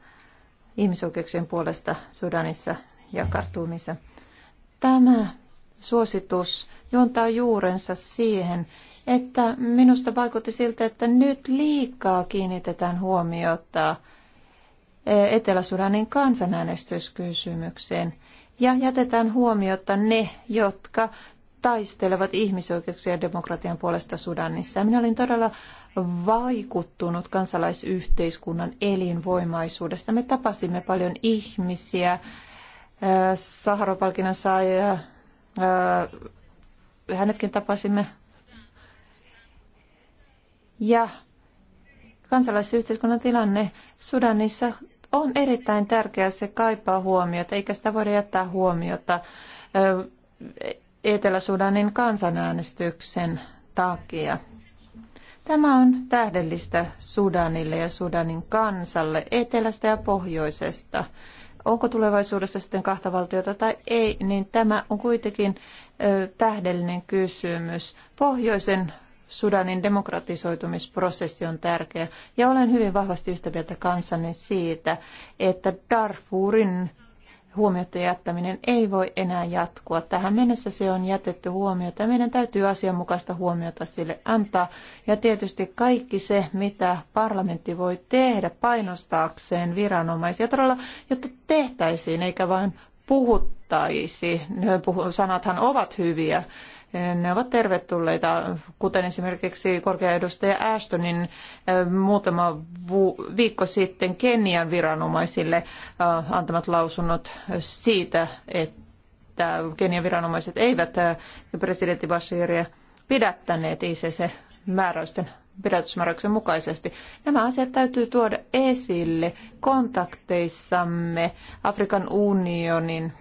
ihmisoikeuksien puolesta Sudanissa ja Kartumissa. Tämä suositus juontaa juurensa siihen, että minusta vaikutti siltä, että nyt liikaa kiinnitetään huomiota Etelä-Sudanin kansanäänestyskysymykseen ja jätetään huomiota ne, jotka taistelevat ihmisoikeuksien ja demokratian puolesta Sudanissa. Minä olin todella vaikuttunut kansalaisyhteiskunnan elinvoimaisuudesta. Me tapasimme paljon ihmisiä, äh, Saharopalkinnon saaja, äh, hänetkin tapasimme. Ja kansalaisyhteiskunnan tilanne Sudanissa on erittäin tärkeää se kaipaa huomiota, eikä sitä voida jättää huomiota Etelä-Sudanin kansanäänestyksen takia. Tämä on tähdellistä Sudanille ja Sudanin kansalle etelästä ja pohjoisesta. Onko tulevaisuudessa sitten kahta valtiota tai ei, niin tämä on kuitenkin tähdellinen kysymys. Pohjoisen Sudanin demokratisoitumisprosessi on tärkeä. Ja olen hyvin vahvasti yhtä mieltä kanssanne siitä, että Darfurin huomiota jättäminen ei voi enää jatkua. Tähän mennessä se on jätetty huomiota. Meidän täytyy asianmukaista huomiota sille antaa. Ja tietysti kaikki se, mitä parlamentti voi tehdä painostaakseen viranomaisia todella, jotta tehtäisiin eikä vain puhuttaisi. Sanathan ovat hyviä ne ovat tervetulleita, kuten esimerkiksi korkea edustaja Ashtonin eh, muutama viikko sitten Kenian viranomaisille eh, antamat lausunnot siitä, että Kenian viranomaiset eivät eh, presidentti Bashiria pidättäneet ICC-määräysten pidätysmääräyksen mukaisesti. Nämä asiat täytyy tuoda esille kontakteissamme Afrikan unionin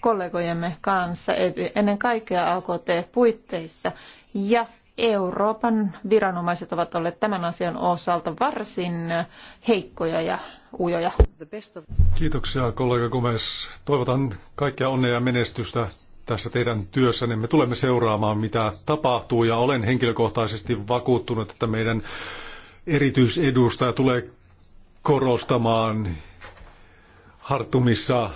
kollegojemme kanssa e, ennen kaikkea AKT-puitteissa ja Euroopan viranomaiset ovat olleet tämän asian osalta varsin heikkoja ja ujoja. Kiitoksia kollega Gomez. Toivotan kaikkea onnea ja menestystä tässä teidän työssänne. Me tulemme seuraamaan, mitä tapahtuu ja olen henkilökohtaisesti vakuuttunut, että meidän erityisedustaja tulee korostamaan Hartumissa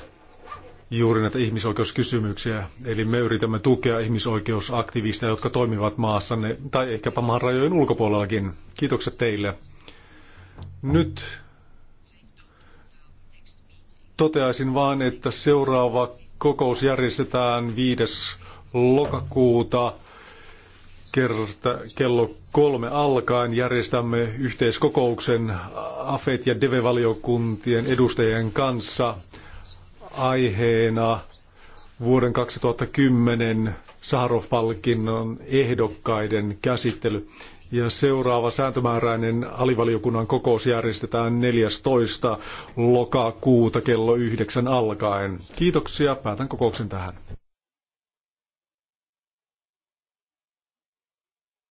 juuri näitä ihmisoikeuskysymyksiä. Eli me yritämme tukea ihmisoikeusaktivisteja, jotka toimivat maassanne tai ehkäpä maan rajojen ulkopuolellakin. Kiitokset teille. Nyt toteaisin vain, että seuraava kokous järjestetään 5. lokakuuta kerta, kello kolme alkaen järjestämme yhteiskokouksen AFET- ja DEVE-valiokuntien edustajien kanssa aiheena vuoden 2010 Saharov-palkinnon ehdokkaiden käsittely. Ja seuraava sääntömääräinen alivaliokunnan kokous järjestetään 14. lokakuuta kello 9 alkaen. Kiitoksia, päätän kokouksen tähän.